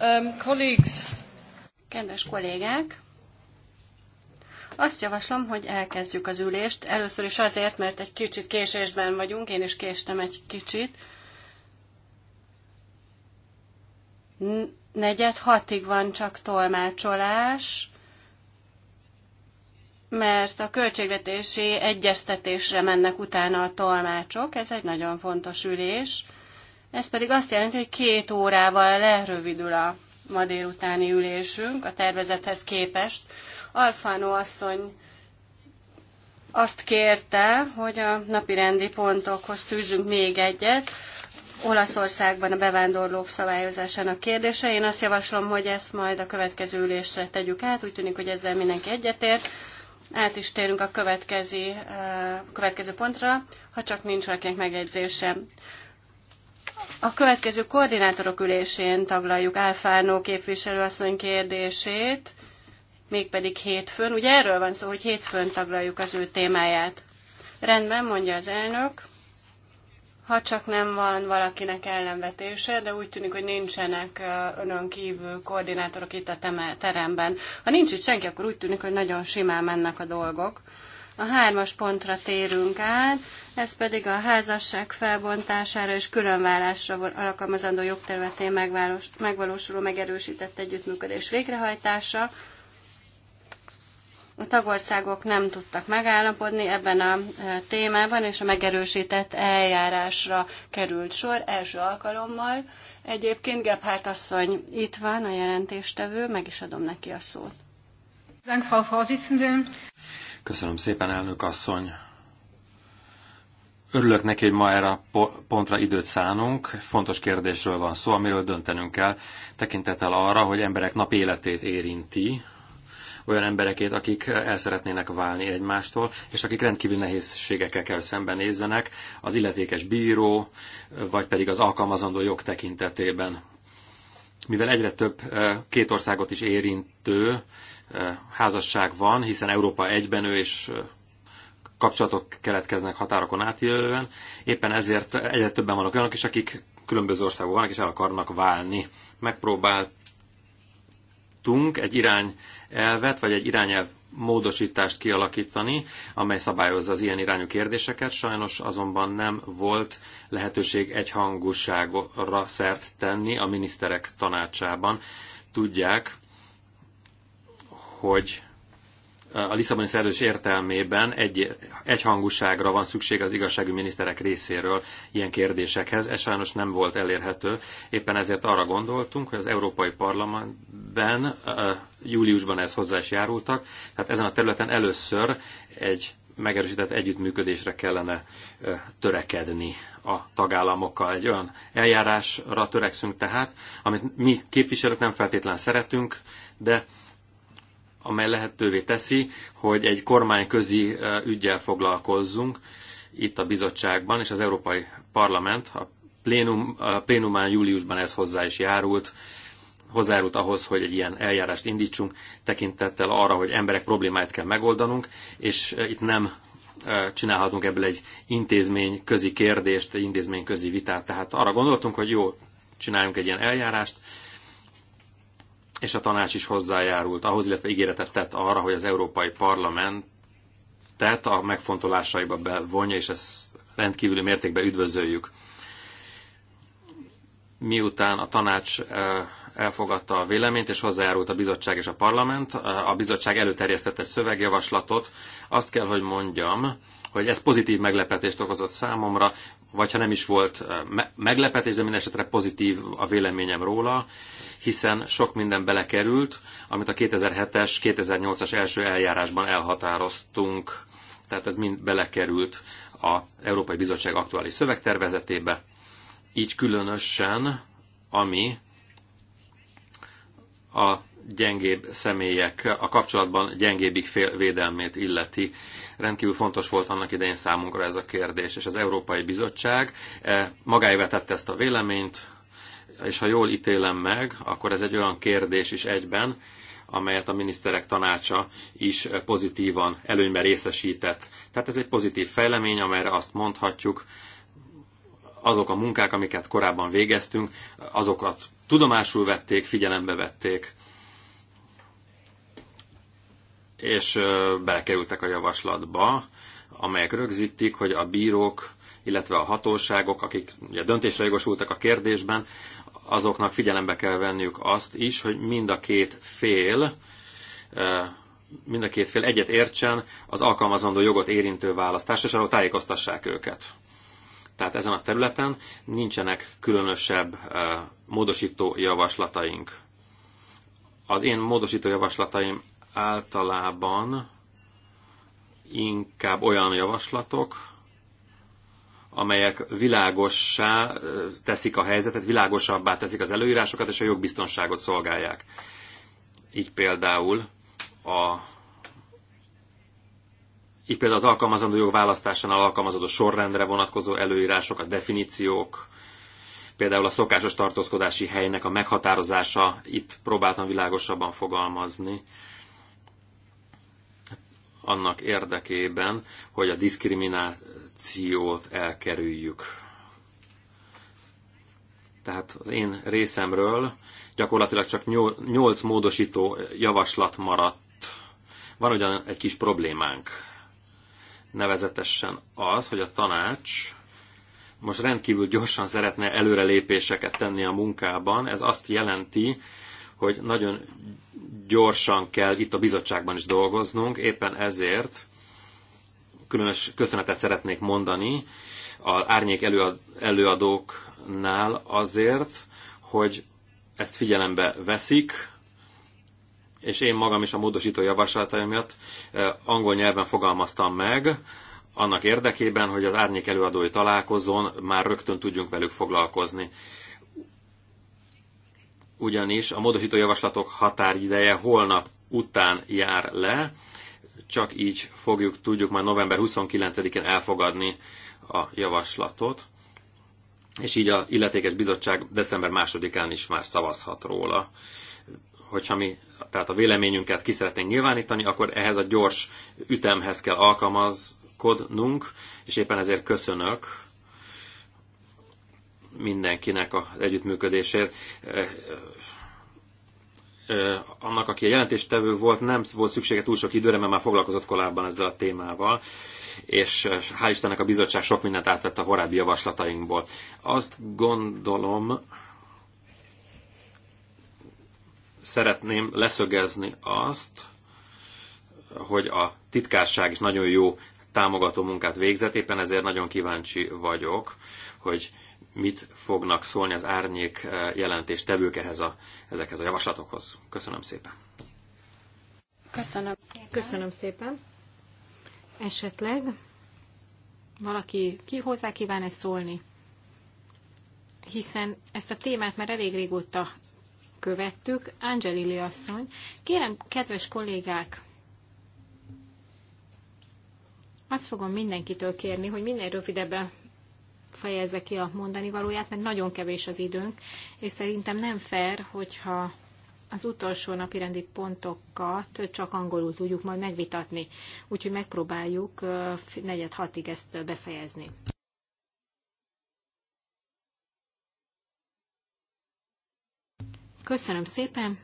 Um, Kedves kollégák, azt javaslom, hogy elkezdjük az ülést. Először is azért, mert egy kicsit késésben vagyunk, én is késtem egy kicsit. Negyed hatig van csak tolmácsolás, mert a költségvetési egyeztetésre mennek utána a tolmácsok. Ez egy nagyon fontos ülés. Ez pedig azt jelenti, hogy két órával lerövidül a ma délutáni ülésünk a tervezethez képest. Alfánó asszony azt kérte, hogy a napi rendi pontokhoz tűzünk még egyet. Olaszországban a bevándorlók szabályozásának kérdése. Én azt javaslom, hogy ezt majd a következő ülésre tegyük át. Úgy tűnik, hogy ezzel mindenki egyetért. Át is térünk a következő, eh, következő pontra, ha csak nincs valakinek megjegyzése. A következő koordinátorok ülésén taglaljuk Álfánó képviselőasszony kérdését, mégpedig hétfőn. Ugye erről van szó, hogy hétfőn taglaljuk az ő témáját. Rendben, mondja az elnök. Ha csak nem van valakinek ellenvetése, de úgy tűnik, hogy nincsenek önön kívül koordinátorok itt a teremben. Ha nincs itt senki, akkor úgy tűnik, hogy nagyon simán mennek a dolgok. A hármas pontra térünk át, ez pedig a házasság felbontására és különvállásra alkalmazandó jogterületén megvalósuló megerősített együttműködés végrehajtása. A tagországok nem tudtak megállapodni ebben a e, témában, és a megerősített eljárásra került sor első alkalommal. Egyébként Gebhardt asszony itt van, a jelentéstevő, meg is adom neki a szót. Köszönöm szépen, elnök asszony. Örülök neki, hogy ma erre a pontra időt szánunk. Fontos kérdésről van szó, amiről döntenünk kell, tekintettel arra, hogy emberek nap életét érinti, olyan emberekét, akik el szeretnének válni egymástól, és akik rendkívül nehézségekkel kell szembenézzenek, az illetékes bíró, vagy pedig az alkalmazandó jog tekintetében. Mivel egyre több eh, két országot is érintő házasság van, hiszen Európa egyben ő és kapcsolatok keletkeznek határokon átélően. Éppen ezért egyre többen vannak olyanok is, akik különböző országok vannak és el akarnak válni. Megpróbáltunk egy irányelvet, vagy egy irányelv módosítást kialakítani, amely szabályozza az ilyen irányú kérdéseket, sajnos azonban nem volt lehetőség egyhangúságra szert tenni a miniszterek tanácsában. Tudják, hogy a Lisszaboni szerződés értelmében egy, egyhangúságra van szükség az igazságügyi miniszterek részéről ilyen kérdésekhez. Ez sajnos nem volt elérhető. Éppen ezért arra gondoltunk, hogy az Európai Parlamentben júliusban ez hozzá is járultak. Tehát ezen a területen először egy megerősített együttműködésre kellene törekedni a tagállamokkal. Egy olyan eljárásra törekszünk tehát, amit mi képviselők nem feltétlen szeretünk, de amely lehetővé teszi, hogy egy kormányközi ügyel foglalkozzunk itt a bizottságban, és az Európai Parlament a, plénum, a plénumán júliusban ez hozzá is járult, hozzájárult ahhoz, hogy egy ilyen eljárást indítsunk, tekintettel arra, hogy emberek problémáit kell megoldanunk, és itt nem csinálhatunk ebből egy intézmény közi kérdést, egy intézmény közi vitát. Tehát arra gondoltunk, hogy jó, csináljunk egy ilyen eljárást, és a tanács is hozzájárult ahhoz, illetve ígéretet tett arra, hogy az Európai Parlament tehát a megfontolásaiba bevonja, és ezt rendkívüli mértékben üdvözöljük. Miután a tanács eh, elfogadta a véleményt, és hozzájárult a bizottság és a parlament. A bizottság előterjesztett egy szövegjavaslatot. Azt kell, hogy mondjam, hogy ez pozitív meglepetést okozott számomra, vagy ha nem is volt eh, me- meglepetés, de minden esetre pozitív a véleményem róla, hiszen sok minden belekerült, amit a 2007-es, 2008-as első eljárásban elhatároztunk. Tehát ez mind belekerült a Európai Bizottság aktuális szövegtervezetébe. Így különösen, ami a gyengébb személyek a kapcsolatban gyengébbik fél védelmét illeti. Rendkívül fontos volt annak idején számunkra ez a kérdés, és az Európai Bizottság e, magáévá tette ezt a véleményt, és ha jól ítélem meg, akkor ez egy olyan kérdés is egyben, amelyet a miniszterek tanácsa is pozitívan előnyben részesített. Tehát ez egy pozitív fejlemény, amelyre azt mondhatjuk, azok a munkák, amiket korábban végeztünk, azokat tudomásul vették, figyelembe vették, és belekerültek a javaslatba, amelyek rögzítik, hogy a bírók, illetve a hatóságok, akik ugye döntésre jogosultak a kérdésben, azoknak figyelembe kell venniük azt is, hogy mind a két fél mind a két fél egyet értsen az alkalmazandó jogot érintő választást, és arról tájékoztassák őket. Tehát ezen a területen nincsenek különösebb módosító javaslataink. Az én módosító javaslataim általában inkább olyan javaslatok, amelyek világossá teszik a helyzetet, világosabbá teszik az előírásokat, és a jogbiztonságot szolgálják. Így például a így például az alkalmazandó jog választásánál alkalmazódó sorrendre vonatkozó előírások, a definíciók, például a szokásos tartózkodási helynek a meghatározása, itt próbáltam világosabban fogalmazni annak érdekében, hogy a diszkriminációt elkerüljük. Tehát az én részemről gyakorlatilag csak nyolc módosító javaslat maradt. Van ugyan egy kis problémánk nevezetesen az, hogy a tanács most rendkívül gyorsan szeretne előrelépéseket tenni a munkában. Ez azt jelenti, hogy nagyon gyorsan kell itt a bizottságban is dolgoznunk, éppen ezért különös köszönetet szeretnék mondani az árnyék előadóknál azért, hogy ezt figyelembe veszik, és én magam is a módosító javaslatai miatt eh, angol nyelven fogalmaztam meg, annak érdekében, hogy az árnyék előadói találkozón már rögtön tudjunk velük foglalkozni. Ugyanis a módosító javaslatok határideje holnap után jár le, csak így fogjuk, tudjuk már november 29-én elfogadni a javaslatot, és így a illetékes bizottság december 2-án is már szavazhat róla. Hogyha mi tehát a véleményünket ki szeretnénk nyilvánítani, akkor ehhez a gyors ütemhez kell alkalmazkodnunk, és éppen ezért köszönök mindenkinek az együttműködésért. Annak, aki a jelentéstevő volt, nem volt szüksége túl sok időre, mert már foglalkozott korábban ezzel a témával, és hál' Istennek a bizottság sok mindent átvett a korábbi javaslatainkból. Azt gondolom, szeretném leszögezni azt, hogy a titkárság is nagyon jó támogató munkát végzett, éppen ezért nagyon kíváncsi vagyok, hogy mit fognak szólni az árnyék eh, jelentés tevők ehhez a, ezekhez a javaslatokhoz. Köszönöm szépen. Köszönöm szépen. Köszönöm szépen. Esetleg valaki ki hozzá kíván -e szólni? Hiszen ezt a témát már elég régóta követtük. Angelili asszony, kérem, kedves kollégák, azt fogom mindenkitől kérni, hogy minél rövidebben fejezze ki a mondani valóját, mert nagyon kevés az időnk, és szerintem nem fair, hogyha az utolsó napi rendi pontokat csak angolul tudjuk majd megvitatni. Úgyhogy megpróbáljuk negyed hatig ezt befejezni. Köszönöm szépen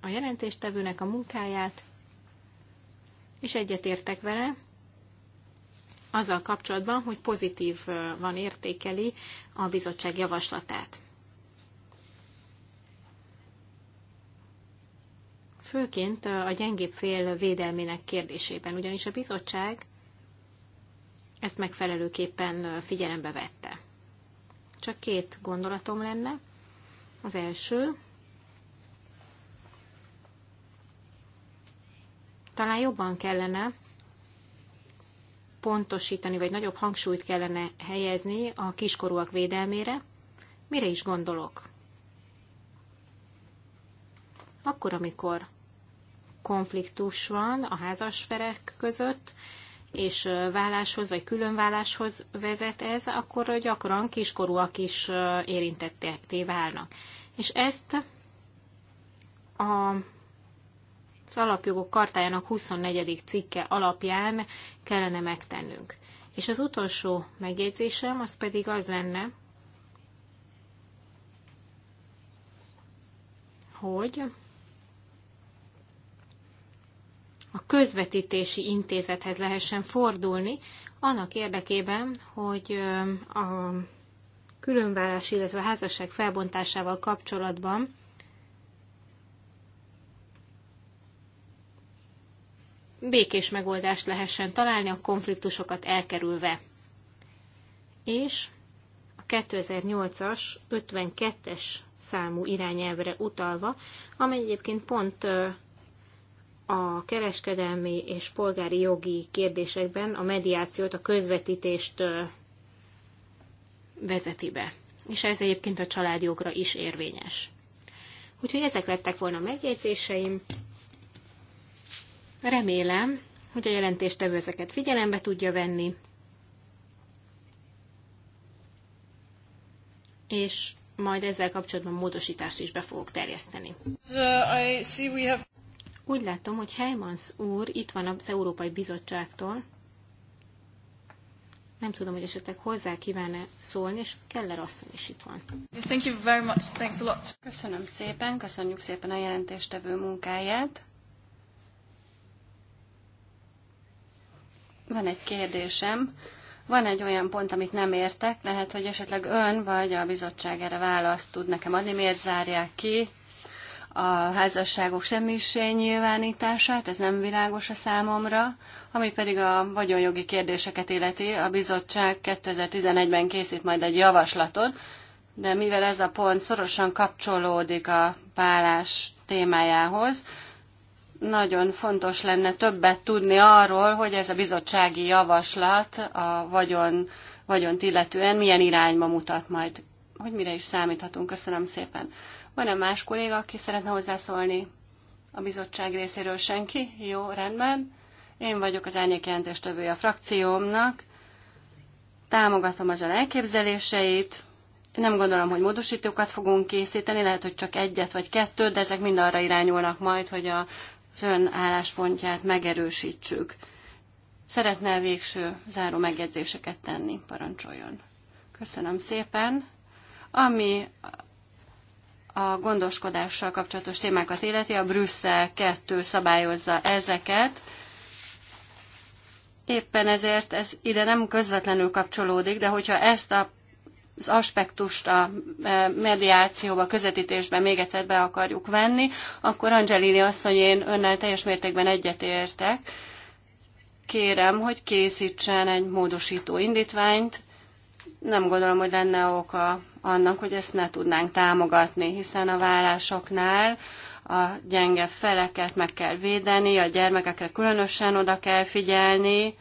a jelentéstevőnek a munkáját, és egyetértek vele azzal kapcsolatban, hogy pozitív van értékeli a bizottság javaslatát. Főként a gyengébb fél védelmének kérdésében, ugyanis a bizottság ezt megfelelőképpen figyelembe vette. Csak két gondolatom lenne. Az első. Talán jobban kellene pontosítani, vagy nagyobb hangsúlyt kellene helyezni a kiskorúak védelmére. Mire is gondolok? Akkor, amikor konfliktus van a házasferek között, és válláshoz vagy különválláshoz vezet ez, akkor gyakran kiskorúak is érintetté válnak. És ezt a az alapjogok kartájának 24. cikke alapján kellene megtennünk. És az utolsó megjegyzésem az pedig az lenne, hogy a közvetítési intézethez lehessen fordulni, annak érdekében, hogy a különvállás, illetve a házasság felbontásával kapcsolatban békés megoldást lehessen találni a konfliktusokat elkerülve. És a 2008-as 52-es számú irányelvre utalva, amely egyébként pont a kereskedelmi és polgári jogi kérdésekben a mediációt, a közvetítést vezeti be. És ez egyébként a családjogra is érvényes. Úgyhogy ezek lettek volna a megjegyzéseim. Remélem, hogy a jelentéstevő ezeket figyelembe tudja venni. És majd ezzel kapcsolatban módosítást is be fogok terjeszteni. Úgy látom, hogy Heimans úr itt van az Európai Bizottságtól. Nem tudom, hogy esetleg hozzá kívánne szólni, és Keller asszony is itt van. Thank you very much. Thanks a lot. Köszönöm szépen, köszönjük szépen a jelentéstevő munkáját. Van egy kérdésem. Van egy olyan pont, amit nem értek, lehet, hogy esetleg ön vagy a bizottság erre választ tud nekem adni, miért zárják ki a házasságok semmisé nyilvánítását, ez nem világos a számomra, ami pedig a vagyonjogi kérdéseket illeti, a bizottság 2011-ben készít majd egy javaslatot, de mivel ez a pont szorosan kapcsolódik a pálás témájához, nagyon fontos lenne többet tudni arról, hogy ez a bizottsági javaslat a vagyon, vagyont illetően milyen irányba mutat majd, hogy mire is számíthatunk. Köszönöm szépen. Van-e más kolléga, aki szeretne hozzászólni? A bizottság részéről senki? Jó, rendben. Én vagyok az árnyékjelentéstevője a frakciómnak. Támogatom az elképzeléseit. Én nem gondolom, hogy módosítókat fogunk készíteni, lehet, hogy csak egyet vagy kettőt, de ezek mind arra irányulnak majd, hogy az ön álláspontját megerősítsük. Szeretne végső záró megjegyzéseket tenni, parancsoljon. Köszönöm szépen. Ami a gondoskodással kapcsolatos témákat illeti, a Brüsszel 2 szabályozza ezeket. Éppen ezért ez ide nem közvetlenül kapcsolódik, de hogyha ezt a, az aspektust a e, mediációba, közvetítésbe még egyszer be akarjuk venni, akkor Angelini asszony, én önnel teljes mértékben egyetértek. Kérem, hogy készítsen egy módosító indítványt. Nem gondolom, hogy lenne oka annak, hogy ezt ne tudnánk támogatni, hiszen a vállásoknál a gyenge feleket meg kell védeni, a gyermekekre különösen oda kell figyelni,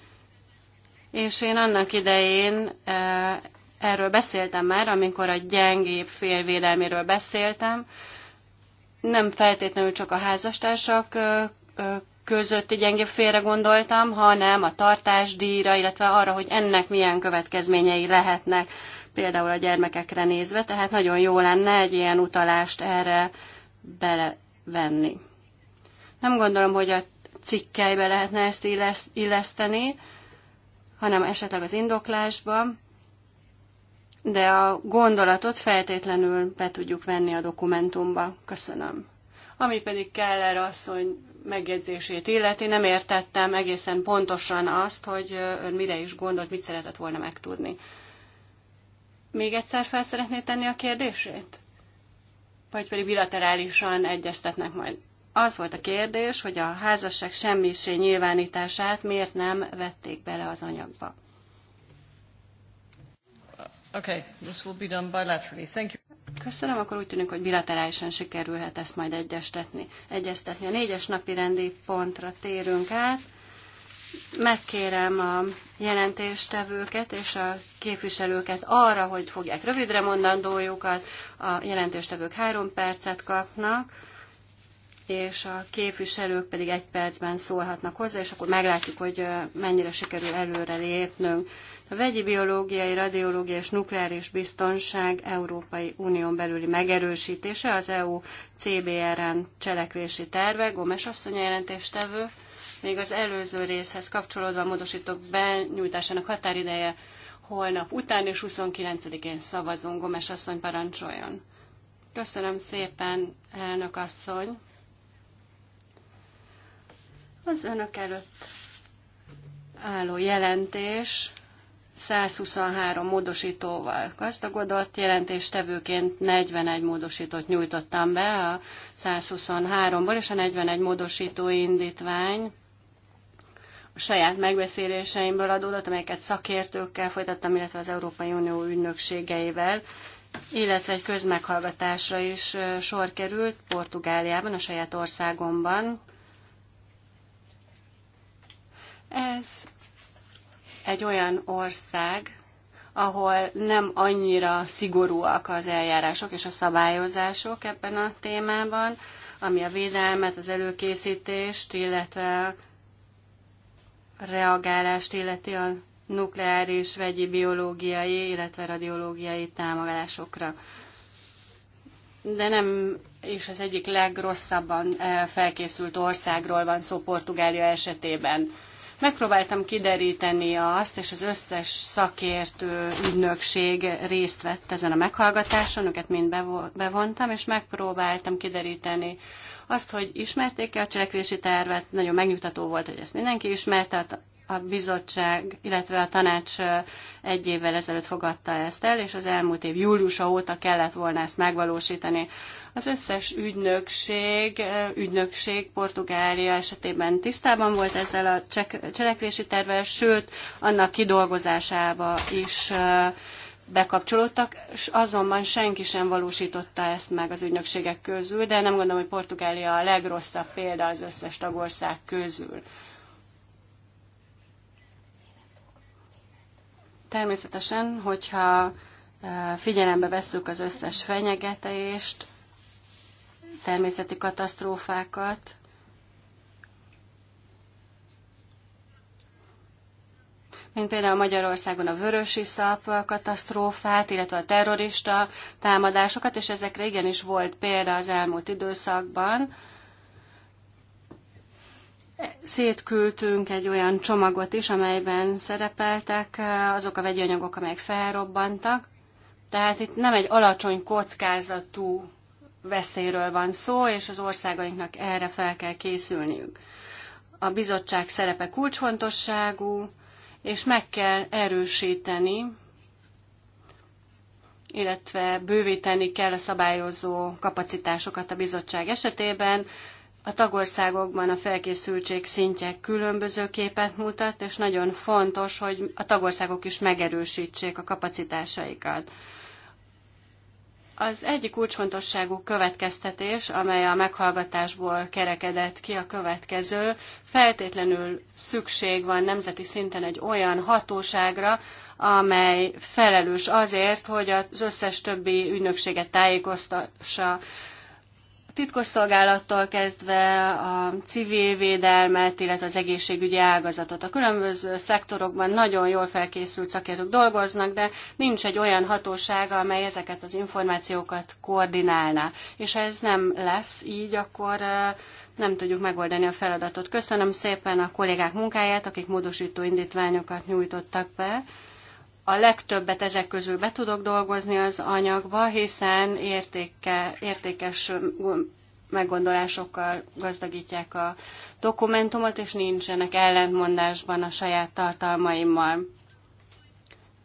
és én annak idején e, erről beszéltem már, amikor a gyengébb félvédelméről beszéltem, nem feltétlenül csak a házastársak e, e, közötti gyengébb félre gondoltam, hanem a tartásdíjra, illetve arra, hogy ennek milyen következményei lehetnek például a gyermekekre nézve, tehát nagyon jó lenne egy ilyen utalást erre belevenni. Nem gondolom, hogy a cikkelybe lehetne ezt illeszteni, hanem esetleg az indoklásba, de a gondolatot feltétlenül be tudjuk venni a dokumentumba. Köszönöm. Ami pedig Keller asszony megjegyzését illeti, nem értettem egészen pontosan azt, hogy ön mire is gondolt, mit szeretett volna megtudni. Még egyszer fel szeretné tenni a kérdését? Vagy pedig bilaterálisan egyeztetnek majd? Az volt a kérdés, hogy a házasság semmisé nyilvánítását miért nem vették bele az anyagba. Okay, this will be done bilaterally. Thank you. Köszönöm, akkor úgy tűnik, hogy bilaterálisan sikerülhet ezt majd egyeztetni. egyeztetni. A négyes napi rendi pontra térünk át. Megkérem a jelentéstevőket és a képviselőket arra, hogy fogják rövidre mondandójukat, a jelentéstevők három percet kapnak, és a képviselők pedig egy percben szólhatnak hozzá, és akkor meglátjuk, hogy mennyire sikerül előre lépnünk. A vegyi biológiai, radiológiai és nukleáris biztonság Európai Unión belüli megerősítése az EU CBRN cselekvési terve. Gomes asszony jelentéstevő. Még az előző részhez kapcsolódva a módosítók benyújtásának határideje holnap után és 29-én szavazunk. Gomes asszony parancsoljon. Köszönöm szépen, elnök asszony. Az önök előtt álló jelentés 123 módosítóval gazdagodott, jelentéstevőként 41 módosítót nyújtottam be a 123-ból, és a 41 módosító indítvány saját megbeszéléseimből adódott, amelyeket szakértőkkel folytattam, illetve az Európai Unió ügynökségeivel, illetve egy közmeghallgatásra is sor került Portugáliában, a saját országomban. Ez egy olyan ország, ahol nem annyira szigorúak az eljárások és a szabályozások ebben a témában, ami a védelmet, az előkészítést, illetve reagálást illeti a nukleáris, vegyi, biológiai, illetve radiológiai támadásokra. De nem is az egyik legrosszabban eh, felkészült országról van szó Portugália esetében. Megpróbáltam kideríteni azt, és az összes szakértő ügynökség részt vett ezen a meghallgatáson, őket mind bevontam, és megpróbáltam kideríteni azt, hogy ismerték-e a cselekvési tervet, nagyon megnyugtató volt, hogy ezt mindenki ismerte, a bizottság, illetve a tanács egy évvel ezelőtt fogadta ezt el, és az elmúlt év júliusa óta kellett volna ezt megvalósítani. Az összes ügynökség, ügynökség Portugália esetében tisztában volt ezzel a cselekvési tervvel, sőt, annak kidolgozásába is bekapcsolódtak, és azonban senki sem valósította ezt meg az ügynökségek közül, de nem gondolom, hogy Portugália a legrosszabb példa az összes tagország közül. Természetesen, hogyha e, figyelembe vesszük az összes fenyegetést, természeti katasztrófákat, mint például Magyarországon a vörösi szap katasztrófát, illetve a terrorista támadásokat, és ezekre igenis volt példa az elmúlt időszakban, Szétküldtünk egy olyan csomagot is, amelyben szerepeltek eh, azok a vegyi anyagok, amelyek felrobbantak. Tehát itt nem egy alacsony kockázatú veszélyről van szó, és az országainknak erre fel kell készülniük. A bizottság szerepe kulcsfontosságú, és meg kell erősíteni, illetve bővíteni kell a szabályozó kapacitásokat a bizottság esetében, a tagországokban a felkészültség szintje különböző képet mutat, és nagyon fontos, hogy a tagországok is megerősítsék a kapacitásaikat. Az egyik kulcsfontosságú következtetés, amely a meghallgatásból kerekedett ki a következő, feltétlenül szükség van nemzeti szinten egy olyan hatóságra, amely felelős azért, hogy az összes többi ügynökséget tájékoztassa titkosszolgálattól kezdve a civil védelmet, illetve az egészségügyi ágazatot. A különböző szektorokban nagyon jól felkészült szakértők dolgoznak, de nincs egy olyan hatósága, amely ezeket az információkat koordinálná. És ha ez nem lesz így, akkor nem tudjuk megoldani a feladatot. Köszönöm szépen a kollégák munkáját, akik módosító indítványokat nyújtottak be a legtöbbet ezek közül be tudok dolgozni az anyagba, hiszen értéke, értékes meggondolásokkal gazdagítják a dokumentumot, és nincsenek ellentmondásban a saját tartalmaimmal.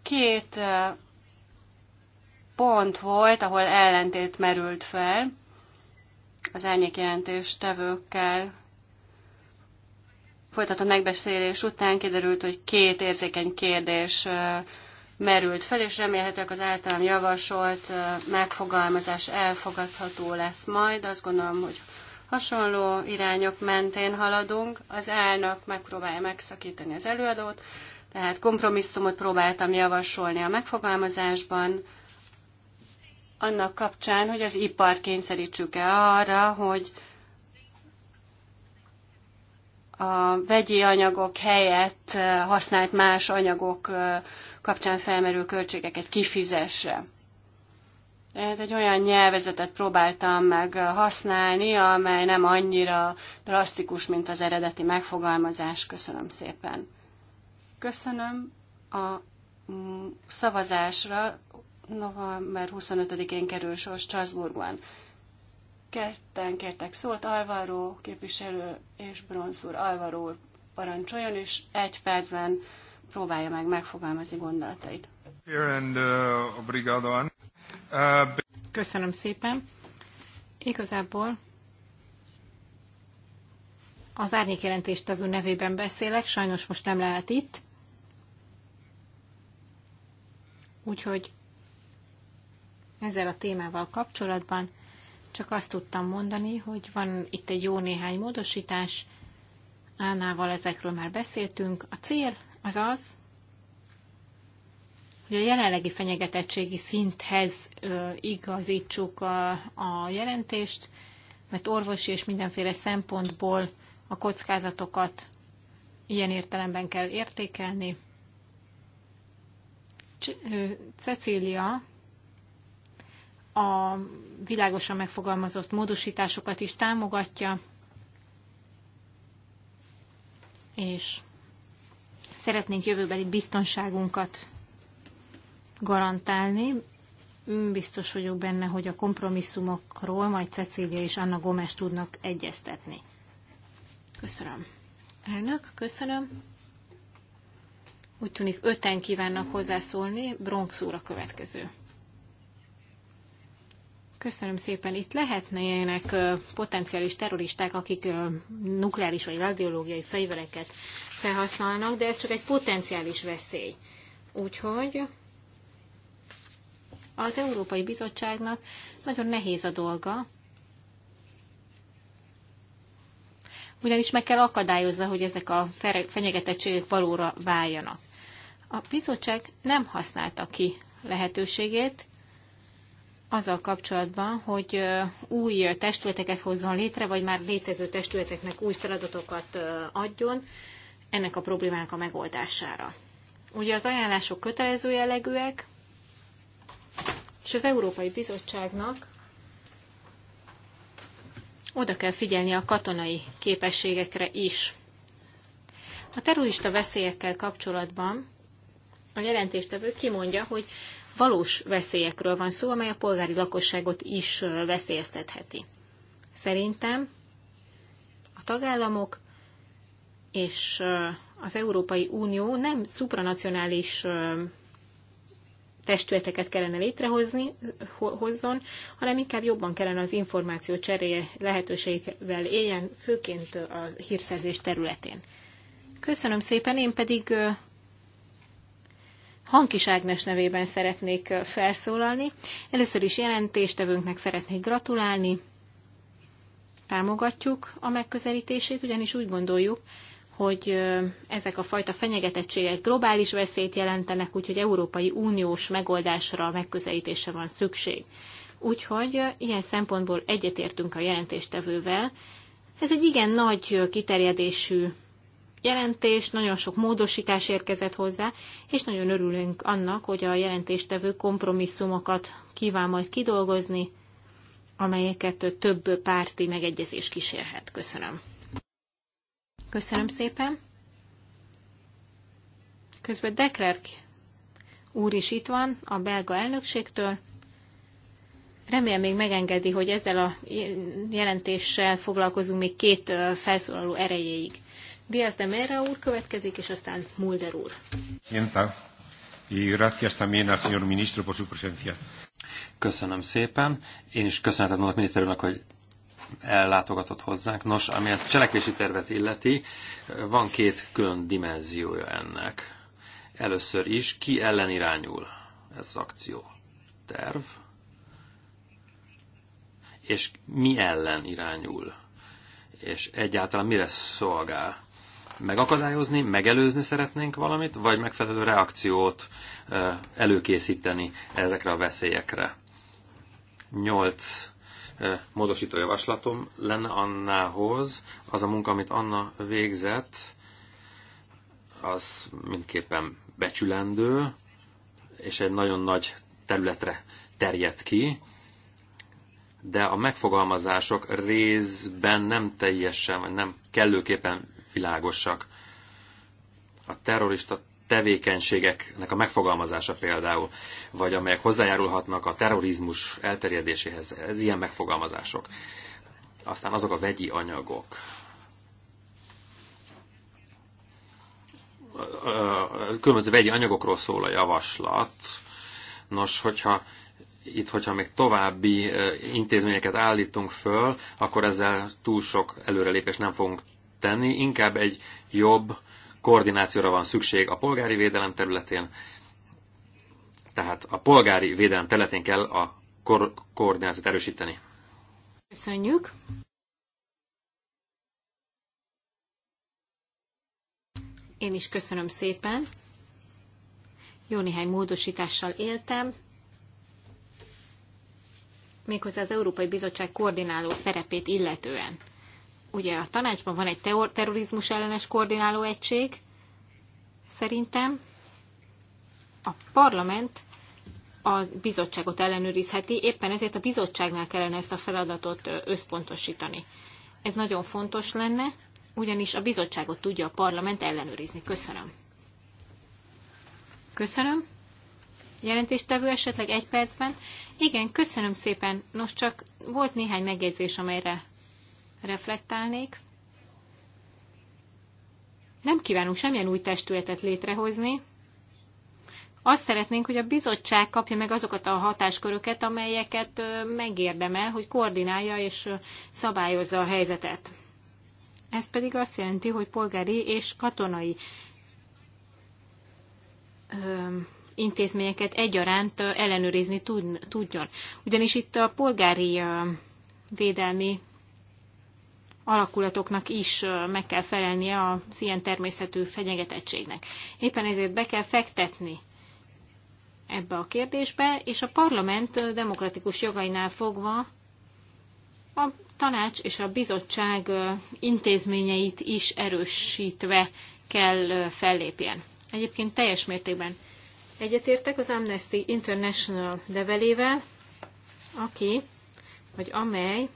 Két pont volt, ahol ellentét merült fel az árnyékjelentés tevőkkel folytatott megbeszélés után kiderült, hogy két érzékeny kérdés merült fel, és remélhetőleg az általam javasolt megfogalmazás elfogadható lesz majd. Azt gondolom, hogy hasonló irányok mentén haladunk. Az elnök megpróbálja megszakítani az előadót, tehát kompromisszumot próbáltam javasolni a megfogalmazásban, annak kapcsán, hogy az ipar kényszerítsük-e arra, hogy a vegyi anyagok helyett használt más anyagok kapcsán felmerül költségeket kifizesse. Tehát egy olyan nyelvezetet próbáltam meg használni, amely nem annyira drasztikus, mint az eredeti megfogalmazás. Köszönöm szépen. Köszönöm a szavazásra november 25-én kerül sor Strasbourgban. Ketten kértek szót, Alvaro képviselő és Bronz alvaró Alvaro parancsoljon, és egy percben próbálja meg megfogalmazni gondolatait. Uh, uh, Köszönöm szépen. Igazából az árnyékjelentéstevő nevében beszélek, sajnos most nem lehet itt. Úgyhogy ezzel a témával kapcsolatban csak azt tudtam mondani, hogy van itt egy jó néhány módosítás, Ánával ezekről már beszéltünk. A cél az az, hogy a jelenlegi fenyegetettségi szinthez ö, igazítsuk a, a jelentést, mert orvosi és mindenféle szempontból a kockázatokat ilyen értelemben kell értékelni. Cecília a világosan megfogalmazott módosításokat is támogatja, és szeretnénk jövőbeli biztonságunkat garantálni. Hm, biztos vagyok benne, hogy a kompromisszumokról majd Cecília és Anna Gomes tudnak egyeztetni. Köszönöm. Elnök, köszönöm. Úgy tűnik öten kívánnak hozzászólni, Bronx úr a következő. Köszönöm szépen. Itt lehetnének potenciális terroristák, akik nukleáris vagy radiológiai fegyvereket felhasználnak, de ez csak egy potenciális veszély. Úgyhogy az Európai Bizottságnak nagyon nehéz a dolga, ugyanis meg kell akadályozza, hogy ezek a fenyegetettségek valóra váljanak. A bizottság nem használta ki lehetőségét azzal kapcsolatban, hogy új testületeket hozzon létre, vagy már létező testületeknek új feladatokat adjon, ennek a problémának a megoldására. Ugye az ajánlások kötelező jellegűek, és az Európai Bizottságnak oda kell figyelni a katonai képességekre is. A terrorista veszélyekkel kapcsolatban a jelentéstevő kimondja, hogy valós veszélyekről van szó, amely a polgári lakosságot is veszélyeztetheti. Szerintem a tagállamok és az Európai Unió nem szupranacionális testületeket kellene létrehozni, hozzon, hanem inkább jobban kellene az információ cseréje lehetőségével éljen, főként a hírszerzés területén. Köszönöm szépen, én pedig Hankis Ágnes nevében szeretnék felszólalni. Először is jelentéstevőnknek szeretnék gratulálni. Támogatjuk a megközelítését, ugyanis úgy gondoljuk, hogy ezek a fajta fenyegetettségek globális veszélyt jelentenek, úgyhogy Európai Uniós megoldásra, megközelítése van szükség. Úgyhogy ilyen szempontból egyetértünk a jelentéstevővel. Ez egy igen nagy kiterjedésű jelentés, nagyon sok módosítás érkezett hozzá, és nagyon örülünk annak, hogy a jelentéstevő kompromisszumokat kíván majd kidolgozni, amelyeket több párti megegyezés kísérhet. Köszönöm. Köszönöm szépen. Közben Deklerk úr is itt van a belga elnökségtől. Remélem még megengedi, hogy ezzel a jelentéssel foglalkozunk még két felszólaló erejéig. Diaz de Mera úr következik, és aztán Mulder úr. Köszönöm szépen. Én is köszönetet mondok miniszter hogy ellátogatott hozzánk. Nos, ami ezt cselekvési tervet illeti, van két külön dimenziója ennek. Először is, ki ellen irányul ez az akció terv, és mi ellen irányul, és egyáltalán mire szolgál. Megakadályozni, megelőzni szeretnénk valamit, vagy megfelelő reakciót előkészíteni ezekre a veszélyekre. Nyolc módosító javaslatom lenne Annához. Az a munka, amit Anna végzett, az mindképpen becsülendő, és egy nagyon nagy területre terjed ki, de a megfogalmazások részben nem teljesen, vagy nem kellőképpen világosak. A terrorista tevékenységeknek a megfogalmazása például, vagy amelyek hozzájárulhatnak a terrorizmus elterjedéséhez, ez ilyen megfogalmazások. Aztán azok a vegyi anyagok, különböző vegyi anyagokról szól a javaslat. Nos, hogyha itt, hogyha még további intézményeket állítunk föl, akkor ezzel túl sok előrelépést nem fogunk tenni, inkább egy jobb koordinációra van szükség a polgári védelem területén, tehát a polgári védelem területén kell a ko- koordinációt erősíteni. Köszönjük! Én is köszönöm szépen. Jó néhány módosítással éltem. Méghozzá az Európai Bizottság koordináló szerepét illetően ugye a tanácsban van egy terrorizmus ellenes koordináló egység, szerintem a parlament a bizottságot ellenőrizheti, éppen ezért a bizottságnál kellene ezt a feladatot összpontosítani. Ez nagyon fontos lenne, ugyanis a bizottságot tudja a parlament ellenőrizni. Köszönöm. Köszönöm. Jelentéstevő esetleg egy percben. Igen, köszönöm szépen. Nos, csak volt néhány megjegyzés, amelyre reflektálnék. Nem kívánunk semmilyen új testületet létrehozni. Azt szeretnénk, hogy a bizottság kapja meg azokat a hatásköröket, amelyeket megérdemel, hogy koordinálja és szabályozza a helyzetet. Ez pedig azt jelenti, hogy polgári és katonai intézményeket egyaránt ellenőrizni tudjon. Ugyanis itt a polgári védelmi alakulatoknak is meg kell felelnie az ilyen természetű fenyegetettségnek. Éppen ezért be kell fektetni ebbe a kérdésbe, és a parlament demokratikus jogainál fogva a tanács és a bizottság intézményeit is erősítve kell fellépjen. Egyébként teljes mértékben egyetértek az Amnesty International levelével, aki, vagy amely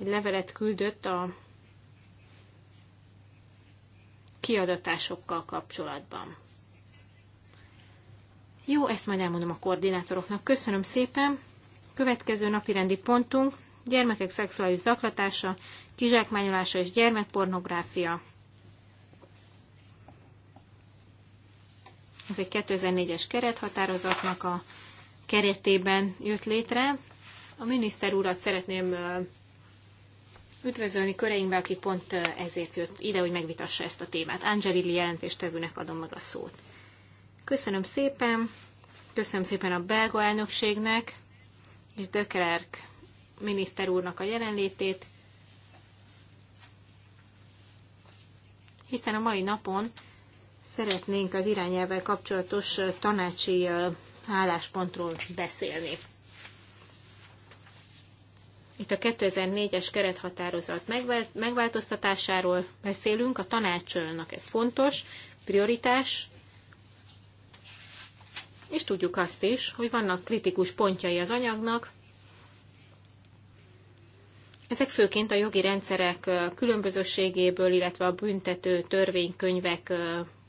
egy levelet küldött a kiadatásokkal kapcsolatban. Jó, ezt majd elmondom a koordinátoroknak. Köszönöm szépen. Következő napi rendi pontunk gyermekek szexuális zaklatása, kizsákmányolása és gyermekpornográfia. Ez egy 2004-es kerethatározatnak a keretében jött létre. A miniszter urat szeretném üdvözölni köreinkbe, aki pont ezért jött ide, hogy megvitassa ezt a témát. jelentést jelentéstevőnek adom meg a szót. Köszönöm szépen, köszönöm szépen a belga elnökségnek, és Dökerk miniszter úrnak a jelenlétét, hiszen a mai napon szeretnénk az irányelvvel kapcsolatos tanácsi álláspontról beszélni. Itt a 2004-es kerethatározat megváltoztatásáról beszélünk, a tanácsnak ez fontos, prioritás, és tudjuk azt is, hogy vannak kritikus pontjai az anyagnak, ezek főként a jogi rendszerek különbözőségéből, illetve a büntető törvénykönyvek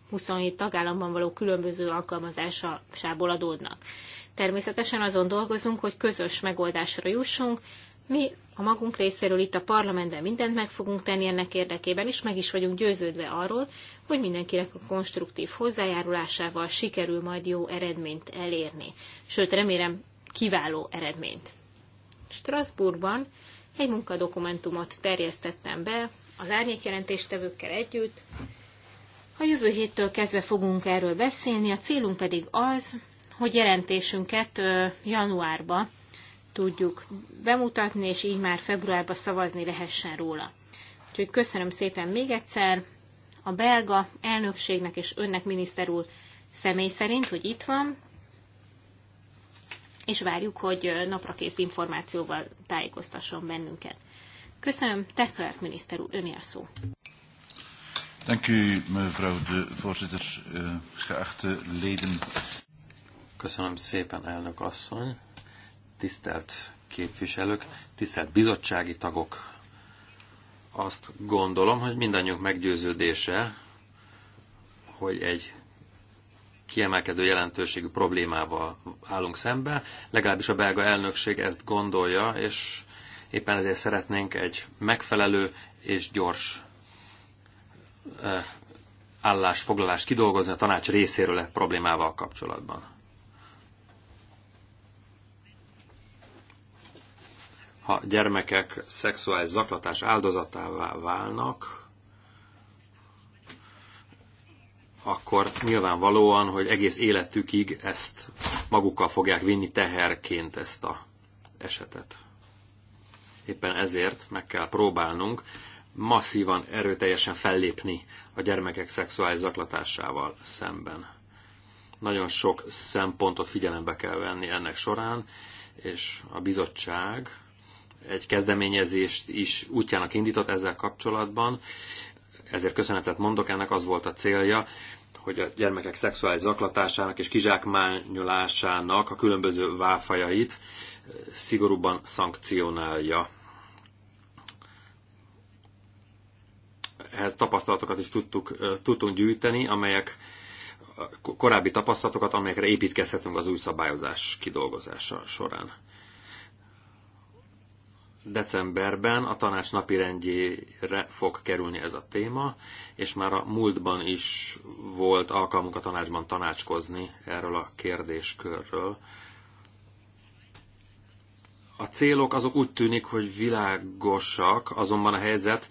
27 tagállamban való különböző alkalmazásából adódnak. Természetesen azon dolgozunk, hogy közös megoldásra jussunk, mi a magunk részéről itt a parlamentben mindent meg fogunk tenni ennek érdekében, és meg is vagyunk győződve arról, hogy mindenkinek a konstruktív hozzájárulásával sikerül majd jó eredményt elérni. Sőt, remélem, kiváló eredményt. Strasbourgban egy munkadokumentumot terjesztettem be az árnyékjelentéstevőkkel együtt. A jövő héttől kezdve fogunk erről beszélni, a célunk pedig az, hogy jelentésünket januárba tudjuk bemutatni, és így már februárban szavazni lehessen róla. Úgyhogy köszönöm szépen még egyszer a belga elnökségnek és önnek miniszter úr személy szerint, hogy itt van, és várjuk, hogy naprakész információval tájékoztasson bennünket. Köszönöm, Teklerk miniszter úr, öné a szó. Dank u, mevrouw de voorzitter, eh, geachte leden. Köszönöm szépen, elnök asszony, tisztelt képviselők, tisztelt bizottsági tagok, azt gondolom, hogy mindannyiunk meggyőződése, hogy egy kiemelkedő jelentőségű problémával állunk szembe. Legalábbis a belga elnökség ezt gondolja, és éppen ezért szeretnénk egy megfelelő és gyors eh, állásfoglalást kidolgozni a tanács részéről e problémával kapcsolatban. ha gyermekek szexuális zaklatás áldozatává válnak, akkor nyilvánvalóan, hogy egész életükig ezt magukkal fogják vinni teherként ezt a esetet. Éppen ezért meg kell próbálnunk masszívan, erőteljesen fellépni a gyermekek szexuális zaklatásával szemben. Nagyon sok szempontot figyelembe kell venni ennek során, és a bizottság egy kezdeményezést is útjának indított ezzel kapcsolatban, ezért köszönetet mondok, ennek az volt a célja, hogy a gyermekek szexuális zaklatásának és kizsákmányolásának a különböző válfajait eh, szigorúban szankcionálja. Ehhez tapasztalatokat is tudtuk, eh, tudtunk gyűjteni, amelyek eh, korábbi tapasztalatokat, amelyekre építkezhetünk az új szabályozás kidolgozása során decemberben a tanács napirendjére fog kerülni ez a téma, és már a múltban is volt alkalmunk a tanácsban tanácskozni erről a kérdéskörről. A célok azok úgy tűnik, hogy világosak, azonban a helyzet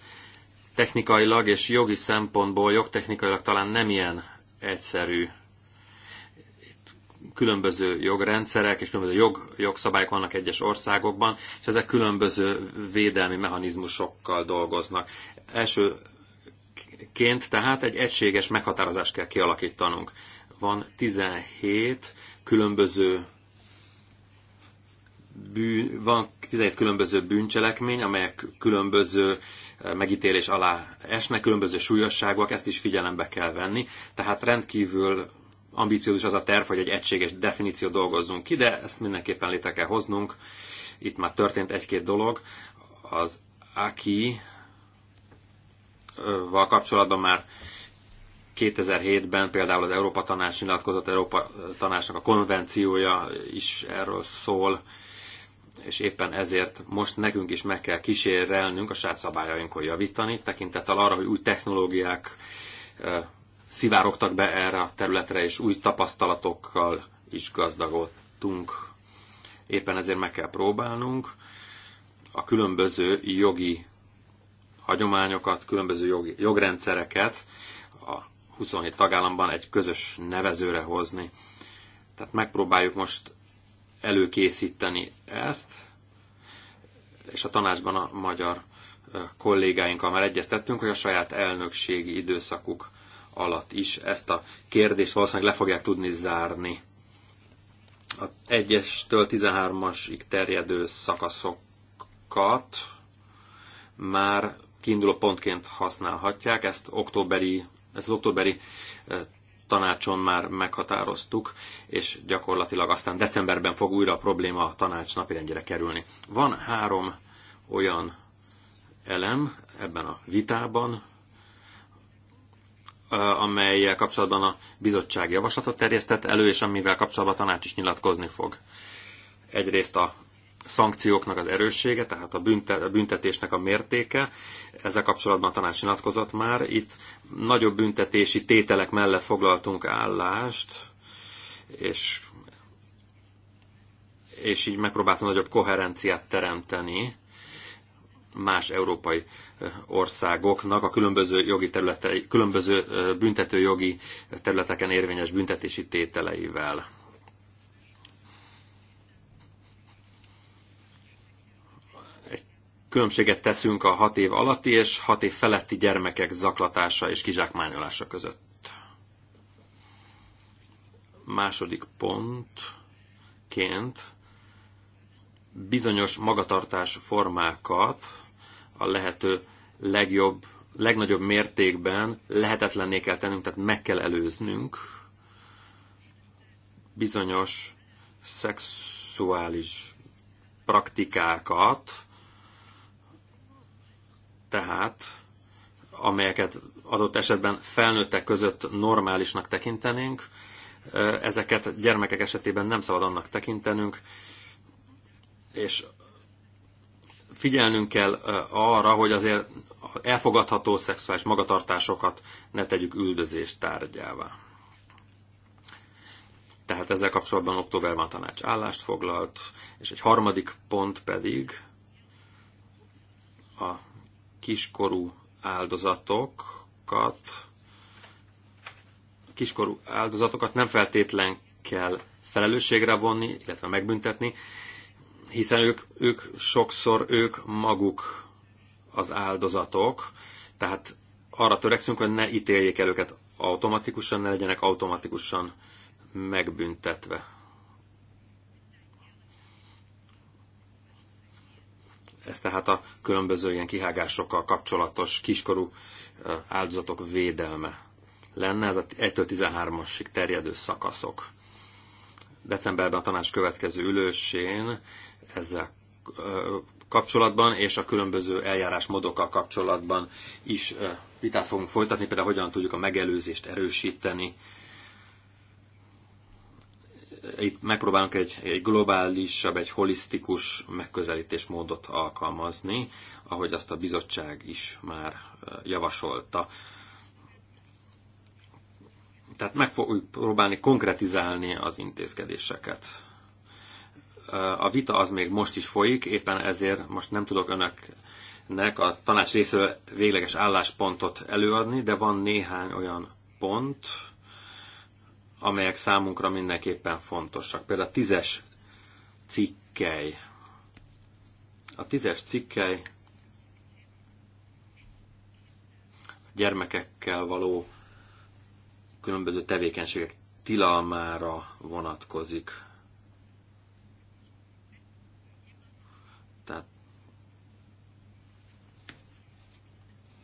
technikailag és jogi szempontból, jogtechnikailag talán nem ilyen egyszerű különböző jogrendszerek és különböző jog, jogszabályok vannak egyes országokban, és ezek különböző védelmi mechanizmusokkal dolgoznak. Elsőként tehát egy egységes meghatározást kell kialakítanunk. Van 17 különböző bűn, van 17 különböző bűncselekmény, amelyek különböző eh, megítélés alá esnek, különböző súlyosságok, ezt is figyelembe kell venni. Tehát rendkívül ambiciózus az a terv, hogy egy egységes definíció dolgozzunk ki, de ezt mindenképpen létre kell hoznunk. Itt már történt egy-két dolog. Az aki val kapcsolatban már 2007-ben például az Európa Tanács nyilatkozott, Európa Tanácsnak a konvenciója is erről szól, és éppen ezért most nekünk is meg kell kísérelnünk a saját szabályainkon javítani, tekintettel arra, hogy új technológiák szivárogtak be erre a területre, és új tapasztalatokkal is gazdagodtunk. Éppen ezért meg kell próbálnunk a különböző jogi hagyományokat, különböző jogi, jogrendszereket a 27 tagállamban egy közös nevezőre hozni. Tehát megpróbáljuk most előkészíteni ezt, és a tanácsban a magyar kollégáinkkal már egyeztettünk, hogy a saját elnökségi időszakuk alatt is ezt a kérdést valószínűleg le fogják tudni zárni. A 1-estől 13-asig terjedő szakaszokat már kiinduló pontként használhatják, ezt októberi, ezt az októberi eh, tanácson már meghatároztuk, és gyakorlatilag aztán decemberben fog újra a probléma a tanács napirendjére kerülni. Van három olyan elem ebben a vitában, amelyel kapcsolatban a bizottság javaslatot terjesztett elő, és amivel kapcsolatban a tanács is nyilatkozni fog. Egyrészt a szankcióknak az erőssége, tehát a, büntetésnek a mértéke. Ezzel kapcsolatban a tanács nyilatkozott már. Itt nagyobb büntetési tételek mellett foglaltunk állást, és, és így megpróbáltunk nagyobb koherenciát teremteni más európai országoknak a különböző jogi területei, különböző büntetőjogi területeken érvényes büntetési tételeivel. különbséget teszünk a hat év alatti és hat év feletti gyermekek zaklatása és kizsákmányolása között. Második pontként bizonyos magatartás formákat a lehető legjobb, legnagyobb mértékben lehetetlenné kell tennünk, tehát meg kell előznünk bizonyos szexuális praktikákat, tehát amelyeket adott esetben felnőttek között normálisnak tekintenénk, ezeket gyermekek esetében nem szabad annak tekintenünk, és figyelnünk kell arra, hogy azért elfogadható szexuális magatartásokat ne tegyük üldözés tárgyává. Tehát ezzel kapcsolatban októberben a tanács állást foglalt, és egy harmadik pont pedig a kiskorú áldozatokat kiskorú áldozatokat nem feltétlen kell felelősségre vonni, illetve megbüntetni, hiszen ők, ők sokszor ők maguk az áldozatok, tehát arra törekszünk, hogy ne ítéljék el őket automatikusan, ne legyenek automatikusan megbüntetve. Ez tehát a különböző ilyen kihágásokkal kapcsolatos kiskorú áldozatok védelme lenne, ez a 1-13-asig terjedő szakaszok decemberben a tanács következő ülősén ezzel kapcsolatban és a különböző eljárásmódokkal kapcsolatban is vitát fogunk folytatni, például hogyan tudjuk a megelőzést erősíteni. Itt megpróbálunk egy, egy globálisabb, egy holisztikus megközelítésmódot alkalmazni, ahogy azt a bizottság is már javasolta. Tehát meg fogjuk próbálni konkretizálni az intézkedéseket. A vita az még most is folyik, éppen ezért most nem tudok önöknek a tanács részéről végleges álláspontot előadni, de van néhány olyan pont, amelyek számunkra mindenképpen fontosak. Például a tízes cikkely. A tízes cikkely a gyermekekkel való különböző tevékenységek tilalmára vonatkozik. Tehát,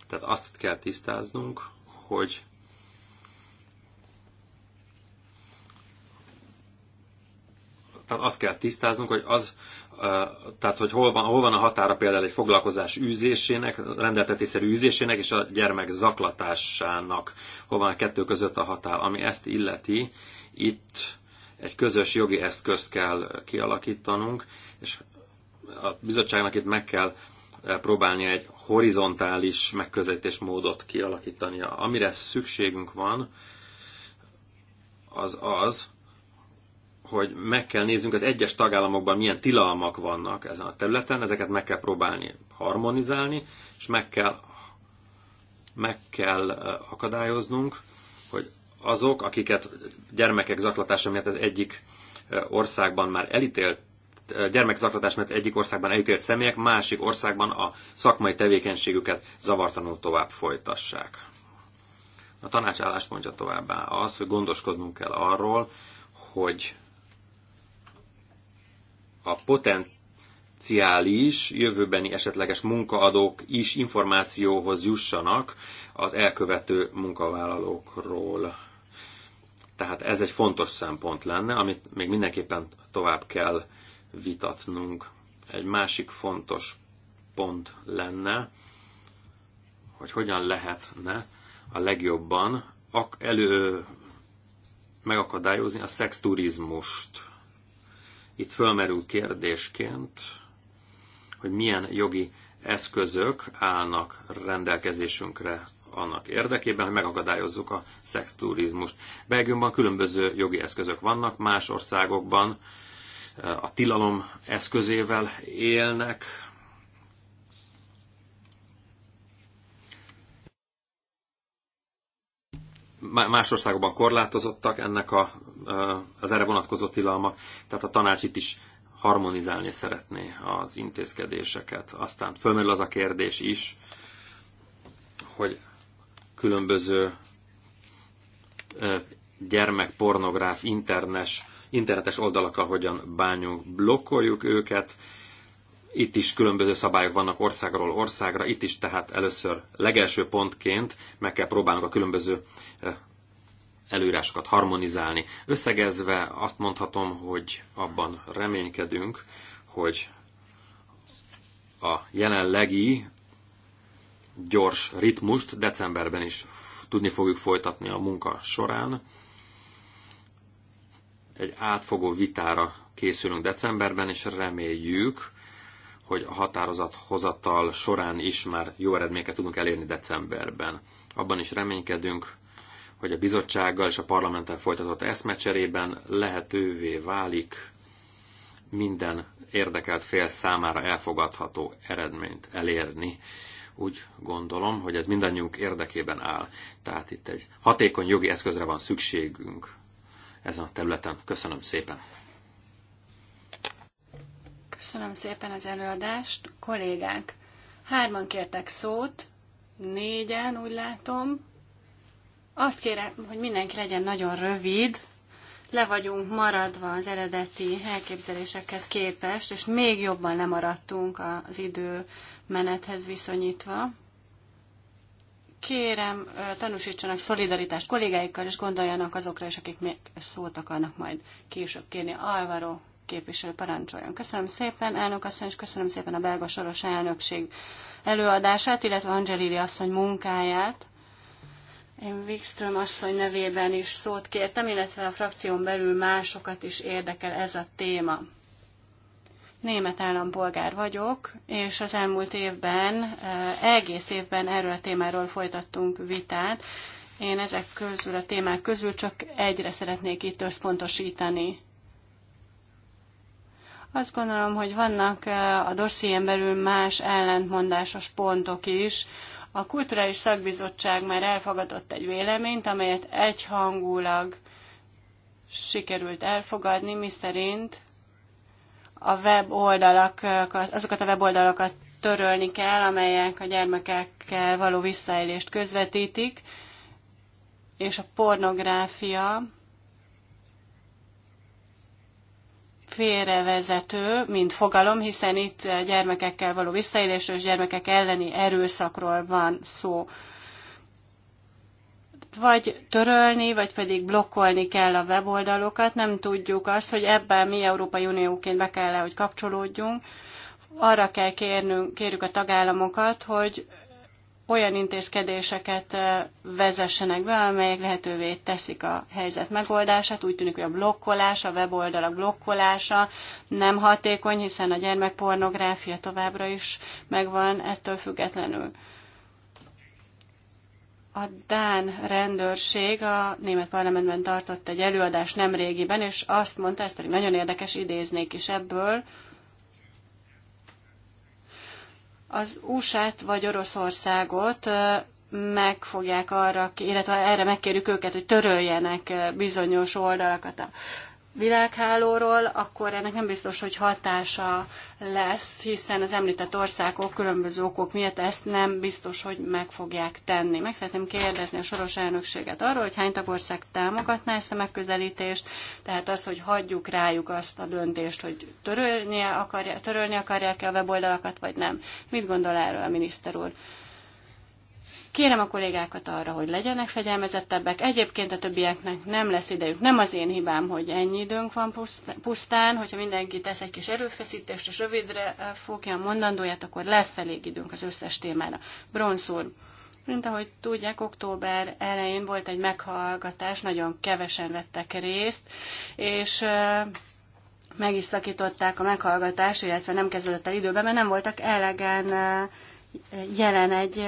tehát azt kell tisztáznunk, hogy tehát azt kell tisztáznunk, hogy az, tehát hogy hol van, hol van a határa például egy foglalkozás űzésének, rendeltetésszerű űzésének és a gyermek zaklatásának, hol van a kettő között a határ. Ami ezt illeti, itt egy közös jogi eszközt kell kialakítanunk, és a bizottságnak itt meg kell próbálni egy horizontális megközelítés módot kialakítania. Amire szükségünk van, az az, hogy meg kell néznünk az egyes tagállamokban milyen tilalmak vannak ezen a területen, ezeket meg kell próbálni harmonizálni, és meg kell, meg kell akadályoznunk, hogy azok, akiket gyermekek zaklatása miatt az egyik országban már elítélt, gyermekzaklatás miatt egyik országban elítélt személyek másik országban a szakmai tevékenységüket zavartanul tovább folytassák. A tanács álláspontja továbbá az, hogy gondoskodnunk kell arról, hogy a potenciális jövőbeni esetleges munkaadók is információhoz jussanak az elkövető munkavállalókról. Tehát ez egy fontos szempont lenne, amit még mindenképpen tovább kell vitatnunk. Egy másik fontos pont lenne, hogy hogyan lehetne a legjobban elő megakadályozni a szexturizmust. Itt fölmerül kérdésként, hogy milyen jogi eszközök állnak rendelkezésünkre annak érdekében, hogy megakadályozzuk a szexturizmust. Belgiumban különböző jogi eszközök vannak, más országokban eh, a tilalom eszközével élnek, más országokban korlátozottak ennek a, az erre vonatkozó tilalmak, tehát a tanács itt is harmonizálni szeretné az intézkedéseket. Aztán fölmerül az a kérdés is, hogy különböző pornográf, internes, internetes oldalakkal hogyan bánjunk, blokkoljuk őket, itt is különböző szabályok vannak országról országra, itt is tehát először legelső pontként meg kell próbálnunk a különböző előírásokat harmonizálni. Összegezve azt mondhatom, hogy abban reménykedünk, hogy a jelenlegi gyors ritmust decemberben is tudni fogjuk folytatni a munka során. Egy átfogó vitára készülünk decemberben, és reméljük, hogy a határozathozatal során is már jó eredményeket tudunk elérni decemberben. Abban is reménykedünk, hogy a bizottsággal és a parlamenttel folytatott eszmecserében lehetővé válik minden érdekelt fél számára elfogadható eredményt elérni. Úgy gondolom, hogy ez mindannyiunk érdekében áll. Tehát itt egy hatékony jogi eszközre van szükségünk ezen a területen. Köszönöm szépen! Köszönöm szépen az előadást. Kollégák, hárman kértek szót, négyen úgy látom. Azt kérem, hogy mindenki legyen nagyon rövid, le vagyunk maradva az eredeti elképzelésekhez képest, és még jobban lemaradtunk az idő menethez viszonyítva. Kérem, tanúsítsanak szolidaritást kollégáikkal, és gondoljanak azokra is, akik még szót akarnak majd később kérni. Alvaro képviselő parancsoljon. Köszönöm szépen, elnök asszony, és köszönöm szépen a belga soros elnökség előadását, illetve Angelili asszony munkáját. Én Wikström asszony nevében is szót kértem, illetve a frakción belül másokat is érdekel ez a téma. Német állampolgár vagyok, és az elmúlt évben, eh, egész évben erről a témáról folytattunk vitát. Én ezek közül, a témák közül csak egyre szeretnék itt összpontosítani. Azt gondolom, hogy vannak eh, a dosszién belül más ellentmondásos pontok is. A Kulturális Szakbizottság már elfogadott egy véleményt, amelyet egyhangulag sikerült elfogadni, miszerint a weboldalak, azokat a weboldalakat törölni kell, amelyek a gyermekekkel való visszaélést közvetítik, és a pornográfia félrevezető, mint fogalom, hiszen itt gyermekekkel való visszaélésről és gyermekek elleni erőszakról van szó. Vagy törölni, vagy pedig blokkolni kell a weboldalokat. Nem tudjuk azt, hogy ebben mi Európai Unióként be kell -e, hogy kapcsolódjunk. Arra kell kérnünk, kérjük a tagállamokat, hogy olyan intézkedéseket vezessenek be, amelyek lehetővé teszik a helyzet megoldását. Úgy tűnik, hogy a blokkolás, a weboldalak blokkolása nem hatékony, hiszen a gyermekpornográfia továbbra is megvan ettől függetlenül. A Dán rendőrség a német parlamentben tartott egy előadást nemrégiben, és azt mondta, ez pedig nagyon érdekes, idéznék is ebből, az USA-t vagy Oroszországot megfogják arra, illetve erre megkérjük őket, hogy töröljenek bizonyos oldalakat a világhálóról, akkor ennek nem biztos, hogy hatása lesz, hiszen az említett országok különböző okok miatt ezt nem biztos, hogy meg fogják tenni. Meg szeretném kérdezni a soros elnökséget arról, hogy hány tagország támogatná ezt a megközelítést, tehát az, hogy hagyjuk rájuk azt a döntést, hogy törölnie akarja, törölni akarják-e a weboldalakat, vagy nem. Mit gondol erről a miniszter úr? Kérem a kollégákat arra, hogy legyenek fegyelmezettebbek. Egyébként a többieknek nem lesz idejük. Nem az én hibám, hogy ennyi időnk van pusztán. Hogyha mindenki tesz egy kis erőfeszítést, és rövidre eh, fogja a mondandóját, akkor lesz elég időnk az összes témára. Bronz mint ahogy tudják, október elején volt egy meghallgatás, nagyon kevesen vettek részt, és eh, meg is szakították a meghallgatást, illetve nem kezdődött el időben, mert nem voltak elegen eh, jelen egy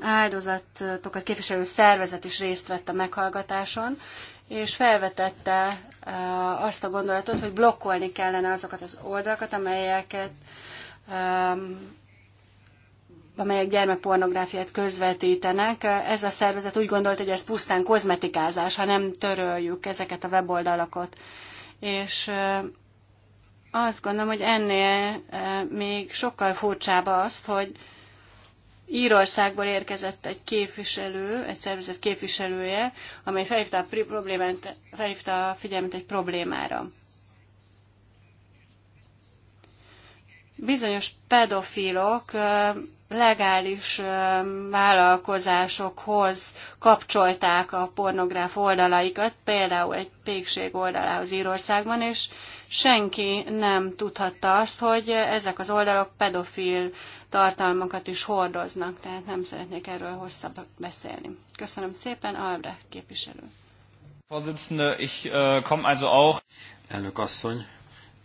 áldozatokat képviselő szervezet is részt vett a meghallgatáson, és felvetette eh, azt a gondolatot, hogy blokkolni kellene azokat az oldalakat, amelyeket amelyek gyermekpornográfiát közvetítenek. Ez a szervezet úgy gondolt, hogy ez pusztán kozmetikázás, ha nem töröljük ezeket a weboldalakat. És eh, azt gondolom, hogy ennél eh, még sokkal furcsább azt, hogy Írországból érkezett egy képviselő, egy szervezet képviselője, amely felhívta a, problémát, felhívta a figyelmet egy problémára. Bizonyos pedofilok legális vállalkozásokhoz kapcsolták a pornográf oldalaikat, például egy pékség oldalához Írországban, és senki nem tudhatta azt, hogy ezek az oldalak pedofil tartalmakat is hordoznak, tehát nem szeretnék erről hosszabb beszélni. Köszönöm szépen, Albre képviselő. Äh, Elnök asszony,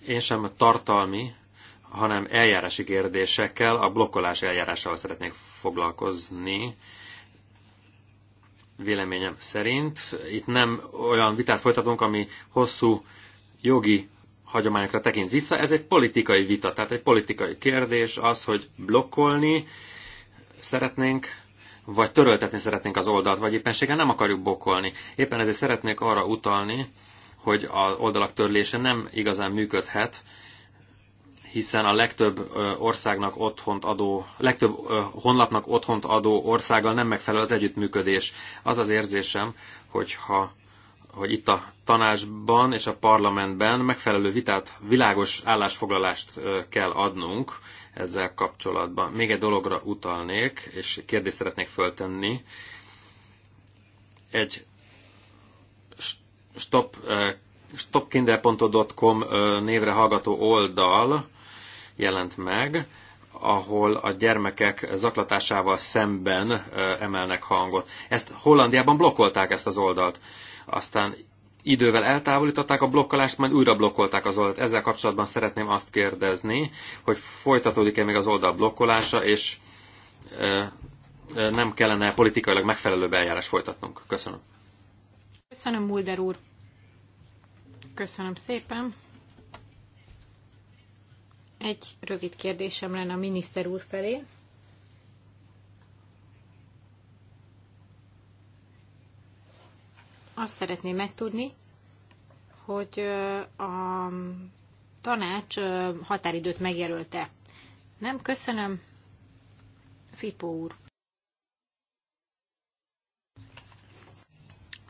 én sem tartalmi, hanem eljárási kérdésekkel, a blokkolás eljárásával szeretnék foglalkozni véleményem szerint. Itt nem olyan vitát folytatunk, ami hosszú jogi hagyományokra tekint vissza, ez egy politikai vita, tehát egy politikai kérdés az, hogy blokkolni szeretnénk, vagy töröltetni szeretnénk az oldalt, vagy éppenséggel nem akarjuk blokkolni. Éppen ezért szeretnék arra utalni, hogy az oldalak törlése nem igazán működhet, hiszen a legtöbb országnak otthont adó, legtöbb honlapnak otthont adó országgal nem megfelel az együttműködés. Az az érzésem, hogyha hogy itt a tanácsban és a parlamentben megfelelő vitát, világos állásfoglalást kell adnunk ezzel kapcsolatban. Még egy dologra utalnék, és kérdést szeretnék föltenni. Egy stop, stopkinder.com névre hallgató oldal jelent meg, ahol a gyermekek zaklatásával szemben emelnek hangot. Ezt Hollandiában blokkolták ezt az oldalt aztán idővel eltávolították a blokkolást, majd újra blokkolták az oldalt. Ezzel kapcsolatban szeretném azt kérdezni, hogy folytatódik-e még az oldal blokkolása, és nem kellene politikailag megfelelő eljárás folytatnunk. Köszönöm. Köszönöm, Mulder úr. Köszönöm szépen. Egy rövid kérdésem lenne a miniszter úr felé. azt szeretném megtudni, hogy a tanács határidőt megjelölte. Nem, köszönöm. Szipó úr.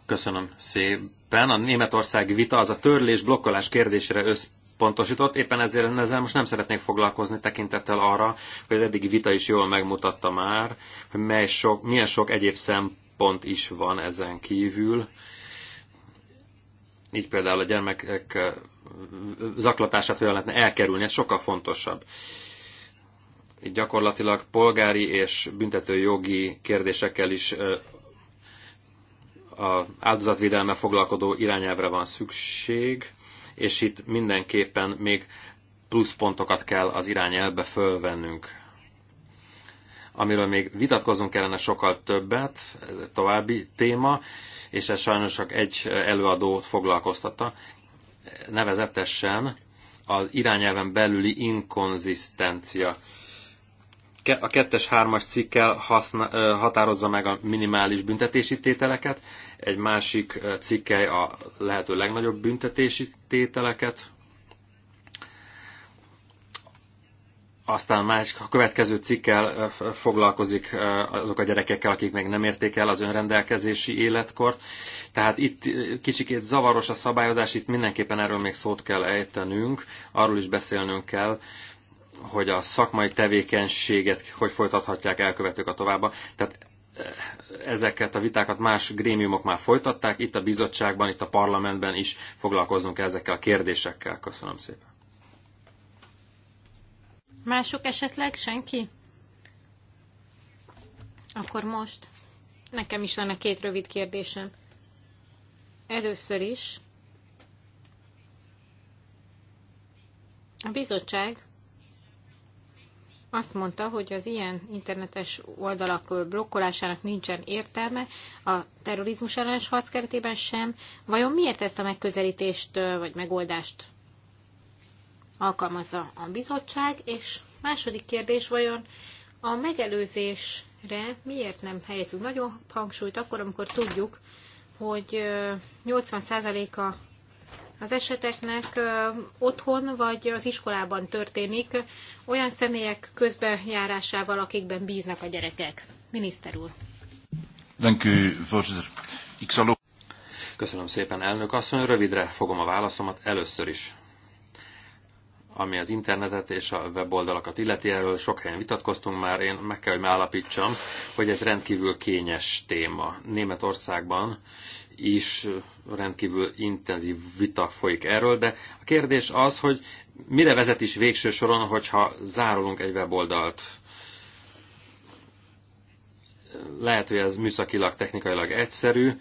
Köszönöm szépen. A Németország vita az a törlés blokkolás kérdésére összpontosított, éppen ezért ezzel most nem szeretnék foglalkozni tekintettel arra, hogy az eddigi vita is jól megmutatta már, hogy mely sok, milyen sok egyéb szempont is van ezen kívül így például a gyermekek zaklatását hogyan lehetne elkerülni, ez sokkal fontosabb. Így gyakorlatilag polgári és büntető jogi kérdésekkel is a áldozatvédelme foglalkodó irányelvre van szükség, és itt mindenképpen még pluszpontokat kell az irányelbe fölvennünk amiről még vitatkozunk kellene sokkal többet, ez egy további téma, és ez sajnos csak egy előadót foglalkoztatta, nevezetesen az irányelven belüli inkonzisztencia. A kettes hármas cikkel haszna, határozza meg a minimális büntetési tételeket, egy másik cikkel a lehető legnagyobb büntetési tételeket aztán más a következő cikkel foglalkozik azok a gyerekekkel, akik még nem érték el az önrendelkezési életkort. Tehát itt kicsikét zavaros a szabályozás, itt mindenképpen erről még szót kell ejtenünk, arról is beszélnünk kell, hogy a szakmai tevékenységet hogy folytathatják elkövetők a továbbá. Tehát ezeket a vitákat más grémiumok már folytatták, itt a bizottságban, itt a parlamentben is foglalkoznunk ezekkel a kérdésekkel. Köszönöm szépen. Mások esetleg? Senki? Akkor most nekem is lenne két rövid kérdésem. Először is a bizottság azt mondta, hogy az ilyen internetes oldalak blokkolásának nincsen értelme a terrorizmus ellenes harc keretében sem. Vajon miért ezt a megközelítést vagy megoldást alkalmazza a bizottság, és második kérdés vajon a megelőzésre miért nem helyezünk nagyon hangsúlyt akkor, amikor tudjuk, hogy 80%-a az eseteknek otthon vagy az iskolában történik olyan személyek közbejárásával, akikben bíznak a gyerekek. Miniszter úr. Köszönöm szépen, elnök asszony. Rövidre fogom a válaszomat először is ami az internetet és a weboldalakat illeti, erről sok helyen vitatkoztunk már, én meg kell, hogy állapítsam, hogy ez rendkívül kényes téma. Németországban is rendkívül intenzív vita folyik erről, de a kérdés az, hogy mire vezet is végső soron, hogyha zárulunk egy weboldalt? Lehet, hogy ez műszakilag, technikailag egyszerű,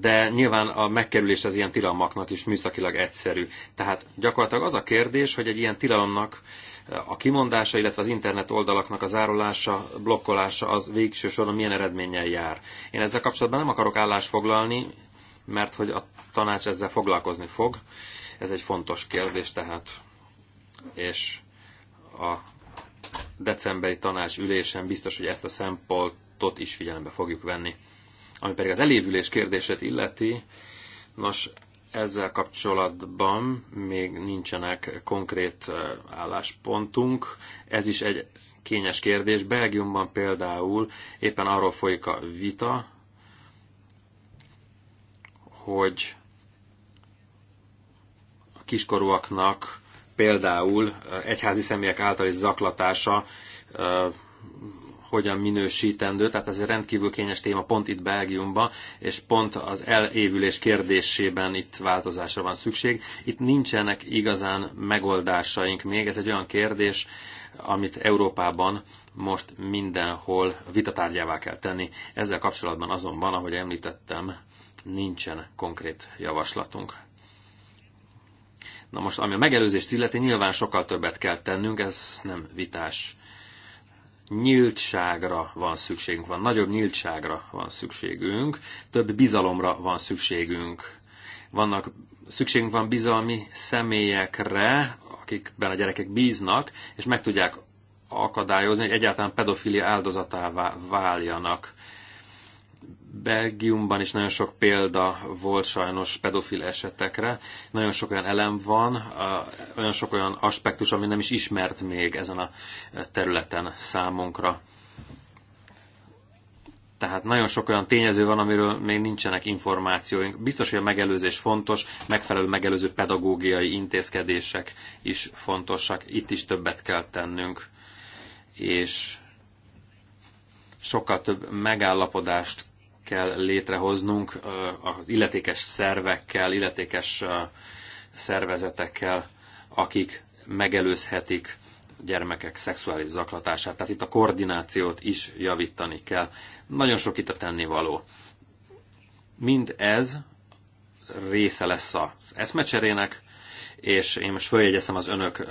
de nyilván a megkerülés az ilyen tilalmaknak is műszakilag egyszerű. Tehát gyakorlatilag az a kérdés, hogy egy ilyen tilalomnak eh, a kimondása, illetve az internet oldalaknak az árulása, blokkolása az végső soron milyen eredménnyel jár. Én ezzel kapcsolatban nem akarok állást foglalni, mert hogy a tanács ezzel foglalkozni fog. Ez egy fontos kérdés tehát. És a decemberi tanács ülésen biztos, hogy ezt a szempontot is figyelembe fogjuk venni. Ami pedig az elévülés kérdését illeti, nos, ezzel kapcsolatban még nincsenek konkrét álláspontunk. Ez is egy kényes kérdés. Belgiumban például éppen arról folyik a vita, hogy a kiskorúaknak például egyházi személyek általi zaklatása hogyan minősítendő, tehát ez egy rendkívül kényes téma pont itt Belgiumban, és pont az elévülés kérdésében itt változásra van szükség. Itt nincsenek igazán megoldásaink még, ez egy olyan kérdés, amit Európában most mindenhol vitatárgyává kell tenni. Ezzel kapcsolatban azonban, ahogy említettem, nincsen konkrét javaslatunk. Na most, ami a megelőzést illeti, nyilván sokkal többet kell tennünk, ez nem vitás nyíltságra van szükségünk, van nagyobb nyíltságra van szükségünk, több bizalomra van szükségünk. Vannak, szükségünk van bizalmi személyekre, akikben a gyerekek bíznak, és meg tudják akadályozni, hogy egyáltalán pedofilia áldozatává váljanak. Belgiumban is nagyon sok példa volt sajnos pedofil esetekre. Nagyon sok olyan elem van, olyan sok olyan aspektus, ami nem is ismert még ezen a területen számunkra. Tehát nagyon sok olyan tényező van, amiről még nincsenek információink. Biztos, hogy a megelőzés fontos, megfelelő megelőző pedagógiai intézkedések is fontosak. Itt is többet kell tennünk. És sokkal több megállapodást kell létrehoznunk az illetékes szervekkel, illetékes szervezetekkel, akik megelőzhetik gyermekek szexuális zaklatását. Tehát itt a koordinációt is javítani kell. Nagyon sok itt a tennivaló. Mind ez része lesz az eszmecserének, és én most följegyeztem az önök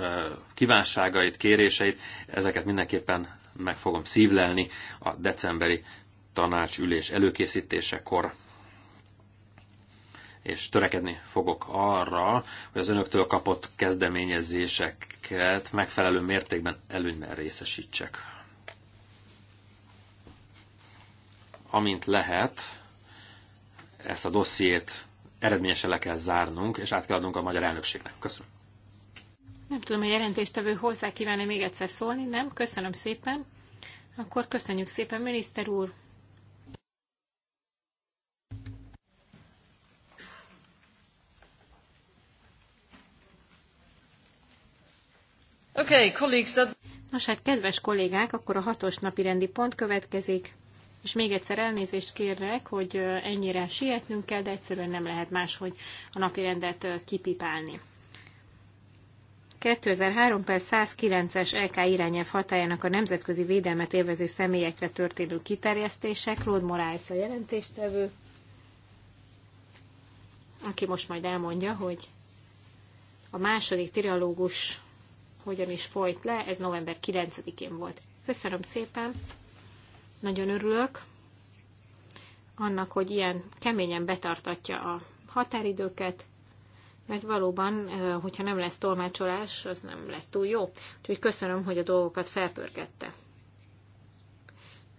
kívánságait, kéréseit, ezeket mindenképpen meg fogom szívlelni a decemberi tanácsülés előkészítésekor. És törekedni fogok arra, hogy az önöktől kapott kezdeményezéseket megfelelő mértékben előnyben részesítsek. Amint lehet, ezt a dossziét eredményesen le kell zárnunk, és át kell adnunk a magyar elnökségnek. Köszönöm. Nem tudom, hogy jelentéstevő hozzá kívánni még egyszer szólni, nem? Köszönöm szépen. Akkor köszönjük szépen, miniszter úr. Okay, colleagues, that... Nos hát, kedves kollégák, akkor a hatos napi rendi pont következik, és még egyszer elnézést kérlek, hogy ennyire sietnünk kell, de egyszerűen nem lehet máshogy a napi rendet kipipálni. 2003 per 109-es LK irányelv hatájának a nemzetközi védelmet élvező személyekre történő kiterjesztése, Claude Moraes a jelentéstevő, aki most majd elmondja, hogy a második trialógus hogyan is folyt le, ez november 9-én volt. Köszönöm szépen, nagyon örülök annak, hogy ilyen keményen betartatja a határidőket, mert valóban, hogyha nem lesz tolmácsolás, az nem lesz túl jó. Úgyhogy köszönöm, hogy a dolgokat felpörgette.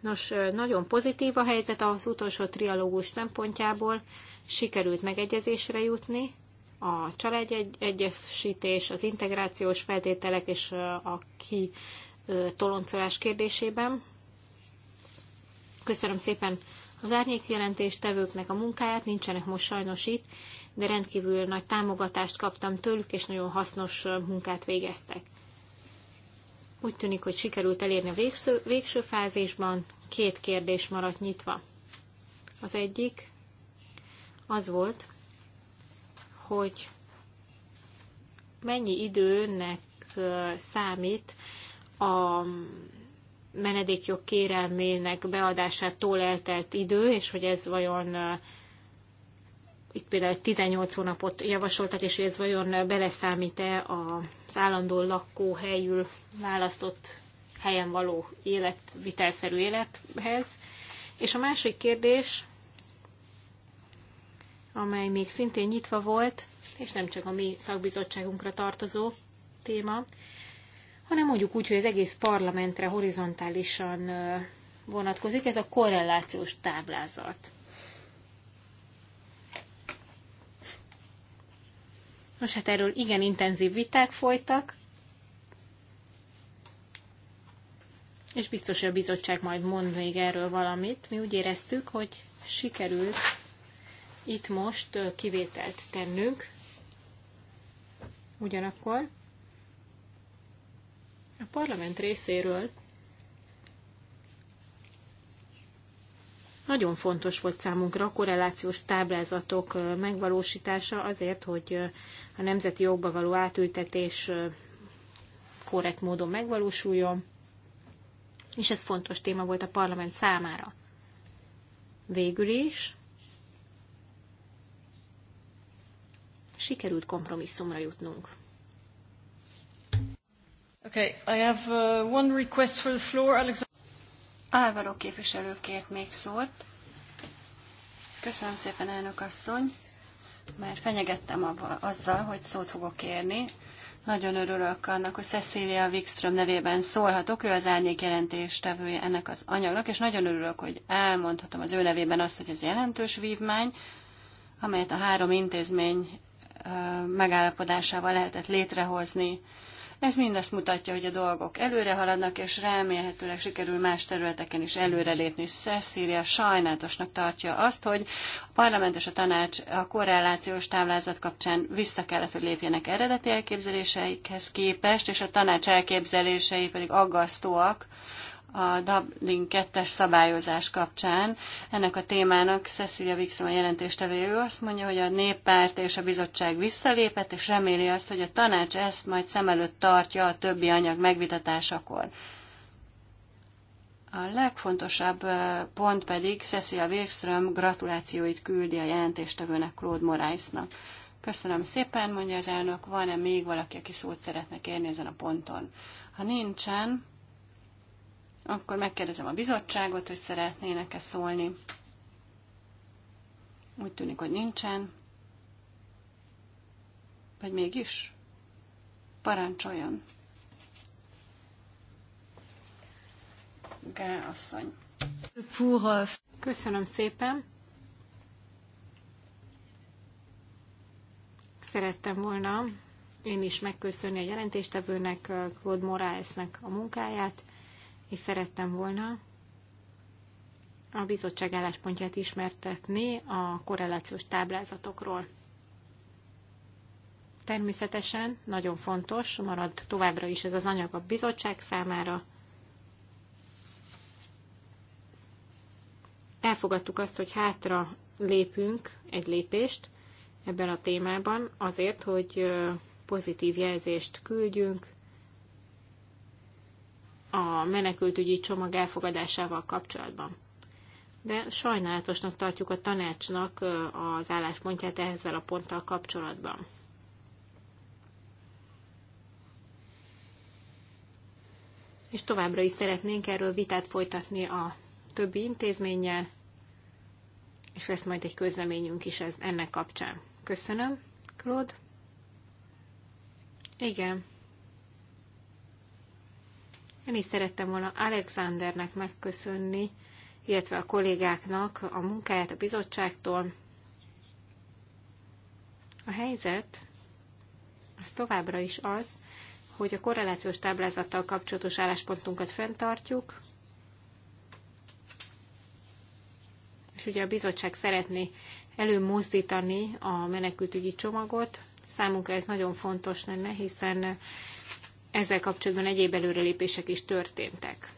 Nos, nagyon pozitív a helyzet az utolsó trialógus szempontjából, sikerült megegyezésre jutni, a családegyesítés, az integrációs feltételek és a kitoloncolás kérdésében. Köszönöm szépen az tevőknek a munkáját, nincsenek most sajnos itt, de rendkívül nagy támogatást kaptam tőlük, és nagyon hasznos munkát végeztek. Úgy tűnik, hogy sikerült elérni a végső, végső fázisban. Két kérdés maradt nyitva. Az egyik az volt, hogy mennyi időnek számít a menedékjog kérelmének beadásától eltelt idő, és hogy ez vajon itt például 18 hónapot javasoltak, és hogy ez vajon beleszámít-e az állandó lakó helyül választott helyen való élet, vitelszerű élethez. És a másik kérdés amely még szintén nyitva volt, és nem csak a mi szakbizottságunkra tartozó téma, hanem mondjuk úgy, hogy az egész parlamentre horizontálisan vonatkozik, ez a korrelációs táblázat. Nos, hát erről igen intenzív viták folytak, és biztos, hogy a bizottság majd mond még erről valamit. Mi úgy éreztük, hogy sikerült itt most kivételt tennünk. Ugyanakkor a parlament részéről nagyon fontos volt számunkra a korrelációs táblázatok megvalósítása azért, hogy a nemzeti jogba való átültetés korrekt módon megvalósuljon, és ez fontos téma volt a parlament számára. Végül is sikerült kompromisszumra jutnunk. Okay, I have uh, one request for the floor, Alexander. Álvaro képviselő kért még szót. Köszönöm szépen, elnök asszony. mert fenyegettem azzal, hogy szót fogok kérni. Nagyon örülök annak, hogy Cecilia Wikström nevében szólhatok. Ő az árnyék jelentéstevője ennek az anyagnak, és nagyon örülök, hogy elmondhatom az ő nevében azt, hogy ez jelentős vívmány, amelyet a három intézmény megállapodásával lehetett létrehozni. Ez mindezt mutatja, hogy a dolgok előre haladnak, és remélhetőleg sikerül más területeken is előrelépni. Cecília sajnálatosnak tartja azt, hogy a parlament és a tanács a korrelációs táblázat kapcsán vissza kellett, hogy lépjenek eredeti elképzeléseikhez képest, és a tanács elképzelései pedig aggasztóak a Dublin 2-es szabályozás kapcsán. Ennek a témának Cecilia Wikström a jelentéstevő azt mondja, hogy a néppárt és a bizottság visszalépett, és reméli azt, hogy a tanács ezt majd szem előtt tartja a többi anyag megvitatásakor. A legfontosabb pont pedig Cecilia Wikström gratulációit küldi a jelentéstevőnek Claude Moraisnak. Köszönöm szépen, mondja az elnök, van-e még valaki, aki szót szeretne kérni ezen a ponton? Ha nincsen, akkor megkérdezem a bizottságot, hogy szeretnének-e szólni. Úgy tűnik, hogy nincsen. Vagy mégis? Parancsoljon. Gá asszony. Euh, Köszönöm szépen. Szerettem volna én is megköszönni a jelentéstevőnek, Claude Moraesnek a munkáját, és szerettem volna a bizottság álláspontját ismertetni a korrelációs táblázatokról. Természetesen nagyon fontos, marad továbbra is ez az anyag a bizottság számára. Elfogadtuk azt, hogy hátra lépünk egy lépést ebben a témában azért, hogy pozitív jelzést küldjünk a menekültügyi csomag elfogadásával kapcsolatban. De sajnálatosnak tartjuk a tanácsnak az álláspontját ezzel a ponttal kapcsolatban. És továbbra is szeretnénk erről vitát folytatni a többi intézménnyel, és lesz majd egy közleményünk is ez, ennek kapcsán. Köszönöm, Claude. Igen. Én is szerettem volna Alexandernek megköszönni, illetve a kollégáknak a munkáját a bizottságtól. A helyzet az továbbra is az, hogy a korrelációs táblázattal kapcsolatos álláspontunkat fenntartjuk, és ugye a bizottság szeretné előmozdítani a menekültügyi csomagot. Számunkra ez nagyon fontos lenne, hiszen ezzel kapcsolatban egyéb előrelépések is történtek.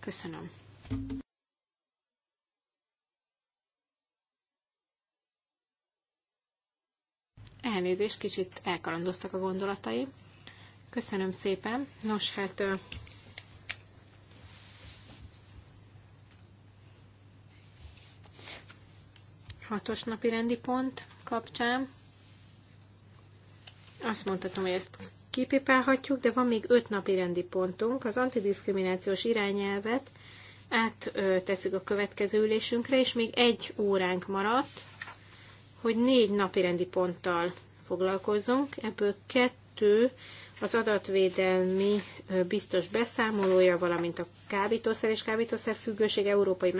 Köszönöm. Elnézést, kicsit elkalandoztak a gondolatai. Köszönöm szépen. Nos, hát hatos napi rendi pont kapcsán azt mondhatom, hogy ezt kipipálhatjuk, de van még öt napi rendi pontunk. Az antidiszkriminációs irányelvet átteszik a következő ülésünkre, és még egy óránk maradt, hogy négy napi rendi ponttal foglalkozzunk. Ebből kettő az adatvédelmi biztos beszámolója, valamint a kábítószer és kábítószer függőség Európai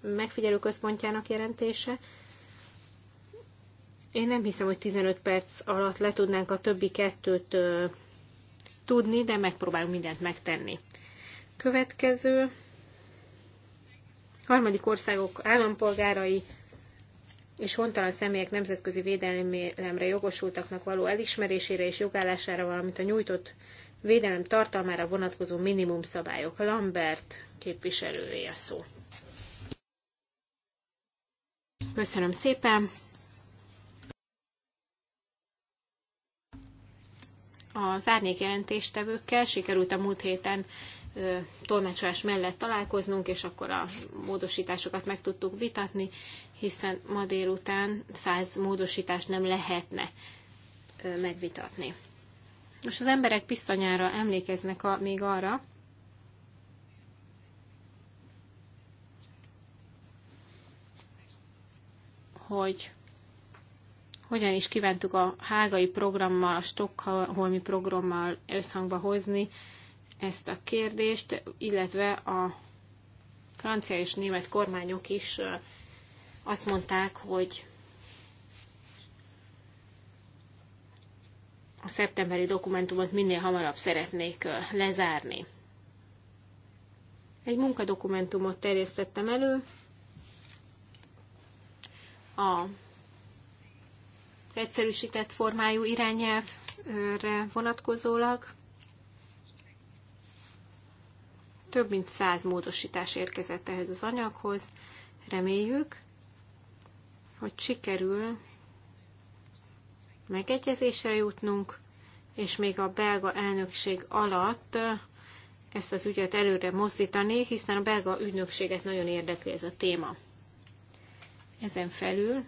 Megfigyelőközpontjának jelentése, én nem hiszem, hogy 15 perc alatt le tudnánk a többi kettőt ö, tudni, de megpróbálunk mindent megtenni. Következő. Harmadik országok állampolgárai és hontalan személyek nemzetközi védelemre jogosultaknak való elismerésére és jogállására, valamint a nyújtott védelem tartalmára vonatkozó minimum szabályok. Lambert képviselője szó. Köszönöm szépen! az árnyék jelentéstevőkkel sikerült a múlt héten tolmácsolás mellett találkoznunk, és akkor a módosításokat meg tudtuk vitatni, hiszen ma délután száz módosítást nem lehetne megvitatni. Most az emberek pisztanyára emlékeznek a, még arra, hogy hogyan is kívántuk a hágai programmal, a stokholmi programmal összhangba hozni ezt a kérdést, illetve a francia és német kormányok is azt mondták, hogy a szeptemberi dokumentumot minél hamarabb szeretnék lezárni. Egy munkadokumentumot terjesztettem elő, a az egyszerűsített formájú irányelvre vonatkozólag több mint száz módosítás érkezett ehhez az anyaghoz. Reméljük, hogy sikerül megegyezésre jutnunk, és még a belga elnökség alatt ezt az ügyet előre mozdítani, hiszen a belga ügynökséget nagyon érdekli ez a téma. Ezen felül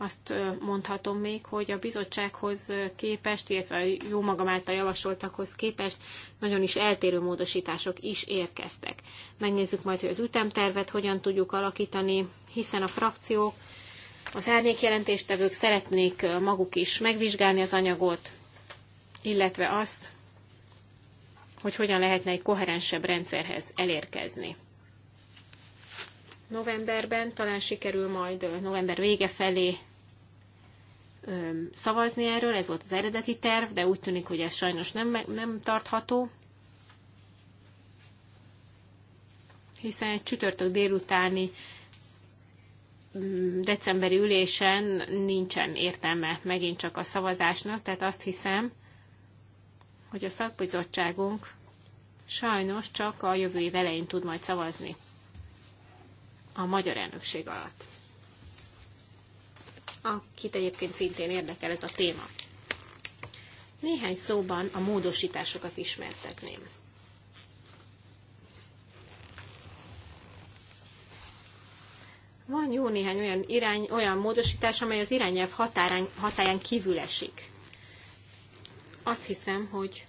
azt mondhatom még, hogy a bizottsághoz képest, illetve jó magam által javasoltakhoz képest nagyon is eltérő módosítások is érkeztek. Megnézzük majd, hogy az ütemtervet hogyan tudjuk alakítani, hiszen a frakciók, az árnyékjelentéstevők szeretnék maguk is megvizsgálni az anyagot, illetve azt, hogy hogyan lehetne egy koherensebb rendszerhez elérkezni novemberben, talán sikerül majd november vége felé szavazni erről, ez volt az eredeti terv, de úgy tűnik, hogy ez sajnos nem, nem tartható, hiszen egy csütörtök délutáni mm, decemberi ülésen nincsen értelme megint csak a szavazásnak, tehát azt hiszem, hogy a szakbizottságunk sajnos csak a jövő év elején tud majd szavazni a magyar elnökség alatt akit egyébként szintén érdekel ez a téma. Néhány szóban a módosításokat ismertetném. Van jó néhány olyan, irány, olyan módosítás, amely az irányelv határán, hatáján kívül esik. Azt hiszem, hogy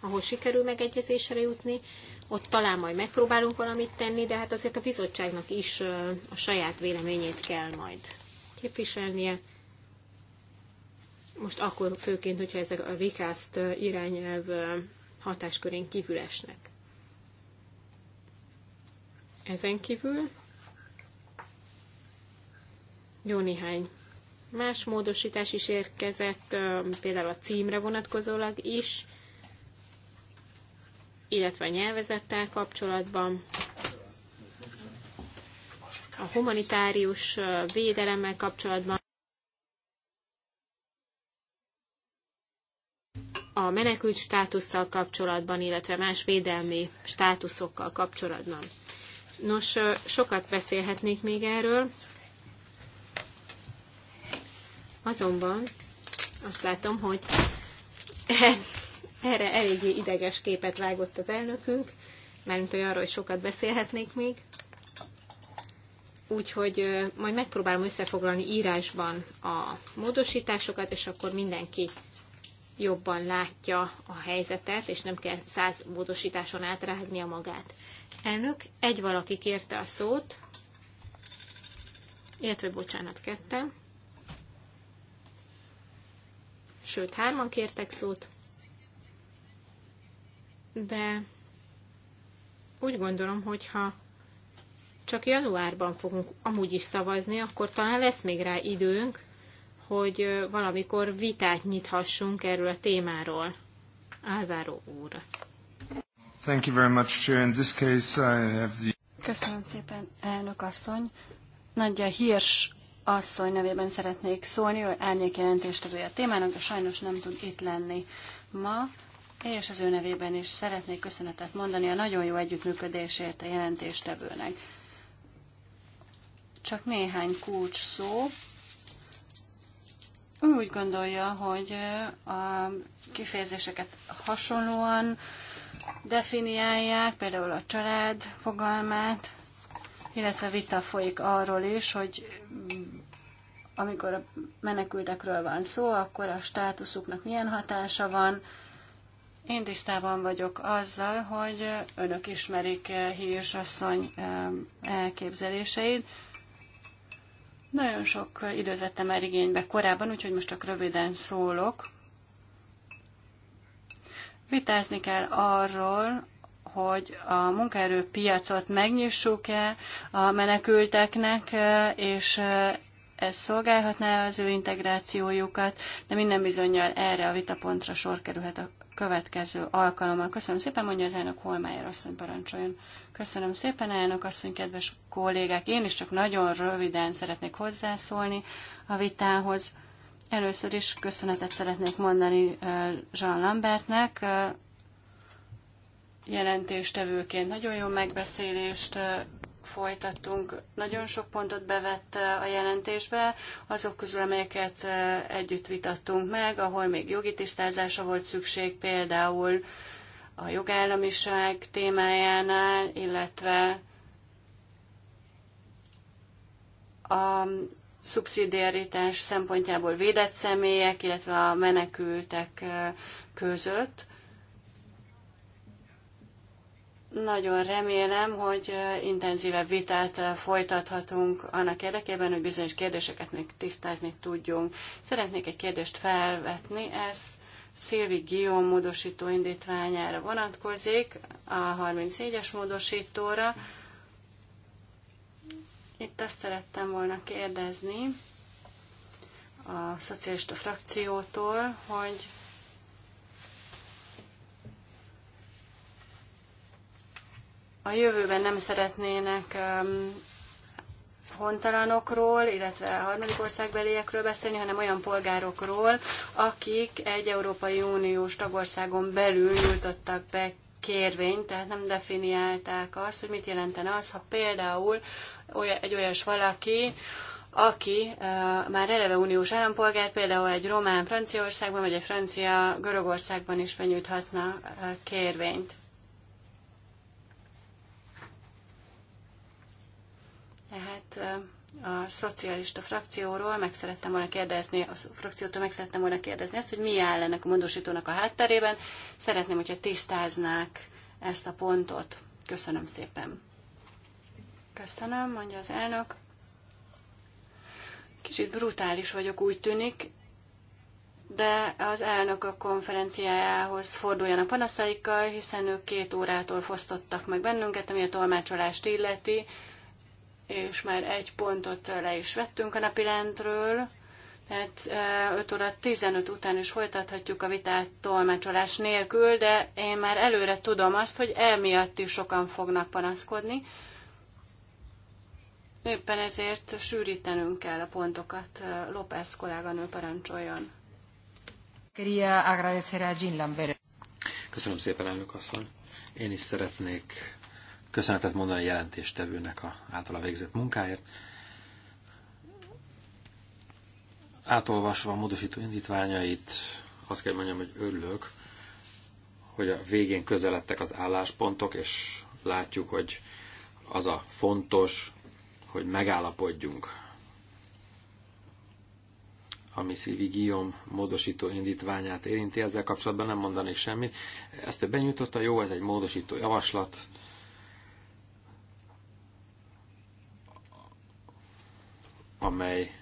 ahol sikerül megegyezésre jutni, ott talán majd megpróbálunk valamit tenni, de hát azért a bizottságnak is a saját véleményét kell majd képviselnie. Most akkor főként, hogyha ezek a Rikászt irányelv hatáskörén kívül esnek. Ezen kívül jó néhány más módosítás is érkezett, például a címre vonatkozólag is, illetve a nyelvezettel kapcsolatban, a humanitárius védelemmel kapcsolatban, a menekült státusszal kapcsolatban, illetve más védelmi státuszokkal kapcsolatban. Nos, sokat beszélhetnék még erről, azonban azt látom, hogy erre eléggé ideges képet vágott az elnökünk, mert hogy arról, hogy sokat beszélhetnék még. Úgyhogy majd megpróbálom összefoglalni írásban a módosításokat, és akkor mindenki jobban látja a helyzetet, és nem kell száz módosításon a magát. Elnök, egy valaki kérte a szót, illetve bocsánat, kettem. Sőt, hárman kértek szót de úgy gondolom, hogy ha csak januárban fogunk amúgy is szavazni, akkor talán lesz még rá időnk, hogy valamikor vitát nyithassunk erről a témáról. Álváró úr. Thank you very much, Chair. In this case, I have the... Köszönöm szépen, elnök asszony. Nagyja hírs asszony nevében szeretnék szólni, hogy árnyék jelentést a témának, de sajnos nem tud itt lenni ma és az ő nevében is szeretnék köszönetet mondani a nagyon jó együttműködésért a jelentéstevőnek. Csak néhány kulcs szó. Ő úgy gondolja, hogy a kifejezéseket hasonlóan definiálják, például a család fogalmát, illetve vita folyik arról is, hogy mm, amikor a menekültekről van szó, akkor a státuszuknak milyen hatása van, én tisztában vagyok azzal, hogy önök ismerik eh, híres asszony eh, elképzeléseit. Nagyon sok időt vettem már igénybe korábban, úgyhogy most csak röviden szólok. Vitázni kell arról, hogy a munkaerőpiacot megnyissuk-e a menekülteknek, eh, és ez szolgálhatná az ő integrációjukat, de minden bizonyal erre a vitapontra sor kerülhet a következő alkalommal. Köszönöm szépen, mondja az elnök Holmájer asszony parancsoljon. Köszönöm szépen, elnök asszony, kedves kollégák. Én is csak nagyon röviden szeretnék hozzászólni a vitához. Először is köszönetet szeretnék mondani Jean Lambertnek, jelentéstevőként nagyon jó megbeszélést folytattunk. Nagyon sok pontot bevett eh, a jelentésbe, azok közül, amelyeket eh, együtt vitattunk meg, ahol még jogi tisztázása volt szükség, például a jogállamiság témájánál, illetve a szubszidiaritás szempontjából védett személyek, illetve a menekültek eh, között. Nagyon remélem, hogy intenzívebb vitát folytathatunk annak érdekében, hogy bizonyos kérdéseket még tisztázni tudjunk. Szeretnék egy kérdést felvetni, ez Szilvi Guillaume módosító indítványára vonatkozik, a 34-es módosítóra. Itt azt szerettem volna kérdezni a szocialista frakciótól, hogy a jövőben nem szeretnének hontalanokról, illetve a harmadik országbeliekről beszélni, hanem olyan polgárokról, akik egy Európai Uniós tagországon belül nyújtottak be kérvényt, tehát nem definiálták azt, hogy mit jelentene az, ha például egy olyas valaki, aki uh, már eleve uniós állampolgár, például egy román Franciaországban, vagy egy francia Görögországban is benyújthatna uh, kérvényt. Tehát a szocialista frakcióról meg szerettem volna kérdezni, a frakciótól meg szerettem volna kérdezni ezt, hogy mi áll ennek a módosítónak a hátterében. Szeretném, hogyha tisztáznák ezt a pontot. Köszönöm szépen. Köszönöm, mondja az elnök. Kicsit brutális vagyok, úgy tűnik, de az elnök a konferenciájához forduljanak panaszaikkal, hiszen ők két órától fosztottak meg bennünket, ami a tolmácsolást illeti és már egy pontot le is vettünk a napirendről, tehát 5 óra 15 után is folytathatjuk a vitát tolmácsolás nélkül, de én már előre tudom azt, hogy emiatt is sokan fognak panaszkodni. Éppen ezért sűrítenünk kell a pontokat. López kolléganő parancsoljon. Köszönöm szépen, elnök asszony. Én is szeretnék köszönetet mondani a jelentéstevőnek a általa végzett munkáért. Átolvasva a módosító indítványait, azt kell mondjam, hogy örülök, hogy a végén közeledtek az álláspontok, és látjuk, hogy az a fontos, hogy megállapodjunk. Ami Szívi Gíjom módosító indítványát érinti, ezzel kapcsolatban nem mondanék semmit. Ezt ő benyújtotta, jó, ez egy módosító javaslat, amely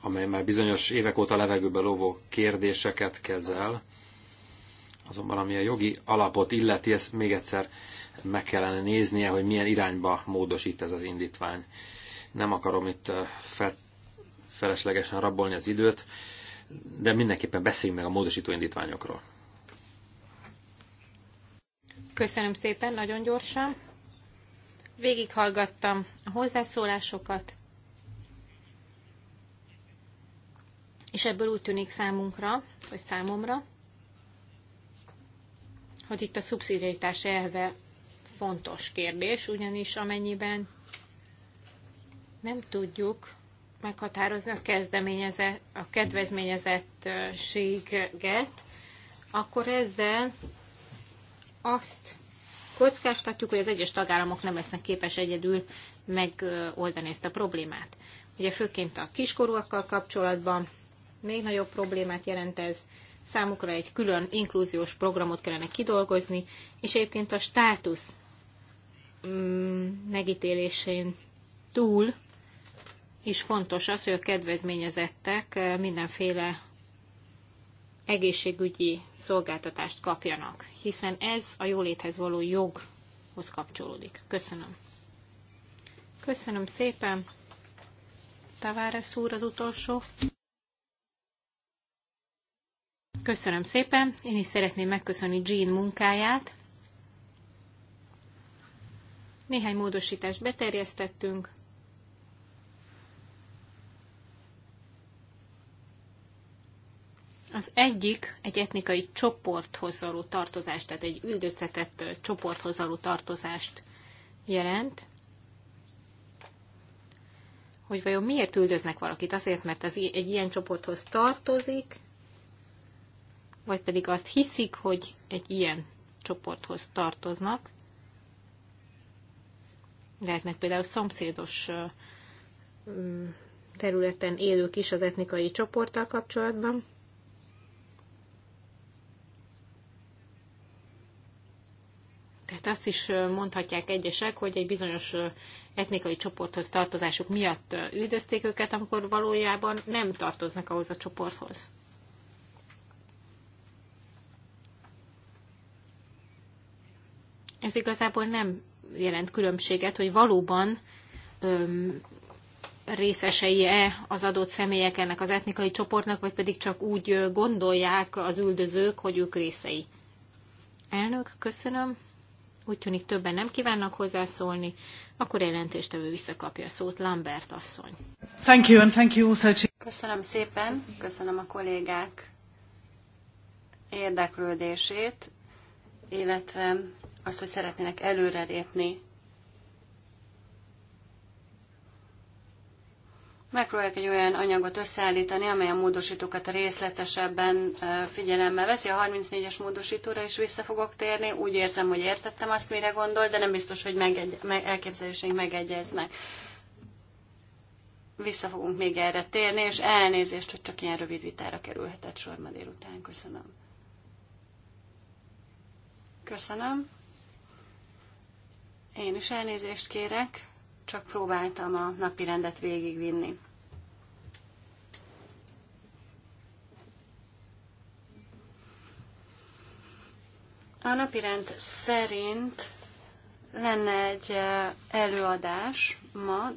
amely már bizonyos évek óta levegőbe lovó kérdéseket kezel, azonban ami a jogi alapot illeti, ezt még egyszer meg kellene néznie, hogy milyen irányba módosít ez az indítvány. Nem akarom itt eh, fe, feleslegesen rabolni az időt, de mindenképpen beszéljünk meg a módosító indítványokról. Köszönöm szépen, nagyon gyorsan. Végighallgattam a hozzászólásokat, és ebből úgy tűnik számunkra, vagy számomra, hogy itt a szubszidiaritás elve fontos kérdés, ugyanis amennyiben nem tudjuk meghatározni a, kezdeményezett, a kedvezményezettséget, akkor ezzel azt kockáztatjuk, hogy az egyes tagállamok nem lesznek képes egyedül megoldani ezt a problémát. Ugye főként a kiskorúakkal kapcsolatban még nagyobb problémát jelent ez, számukra egy külön inkluziós programot kellene kidolgozni, és egyébként a státusz mm, megítélésén túl is fontos az, hogy a kedvezményezettek eh, mindenféle egészségügyi szolgáltatást kapjanak, hiszen ez a jóléthez való joghoz kapcsolódik. Köszönöm. Köszönöm szépen. Tavares úr az utolsó. Köszönöm szépen. Én is szeretném megköszönni Jean munkáját. Néhány módosítást beterjesztettünk. Az egyik egy etnikai csoporthoz való tartozást, tehát egy üldöztetett csoporthoz való tartozást jelent, hogy vajon miért üldöznek valakit? Azért, mert az egy ilyen csoporthoz tartozik, vagy pedig azt hiszik, hogy egy ilyen csoporthoz tartoznak. Lehetnek például szomszédos területen élők is az etnikai csoporttal kapcsolatban. Tehát azt is mondhatják egyesek, hogy egy bizonyos etnikai csoporthoz tartozásuk miatt üldözték őket, amikor valójában nem tartoznak ahhoz a csoporthoz. Ez igazából nem jelent különbséget, hogy valóban öm, részesei-e az adott személyek ennek az etnikai csoportnak, vagy pedig csak úgy gondolják az üldözők, hogy ők részei. Elnök, köszönöm. Úgy tűnik többen nem kívánnak hozzászólni, akkor jelentéstevő visszakapja a szót Lambert asszony. Thank you and thank you also to... Köszönöm szépen, köszönöm a kollégák érdeklődését, illetve azt, hogy szeretnének előrelépni Megpróbálok egy olyan anyagot összeállítani, amely a módosítókat részletesebben figyelembe veszi. A 34-es módosítóra is vissza fogok térni. Úgy érzem, hogy értettem azt, mire gondol, de nem biztos, hogy megegy- meg- elképzeléseink megegyeznek. Vissza fogunk még erre térni, és elnézést, hogy csak ilyen rövid vitára kerülhetett sor ma délután. Köszönöm. Köszönöm. Én is elnézést kérek csak próbáltam a napi rendet végigvinni. A napirend szerint lenne egy előadás ma.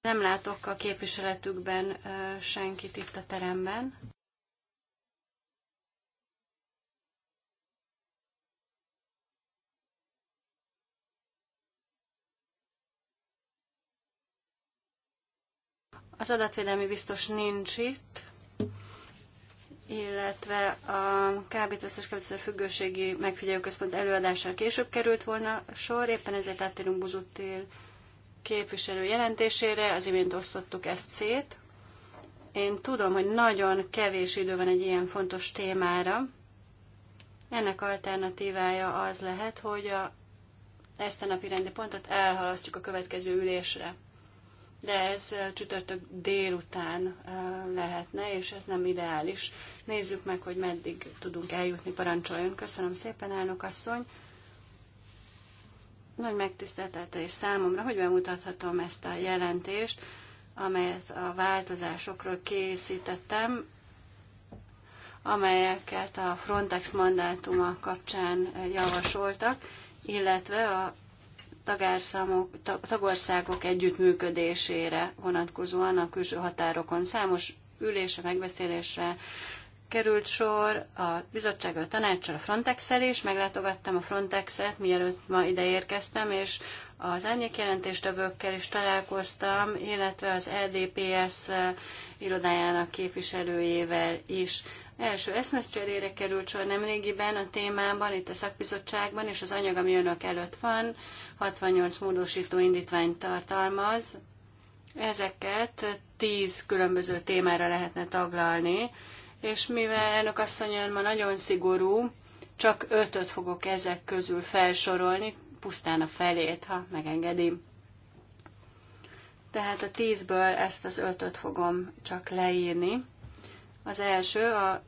Nem látok a képviseletükben senkit itt a teremben. Az adatvédelmi biztos nincs itt, illetve a kábítószer kábítószer függőségi megfigyelőközpont előadására később került volna sor, éppen ezért áttérünk Buzutil képviselő jelentésére, az imént osztottuk ezt szét. Én tudom, hogy nagyon kevés idő van egy ilyen fontos témára. Ennek alternatívája az lehet, hogy a, ezt a napi rendi pontot elhalasztjuk a következő ülésre de ez csütörtök délután lehetne, és ez nem ideális. Nézzük meg, hogy meddig tudunk eljutni, parancsoljon. Köszönöm szépen, elnök asszony. Nagy megtiszteltelte és számomra, hogy bemutathatom ezt a jelentést, amelyet a változásokról készítettem, amelyeket a Frontex mandátuma kapcsán javasoltak, illetve a tagországok együttműködésére vonatkozóan a külső határokon. Számos ülésre, megbeszélésre került sor a bizottsággal, a tanácssal, a frontex is. Meglátogattam a Frontexet, mielőtt ma ide érkeztem, és az árnyék jelentéstevőkkel is találkoztam, illetve az LDPS e eh, irodájának képviselőjével is. Első eszmecserére került sor nemrégiben a témában, itt a szakbizottságban, és az anyag, ami önök előtt van, 68 módosító indítványt tartalmaz. Ezeket 10 különböző témára lehetne taglalni, és mivel elnök asszonyon ma nagyon szigorú, csak ötöt fogok ezek közül felsorolni, pusztán a felét, ha megengedi. Tehát a tízből ezt az ötöt fogom csak leírni. Az első a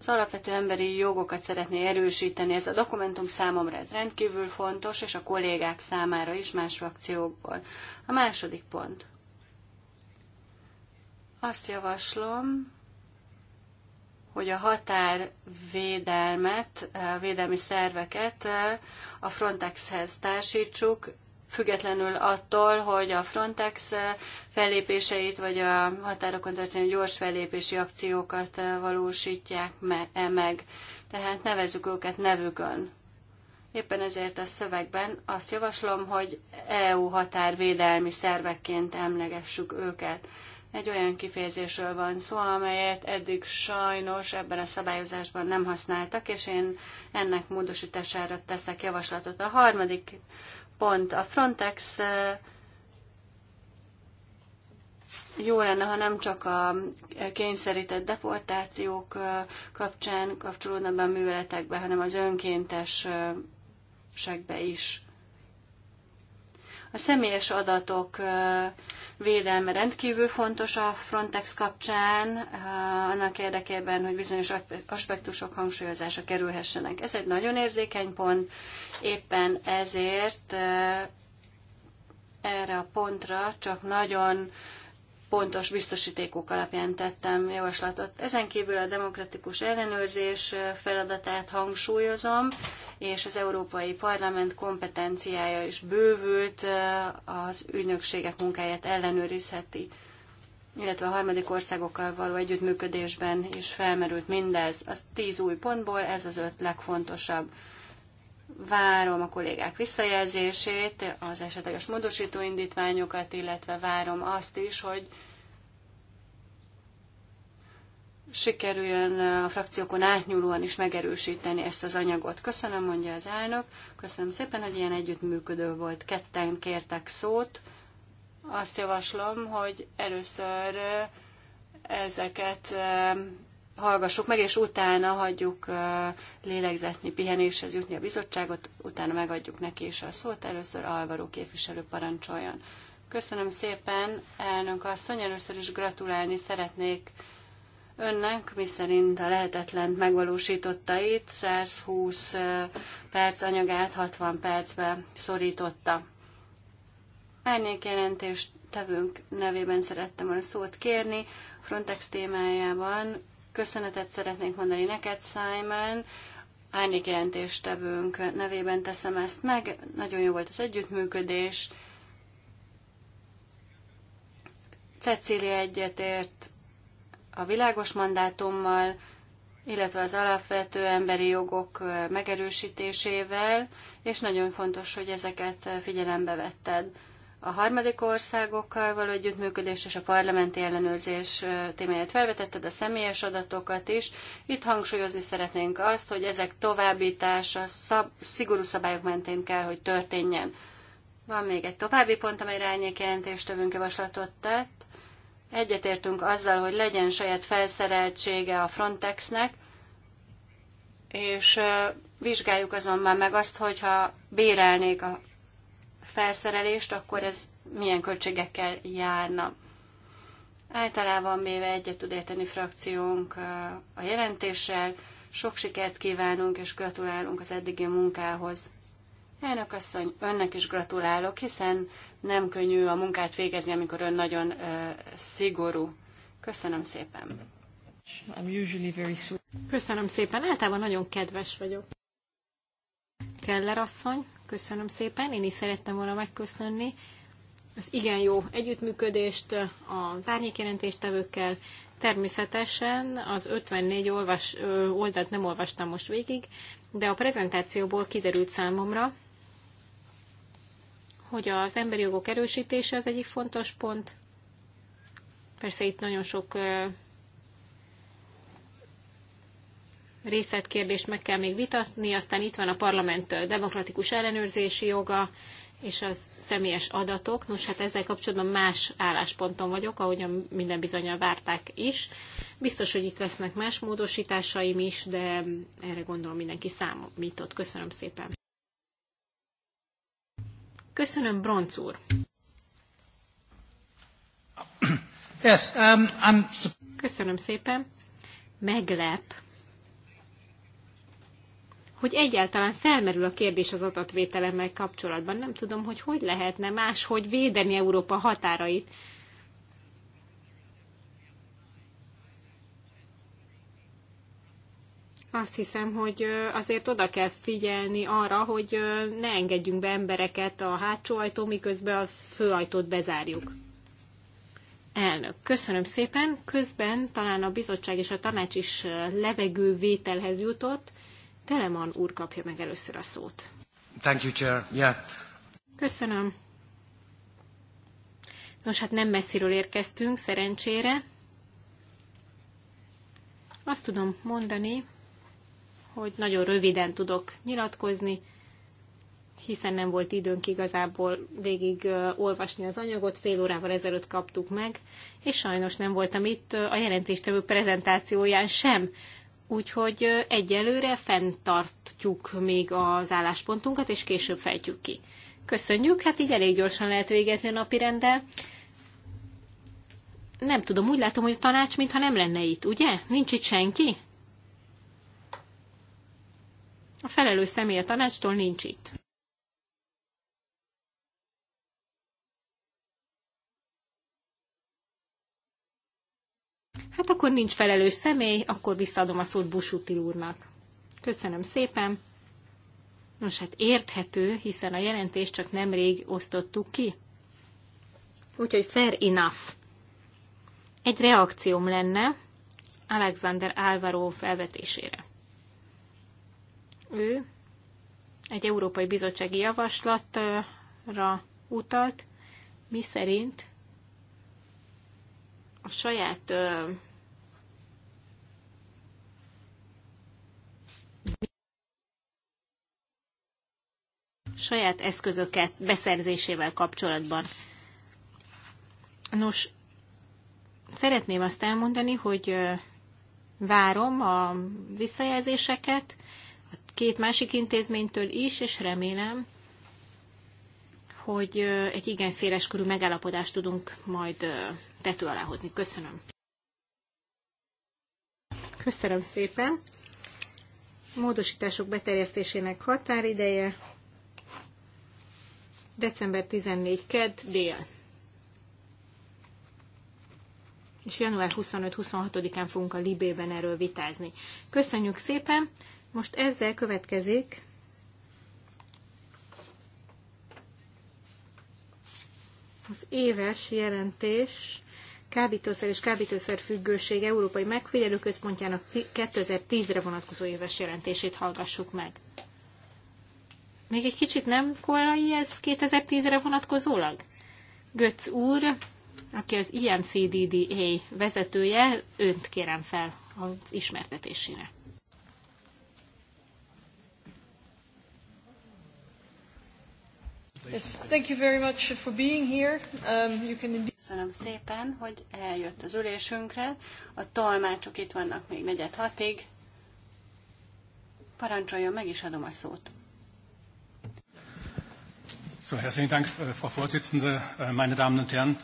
az alapvető emberi jogokat szeretné erősíteni. Ez a dokumentum számomra ez rendkívül fontos, és a kollégák számára is más frakciókból. A második pont. Azt javaslom, hogy a határvédelmet, a védelmi szerveket eh, a Frontexhez társítsuk, függetlenül attól, hogy a Frontex fellépéseit, vagy a határokon történő gyors fellépési akciókat valósítják e meg. Tehát nevezzük őket nevükön. Éppen ezért a szövegben azt javaslom, hogy EU határvédelmi szervekként emlegessük őket. Egy olyan kifejezésről van szó, amelyet eddig sajnos ebben a szabályozásban nem használtak, és én ennek módosítására teszek javaslatot. A harmadik pont. A Frontex jó lenne, ha nem csak a kényszerített deportációk kapcsán kapcsolódna be a műveletekbe, hanem az önkéntes segbe is. A személyes adatok védelme rendkívül fontos a Frontex kapcsán, annak érdekében, hogy bizonyos aspektusok hangsúlyozása kerülhessenek. Ez egy nagyon érzékeny pont, éppen ezért erre a pontra csak nagyon pontos biztosítékok alapján tettem javaslatot. Ezen kívül a demokratikus ellenőrzés feladatát hangsúlyozom, és az Európai Parlament kompetenciája is bővült, az ügynökségek munkáját ellenőrizheti illetve a harmadik országokkal való együttműködésben is felmerült mindez. Az tíz új pontból ez az öt legfontosabb várom a kollégák visszajelzését, az esetleges módosító indítványokat, illetve várom azt is, hogy sikerüljön a frakciókon átnyúlóan is megerősíteni ezt az anyagot. Köszönöm, mondja az elnök. Köszönöm szépen, hogy ilyen együttműködő volt. Ketten kértek szót. Azt javaslom, hogy először eh, ezeket eh, hallgassuk meg, és utána hagyjuk lélegzetni, pihenéshez jutni a bizottságot, utána megadjuk neki is a szót. Először Alvaró képviselő parancsoljon. Köszönöm szépen, elnök asszony, először is gratulálni szeretnék önnek, miszerint a lehetetlen megvalósította itt, 120 perc anyagát 60 percbe szorította. jelentést tevünk nevében szerettem volna szót kérni. Frontex témájában Köszönetet szeretnék mondani neked, Simon. Árnyékjelentéstevőnk nevében teszem ezt meg. Nagyon jó volt az együttműködés. Cecília egyetért a világos mandátummal, illetve az alapvető emberi jogok megerősítésével, és nagyon fontos, hogy ezeket figyelembe vetted a harmadik országokkal való együttműködést és a parlamenti ellenőrzés témáját felvetetted, a személyes adatokat is. Itt hangsúlyozni szeretnénk azt, hogy ezek továbbítása szab, szigorú szabályok mentén kell, hogy történjen. Van még egy további pont, amelyre árnyék jelentéstevünk javaslatot tett. Egyetértünk azzal, hogy legyen saját felszereltsége a Frontexnek, és vizsgáljuk azonban meg azt, hogyha bérelnék a felszerelést, akkor ez milyen költségekkel járna. Általában véve egyet tud érteni frakciónk a jelentéssel. Sok sikert kívánunk és gratulálunk az eddigi munkához. Elnök asszony, önnek is gratulálok, hiszen nem könnyű a munkát végezni, amikor ön nagyon uh, szigorú. Köszönöm szépen. Köszönöm szépen, általában nagyon kedves vagyok. Keller asszony, köszönöm szépen, én is szerettem volna megköszönni az igen jó együttműködést az árnyékjelentéstevőkkel. Természetesen az 54 olvas, oldalt nem olvastam most végig, de a prezentációból kiderült számomra, hogy az emberi jogok erősítése az egyik fontos pont. Persze itt nagyon sok részletkérdést meg kell még vitatni, aztán itt van a parlament demokratikus ellenőrzési joga, és a személyes adatok. Nos, hát ezzel kapcsolatban más állásponton vagyok, ahogyan minden bizonyal várták is. Biztos, hogy itt lesznek más módosításaim is, de erre gondolom mindenki számított. Köszönöm szépen. Köszönöm, Bronc úr. Yes, um, I'm... Köszönöm szépen. Meglep, hogy egyáltalán felmerül a kérdés az adatvételemmel kapcsolatban. Nem tudom, hogy hogy lehetne máshogy védeni Európa határait. Azt hiszem, hogy azért oda kell figyelni arra, hogy ne engedjünk be embereket a hátsó ajtó, miközben a főajtót bezárjuk. Elnök, köszönöm szépen. Közben talán a bizottság és a tanács is levegővételhez jutott Teleman úr kapja meg először a szót. Thank you, Chair. Yeah. Köszönöm. Nos, hát nem messziről érkeztünk, szerencsére. Azt tudom mondani, hogy nagyon röviden tudok nyilatkozni, hiszen nem volt időnk igazából végig olvasni az anyagot, fél órával ezelőtt kaptuk meg, és sajnos nem voltam itt a jelentéstevő prezentációján sem, Úgyhogy egyelőre fenntartjuk még az álláspontunkat, és később fejtjük ki. Köszönjük, hát így elég gyorsan lehet végezni a napi rendel. Nem tudom, úgy látom, hogy a tanács, mintha nem lenne itt, ugye? Nincs itt senki? A felelős személy a tanácstól nincs itt. Hát akkor nincs felelős személy, akkor visszaadom a szót Busuti úrnak. Köszönöm szépen. Nos, hát érthető, hiszen a jelentést csak nemrég osztottuk ki. Úgyhogy fair enough. Egy reakcióm lenne Alexander Álvaró felvetésére. Ő egy Európai Bizottsági Javaslatra utalt, mi szerint a saját saját eszközöket beszerzésével kapcsolatban. Nos, szeretném azt elmondani, hogy várom a visszajelzéseket a két másik intézménytől is, és remélem, hogy egy igen széles körű megállapodást tudunk majd tető alá hozni. Köszönöm. Köszönöm szépen. Módosítások beterjesztésének határideje december 14 kedd dél. És január 25-26-án fogunk a Libében erről vitázni. Köszönjük szépen! Most ezzel következik az éves jelentés kábítószer és kábítószer függőség Európai Megfigyelőközpontjának 2010-re vonatkozó éves jelentését hallgassuk meg. Még egy kicsit nem korai ez 2010-re vonatkozólag? Götz úr, aki az IMCDDA vezetője, önt kérem fel az ismertetésére. Yes, thank you very much for being here. Um, you can Köszönöm szépen, hogy eljött az ülésünkre. A tolmácsok itt vannak még negyed hatig. Parancsoljon, meg is adom a szót. So, herzlichen Dank, äh, Frau Vorsitzende, äh, meine Damen und Herren.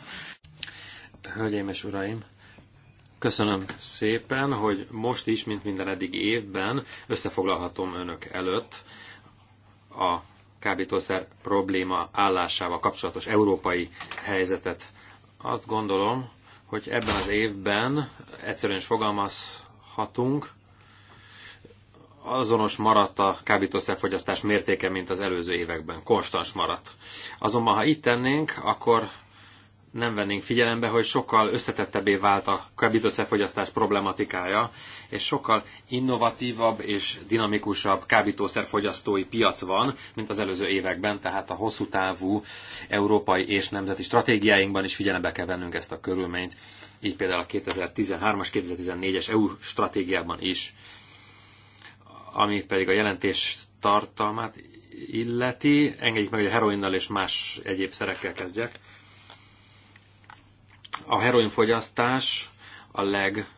Hölgyeim és Uraim, köszönöm szépen, hogy most is, mint minden eddig évben összefoglalhatom önök előtt a kábítószer probléma állásával kapcsolatos európai helyzetet. Azt gondolom, hogy ebben az évben egyszerűen is fogalmazhatunk, azonos maradt a kábítószerfogyasztás mértéke, mint az előző években. Konstans maradt. Azonban, ha itt tennénk, akkor nem vennénk figyelembe, hogy sokkal összetettebbé vált a kábítószerfogyasztás problematikája, és sokkal innovatívabb és dinamikusabb kábítószerfogyasztói piac van, mint az előző években, tehát a hosszú távú európai és nemzeti stratégiáinkban is figyelembe kell vennünk ezt a körülményt, így például a 2013-as, 2014-es EU stratégiában is. Ami pedig a jelentés tartalmát illeti, Engedjük meg, hogy a heroinnal és más egyéb szerekkel kezdjek. A heroinfogyasztás a leg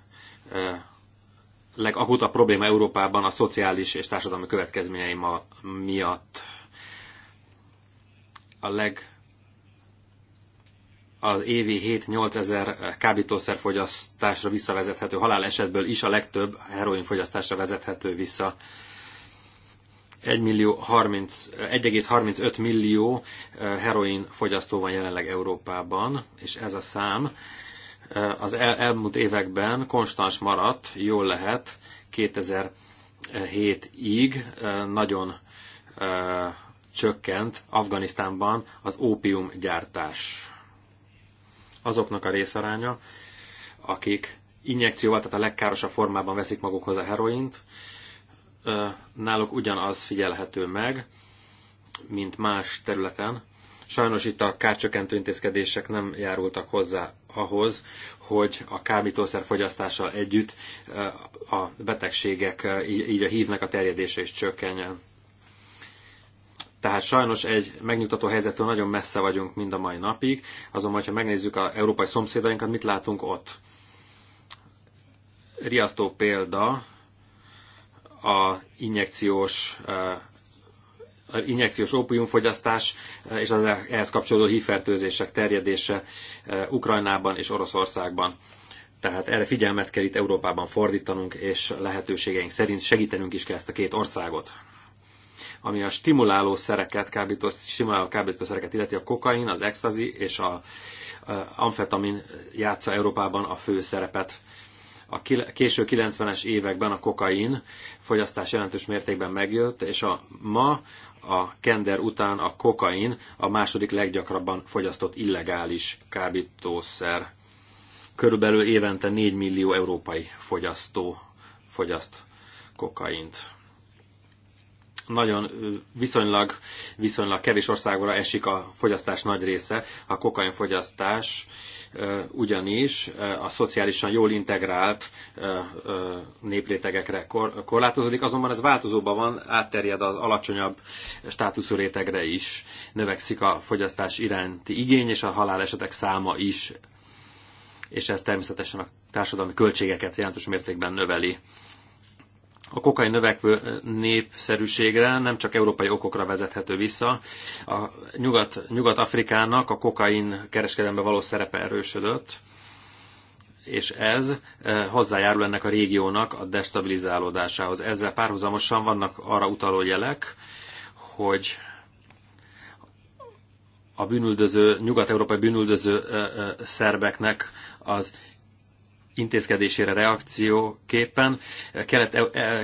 legakutabb probléma Európában a szociális és társadalmi következményei miatt. A leg az évi 7-8 ezer kábítószerfogyasztásra visszavezethető halálesetből is a legtöbb heroinfogyasztásra vezethető vissza. 1 millió 30, 1,35 millió heroin fogyasztó van jelenleg Európában, és ez a szám az el, elmúlt években konstans maradt, jól lehet, 2007-ig nagyon csökkent Afganisztánban az ópiumgyártás azoknak a részaránya, akik injekcióval, tehát a legkárosabb formában veszik magukhoz a heroint, náluk ugyanaz figyelhető meg, mint más területen. Sajnos itt a kárcsökkentő intézkedések nem járultak hozzá ahhoz, hogy a kábítószer fogyasztással együtt a betegségek, így a hívnek a terjedése is csökkenjen. Tehát sajnos egy megnyugtató helyzettől nagyon messze vagyunk mind a mai napig, azonban, ha megnézzük az európai szomszédainkat, mit látunk ott? Riasztó példa a injekciós e, a injekciós ópiumfogyasztás e, és az ehhez kapcsolódó hívfertőzések terjedése e, Ukrajnában és Oroszországban. Tehát erre figyelmet kell itt Európában fordítanunk, és lehetőségeink szerint segítenünk is kell ezt a két országot ami a stimuláló szereket, kábítós, stimuláló kábítószereket illeti a kokain, az extazi és a, amfetamin játsza Európában a fő szerepet. A késő 90-es években a kokain fogyasztás jelentős mértékben megjött, és a ma a kender után a kokain a második leggyakrabban fogyasztott illegális kábítószer. Körülbelül évente 4 millió európai fogyasztó fogyaszt kokaint nagyon viszonylag, viszonylag kevés országra esik a fogyasztás nagy része. A kokain fogyasztás ugyanis a szociálisan jól integrált néprétegekre korlátozódik, azonban ez változóban van, átterjed az alacsonyabb státuszú rétegre is, növekszik a fogyasztás iránti igény, és a halálesetek száma is, és ez természetesen a társadalmi költségeket jelentős mértékben növeli a kokain növekvő népszerűségre nem csak európai okokra vezethető vissza. A Nyugat, Nyugat-Afrikának a kokain kereskedelemben való szerepe erősödött, és ez eh, hozzájárul ennek a régiónak a destabilizálódásához. Ezzel párhuzamosan vannak arra utaló jelek, hogy a bűnüldöző, nyugat-európai bűnüldöző eh, eh, szerbeknek az intézkedésére reakcióképpen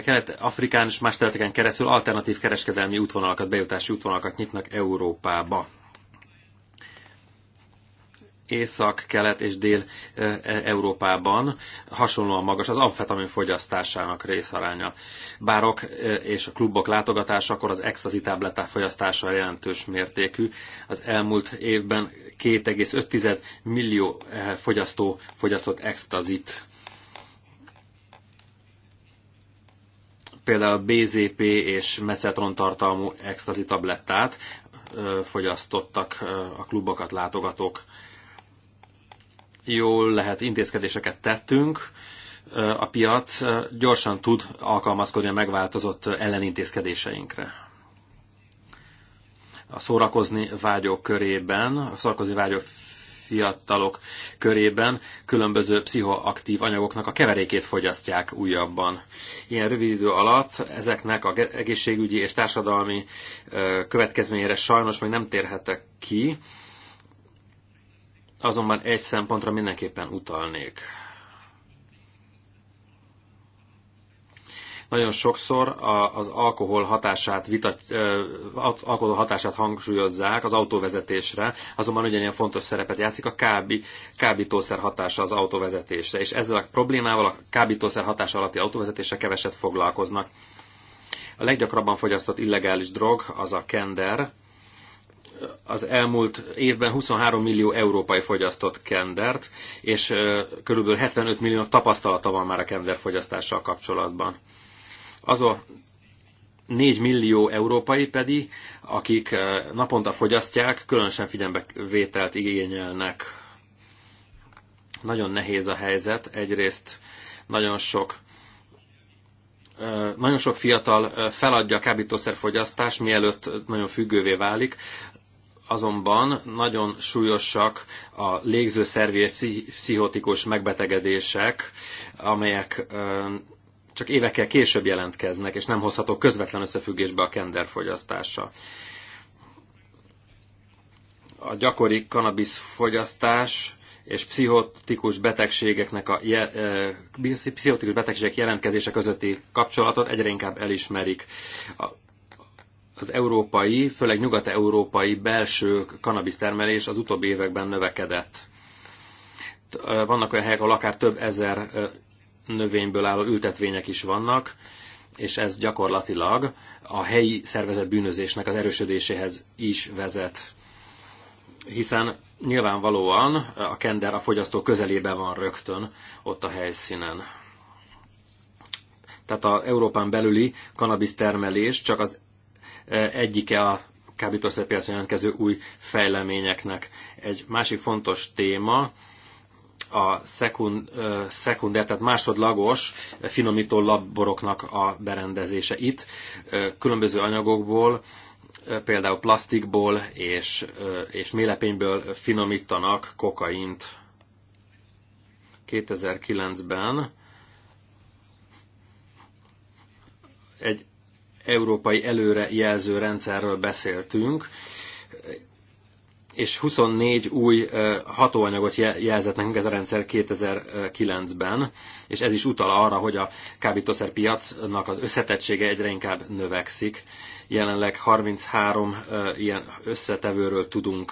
kelet-afrikán e, e, és más területeken keresztül alternatív kereskedelmi útvonalakat, bejutási útvonalakat nyitnak Európába. Észak, Kelet és Dél e, Európában hasonlóan magas az amfetamin fogyasztásának részaránya. Bárok és a klubok látogatásakor az ecstasy tableták fogyasztása jelentős mértékű. Az elmúlt évben 2,5 millió eh, fogyasztó fogyasztott extazit. Például BZP és mecetron tartalmú extazi tablettát eh, fogyasztottak eh, a klubokat látogatók. Jól lehet, intézkedéseket tettünk, a piac gyorsan tud alkalmazkodni a megváltozott ellenintézkedéseinkre a szórakozni vágyók körében, a szórakozni vágyó fiatalok körében különböző pszichoaktív anyagoknak a keverékét fogyasztják újabban. Ilyen rövid idő alatt ezeknek a egészségügyi és társadalmi következményére sajnos még nem térhetek ki, azonban egy szempontra mindenképpen utalnék. Nagyon sokszor az alkohol hatását, vitat, alkohol hatását hangsúlyozzák az autóvezetésre, azonban ugyanilyen fontos szerepet játszik a kábi, kábítószer hatása az autóvezetésre, és ezzel a problémával a kábítószer hatása alatti autóvezetésre keveset foglalkoznak. A leggyakrabban fogyasztott illegális drog az a kender, az elmúlt évben 23 millió európai fogyasztott kendert, és körülbelül 75 millió tapasztalata van már a kender fogyasztással kapcsolatban. Az a 4 millió európai pedig, akik eh, naponta fogyasztják, különösen figyelembevételt igényelnek. Nagyon nehéz a helyzet. Egyrészt nagyon sok eh, nagyon sok fiatal eh, feladja a kábítószerfogyasztást, mielőtt nagyon függővé válik, azonban nagyon súlyosak a légzőszervi pszichotikus megbetegedések, amelyek csak évekkel később jelentkeznek, és nem hozható közvetlen összefüggésbe a kender fogyasztása. A gyakori kanabisz fogyasztás és pszichotikus betegségeknek a je, pszichotikus betegségek jelentkezése közötti kapcsolatot egyre inkább elismerik. A, az európai, főleg nyugat-európai belső kanabisztermelés az utóbbi években növekedett. Vannak olyan helyek, ahol akár több ezer növényből álló ültetvények is vannak, és ez gyakorlatilag a helyi szervezet bűnözésnek az erősödéséhez is vezet. Hiszen nyilvánvalóan a kender a fogyasztó közelében van rögtön ott a helyszínen. Tehát az Európán belüli kanabisz termelés csak az e, egyike a kábítószerpiacon jelentkező új fejleményeknek. Egy másik fontos téma, a szekund, szekunder, tehát másodlagos finomító laboroknak a berendezése itt, különböző anyagokból, például plastikból és, és mélepényből finomítanak kokaint. 2009-ben egy európai előrejelző rendszerről beszéltünk, és 24 új hatóanyagot jelzett nekünk ez a rendszer 2009-ben, és ez is utal arra, hogy a piacnak az összetettsége egyre inkább növekszik. Jelenleg 33 ilyen összetevőről tudunk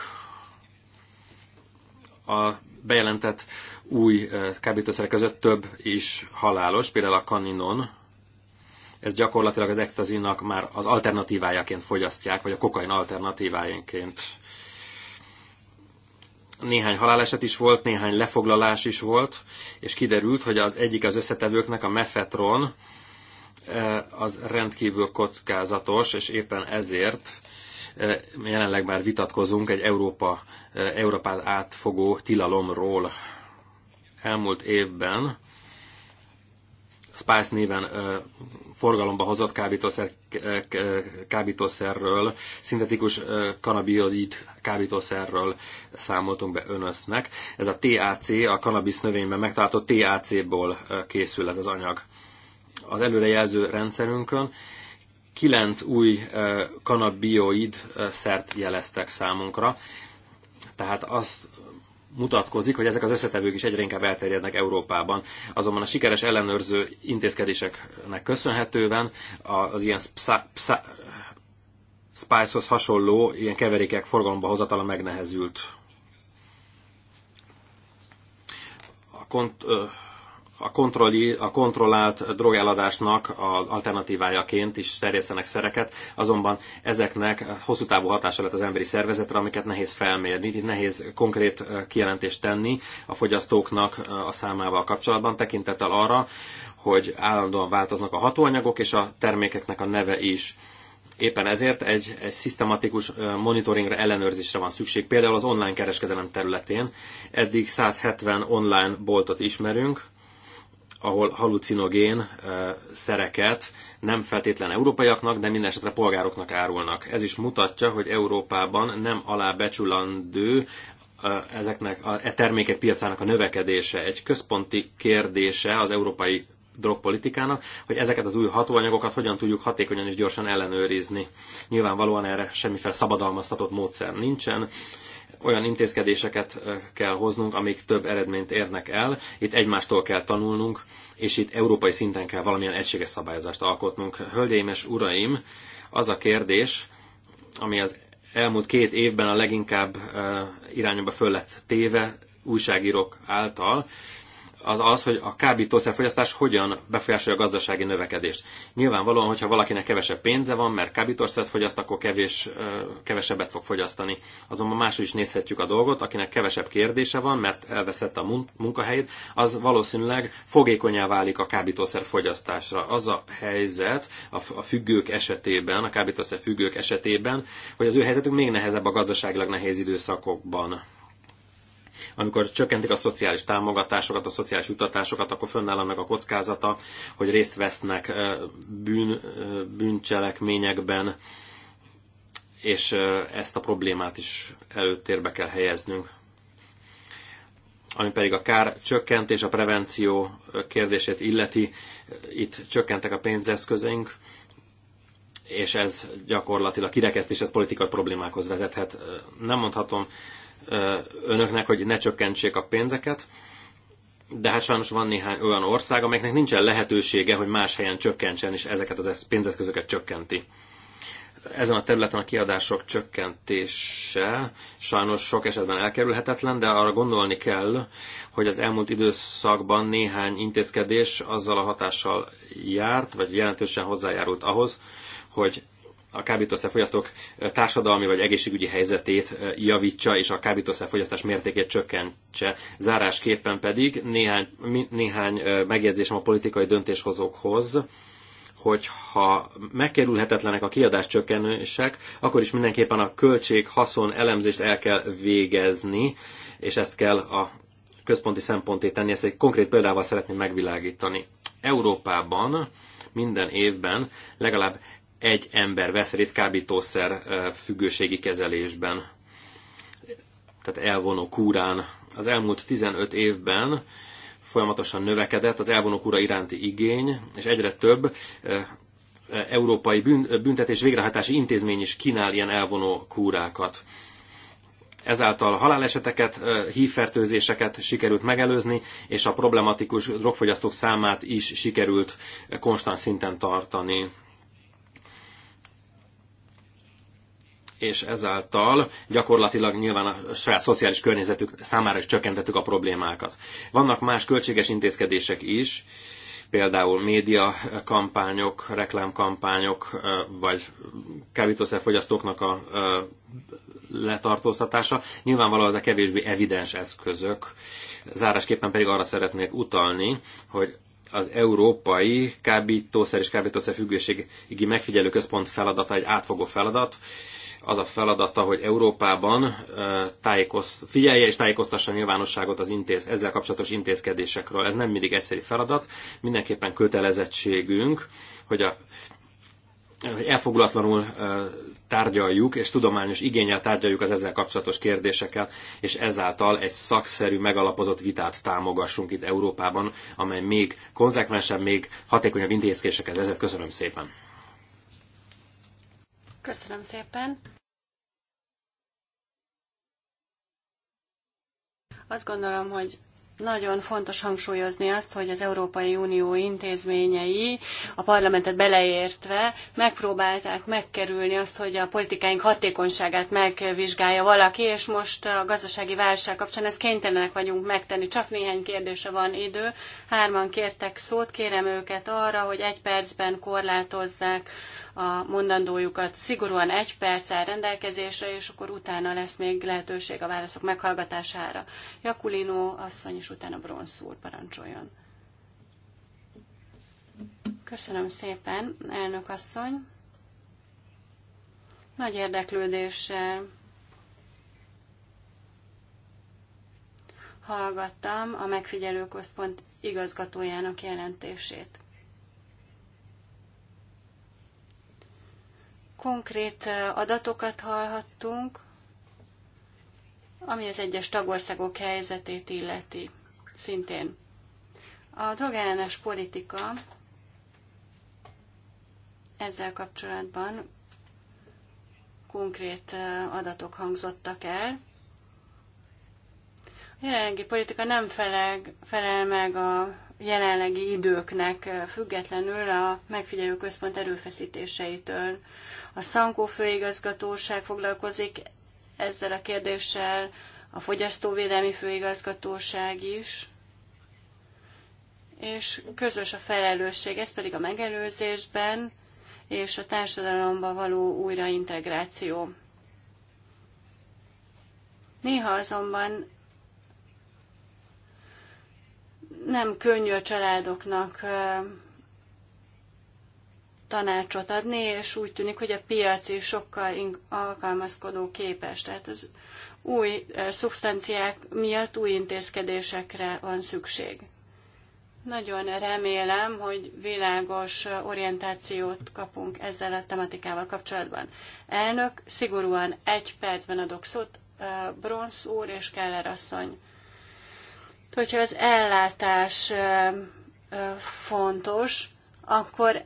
a bejelentett új kábítószerek között több is halálos, például a kaninon, ez gyakorlatilag az extazinak már az alternatívájaként fogyasztják, vagy a kokain alternatívájaként néhány haláleset is volt, néhány lefoglalás is volt, és kiderült, hogy az egyik az összetevőknek, a mefetron, e, az rendkívül kockázatos, és éppen ezért e, jelenleg már vitatkozunk egy Európa, e, Európát átfogó tilalomról. Elmúlt évben Spice néven forgalomba hozott kábítószer, kábítószerről, szintetikus kanabioid kábítószerről számoltunk be önösznek. Ez a TAC, a kanabis növényben megtalálható TAC-ból készül ez az anyag. Az előrejelző rendszerünkön kilenc új kanabioid szert jeleztek számunkra, tehát azt mutatkozik, hogy ezek az összetevők is egyre inkább elterjednek Európában. Azonban a sikeres ellenőrző intézkedéseknek köszönhetően az ilyen psa, psa, spice hasonló ilyen keverékek forgalomba hozatala megnehezült. A kont, a, kontrolli, a kontrollált drogeladásnak az alternatívájaként is terjesztenek szereket, azonban ezeknek hosszú távú hatása lett az emberi szervezetre, amiket nehéz felmérni, itt nehéz konkrét kijelentést tenni a fogyasztóknak a számával kapcsolatban, tekintettel arra, hogy állandóan változnak a hatóanyagok és a termékeknek a neve is. Éppen ezért egy, egy szisztematikus monitoringra, ellenőrzésre van szükség. Például az online kereskedelem területén eddig 170 online boltot ismerünk, ahol halucinogén szereket nem feltétlen európaiaknak, de minden esetre polgároknak árulnak. Ez is mutatja, hogy Európában nem alábecsülandő ezeknek a e termékek piacának a növekedése. Egy központi kérdése az európai drogpolitikának, hogy ezeket az új hatóanyagokat hogyan tudjuk hatékonyan és gyorsan ellenőrizni. Nyilvánvalóan erre semmiféle szabadalmaztatott módszer nincsen olyan intézkedéseket kell hoznunk, amik több eredményt érnek el. Itt egymástól kell tanulnunk, és itt európai szinten kell valamilyen egységes szabályozást alkotnunk. Hölgyeim és uraim, az a kérdés, ami az elmúlt két évben a leginkább irányba föl lett téve újságírók által, az az, hogy a kábítószerfogyasztás hogyan befolyásolja a gazdasági növekedést. Nyilvánvalóan, hogyha valakinek kevesebb pénze van, mert kábítószert fogyaszt, akkor kevés, kevesebbet fog fogyasztani. Azonban máshogy is nézhetjük a dolgot, akinek kevesebb kérdése van, mert elveszett a munkahelyét, az valószínűleg fogékonyá válik a kábítószer fogyasztásra. Az a helyzet a függők esetében, a kábítószer függők esetében, hogy az ő helyzetük még nehezebb a gazdaságilag nehéz időszakokban amikor csökkentik a szociális támogatásokat, a szociális utatásokat, akkor fönnáll annak a kockázata, hogy részt vesznek bűn, bűncselekményekben, és ezt a problémát is előtérbe kell helyeznünk. Ami pedig a kár csökkentés, a prevenció kérdését illeti, itt csökkentek a pénzeszközeink, és ez gyakorlatilag kirekesztés, ez politikai problémákhoz vezethet. Nem mondhatom önöknek, hogy ne csökkentsék a pénzeket, de hát sajnos van néhány olyan ország, amelyeknek nincsen lehetősége, hogy más helyen csökkentsen, és ezeket az pénzeszközöket csökkenti. Ezen a területen a kiadások csökkentése sajnos sok esetben elkerülhetetlen, de arra gondolni kell, hogy az elmúlt időszakban néhány intézkedés azzal a hatással járt, vagy jelentősen hozzájárult ahhoz, hogy a kábítószerfogyasztók társadalmi vagy egészségügyi helyzetét javítsa, és a kábítószerfogyasztás mértékét csökkentse. Zárásképpen pedig néhány, néhány megjegyzésem a politikai döntéshozókhoz, hogy ha megkerülhetetlenek a kiadás csökkenések, akkor is mindenképpen a költség-haszon elemzést el kell végezni, és ezt kell a központi szemponté tenni. Ezt egy konkrét példával szeretném megvilágítani. Európában minden évben legalább egy ember vesz részt kábítószer függőségi kezelésben, tehát elvonó kúrán. Az elmúlt 15 évben folyamatosan növekedett az elvonó kúra iránti igény, és egyre több európai büntetés végrehajtási intézmény is kínál ilyen elvonó kúrákat. Ezáltal haláleseteket, hívfertőzéseket sikerült megelőzni, és a problematikus drogfogyasztók számát is sikerült konstant szinten tartani. és ezáltal gyakorlatilag nyilván a saját szociális környezetük számára is csökkentettük a problémákat. Vannak más költséges intézkedések is, például média kampányok, reklámkampányok, vagy kábítószerfogyasztóknak a letartóztatása. Nyilvánvalóan ezek kevésbé evidens eszközök. Zárásképpen pedig arra szeretnék utalni, hogy az Európai Kábítószer és Kábítószer Függőségi Megfigyelő Központ feladata egy átfogó feladat, az a feladata, hogy Európában tájékoz, figyelje és tájékoztassa a nyilvánosságot az intéz, ezzel kapcsolatos intézkedésekről. Ez nem mindig egyszerű feladat, mindenképpen kötelezettségünk, hogy a hogy elfoglatlanul tárgyaljuk, és tudományos igényel tárgyaljuk az ezzel kapcsolatos kérdéseket, és ezáltal egy szakszerű, megalapozott vitát támogassunk itt Európában, amely még konzekvensebb, még hatékonyabb intézkedéseket vezet. Köszönöm szépen! Köszönöm szépen. Azt gondolom, hogy nagyon fontos hangsúlyozni azt, hogy az Európai Unió intézményei, a parlamentet beleértve megpróbálták megkerülni azt, hogy a politikáink hatékonyságát megvizsgálja valaki, és most a gazdasági válság kapcsán ezt kénytelenek vagyunk megtenni. Csak néhány kérdése van idő. Hárman kértek szót, kérem őket arra, hogy egy percben korlátozzák a mondandójukat. Szigorúan egy perc áll rendelkezésre, és akkor utána lesz még lehetőség a válaszok meghallgatására. Jakulino asszony, és utána Bronsz úr parancsoljon. Köszönöm szépen, elnök asszony. Nagy érdeklődéssel hallgattam a megfigyelőközpont igazgatójának jelentését. Konkrét adatokat hallhattunk, ami az egyes tagországok helyzetét illeti szintén. A drogellenes politika ezzel kapcsolatban konkrét adatok hangzottak el. A jelenlegi politika nem feleg, felel meg a jelenlegi időknek függetlenül a megfigyelő központ erőfeszítéseitől. A Szankó főigazgatóság foglalkozik ezzel a kérdéssel, a Fogyasztóvédelmi Főigazgatóság is, és közös a felelősség, ez pedig a megelőzésben és a társadalomban való újraintegráció. Néha azonban nem könnyű a családoknak tanácsot adni, és úgy tűnik, hogy a piac is sokkal alkalmazkodó képes. Tehát az új eh, szubstanciák miatt új intézkedésekre van szükség. Nagyon remélem, hogy világos eh, orientációt kapunk ezzel a tematikával kapcsolatban. Elnök, szigorúan egy percben adok szót, eh, Bronsz úr és Keller asszony. Hogyha az ellátás fontos, akkor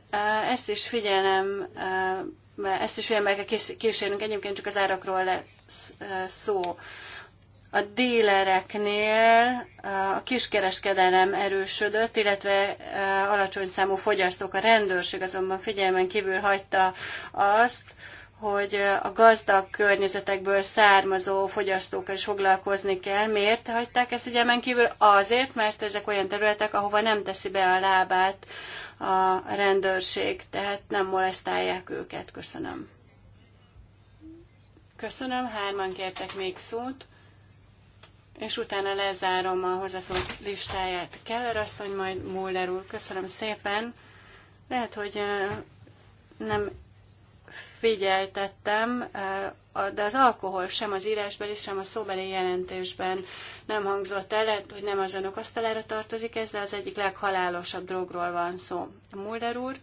ezt is figyelem, ezt is figyelembe kell kísérnünk, egyébként csak az árakról lesz szó. A délereknél a kiskereskedelem erősödött, illetve alacsony számú fogyasztók, a rendőrség azonban figyelmen kívül hagyta azt, hogy a gazdag környezetekből származó fogyasztókkal is foglalkozni kell. Miért hagyták ezt figyelmen kívül? Azért, mert ezek olyan területek, ahova nem teszi be a lábát a rendőrség, tehát nem molesztálják őket. Köszönöm. Köszönöm, hárman kértek még szót, és utána lezárom a hozzászólt listáját. Keller asszony, majd Muller úr. Köszönöm szépen. Lehet, hogy nem figyeltettem, eh, de az alkohol sem az írásbeli, sem a szóbeli jelentésben nem hangzott el, lehet, hogy nem az önök asztalára tartozik ez, de az egyik leghalálosabb drogról van szó. A Mulder úr,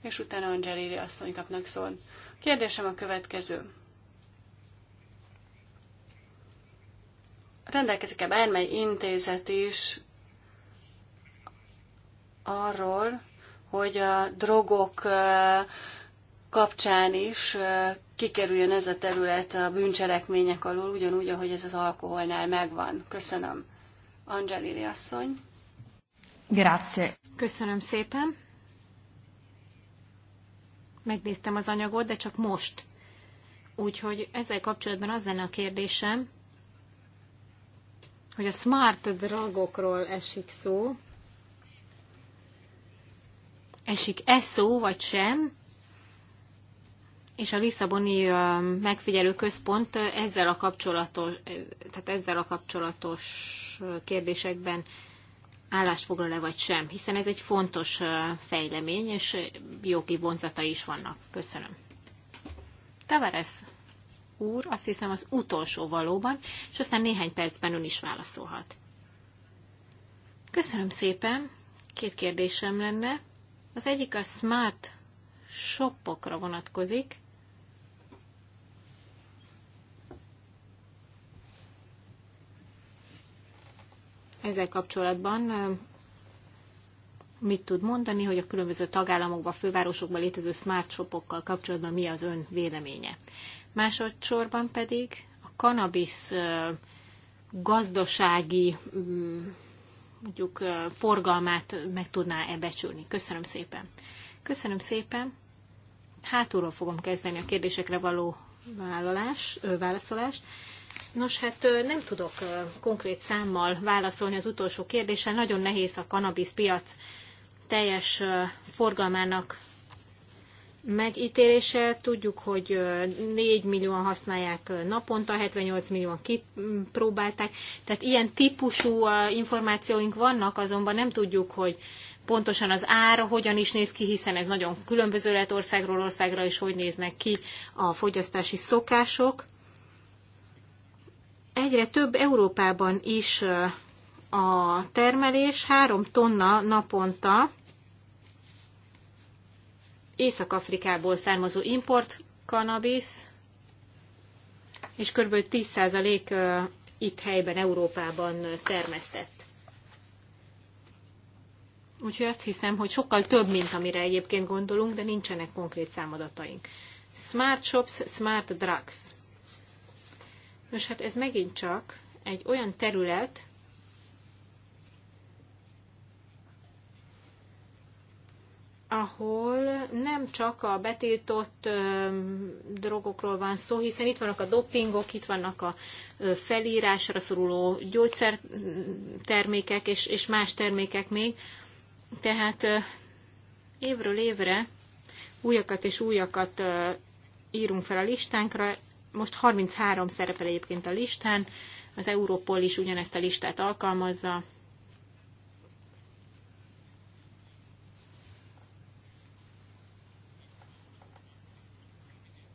és utána Angelili asszony kapnak szó, Kérdésem a következő. Rendelkezik-e bármely intézet is arról, hogy a drogok eh, kapcsán is kikerüljön ez a terület a bűncselekmények alól, ugyanúgy, ahogy ez az alkoholnál megvan. Köszönöm. Angelini asszony. Grazie. Köszönöm szépen. Megnéztem az anyagot, de csak most. Úgyhogy ezzel kapcsolatban az lenne a kérdésem, hogy a smart dragokról esik szó. esik ez szó, vagy sem? és a Lisszaboni megfigyelő központ ezzel a kapcsolatos, tehát ezzel a kapcsolatos kérdésekben állást foglal vagy sem, hiszen ez egy fontos fejlemény, és jogi vonzatai is vannak. Köszönöm. Tavares úr, azt hiszem az utolsó valóban, és aztán néhány percben ön is válaszolhat. Köszönöm szépen. Két kérdésem lenne. Az egyik a smart shopokra vonatkozik. ezzel kapcsolatban mit tud mondani, hogy a különböző tagállamokban, fővárosokban létező smart shopokkal kapcsolatban mi az ön véleménye. Másodszorban pedig a cannabis gazdasági mm, mondjuk forgalmát meg tudná ebecsülni. Köszönöm szépen. Köszönöm szépen. Hátulról fogom kezdeni a kérdésekre való vállalás, válaszolást. Nos, hát nem tudok konkrét számmal válaszolni az utolsó kérdésre. Nagyon nehéz a kanabisz piac teljes forgalmának megítélése. Tudjuk, hogy 4 millióan használják naponta, 78 millióan kipróbálták. Tehát ilyen típusú információink vannak, azonban nem tudjuk, hogy pontosan az ára hogyan is néz ki, hiszen ez nagyon különböző lehet országról országra, és hogy néznek ki a fogyasztási szokások egyre több Európában is a termelés 3 tonna naponta Észak-Afrikából származó import kanabis, és kb. 10% itt helyben, Európában termesztett. Úgyhogy azt hiszem, hogy sokkal több, mint amire egyébként gondolunk, de nincsenek konkrét számadataink. Smart Shops, Smart Drugs. Nos, hát ez megint csak egy olyan terület, ahol nem csak a betiltott ö, drogokról van szó, hiszen itt vannak a dopingok, itt vannak a ö, felírásra szoruló gyógyszertermékek és, és más termékek még. Tehát ö, évről évre újakat és újakat ö, írunk fel a listánkra, most 33 szerepel egyébként a listán, az Európol is ugyanezt a listát alkalmazza.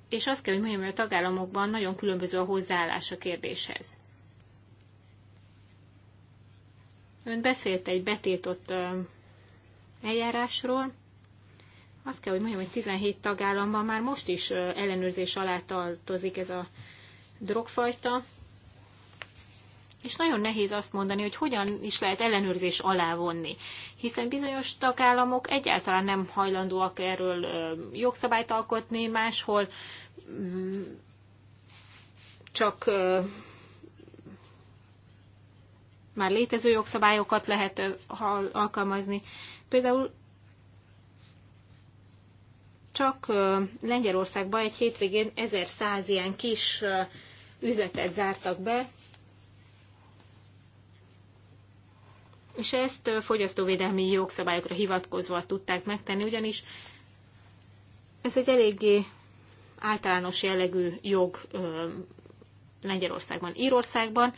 És azt kell, hogy mondjam, hogy a tagállamokban nagyon különböző a hozzáállás a kérdéshez. Ön beszélt egy betiltott eljárásról, azt kell, hogy mondjam, hogy 17 tagállamban már most is ellenőrzés alá tartozik ez a drogfajta, és nagyon nehéz azt mondani, hogy hogyan is lehet ellenőrzés alá vonni, hiszen bizonyos tagállamok egyáltalán nem hajlandóak erről jogszabályt alkotni, máshol mm, csak már létező jogszabályokat lehet alkalmazni. Például csak Lengyelországban egy hétvégén 1100 ilyen kis üzletet zártak be, és ezt fogyasztóvédelmi jogszabályokra hivatkozva tudták megtenni, ugyanis ez egy eléggé általános jellegű jog Lengyelországban, Írországban.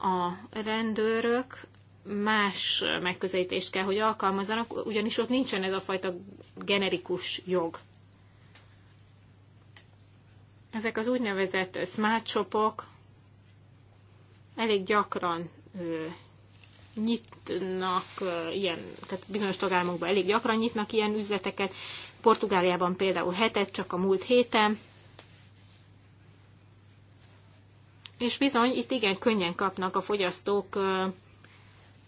A rendőrök más megközelítést kell, hogy alkalmazzanak, ugyanis ott nincsen ez a fajta generikus jog. Ezek az úgynevezett smart shopok elég gyakran ö, nyitnak ö, ilyen, tehát bizonyos tagállamokban elég gyakran nyitnak ilyen üzleteket. Portugáliában például hetet, csak a múlt héten. És bizony, itt igen könnyen kapnak a fogyasztók ö,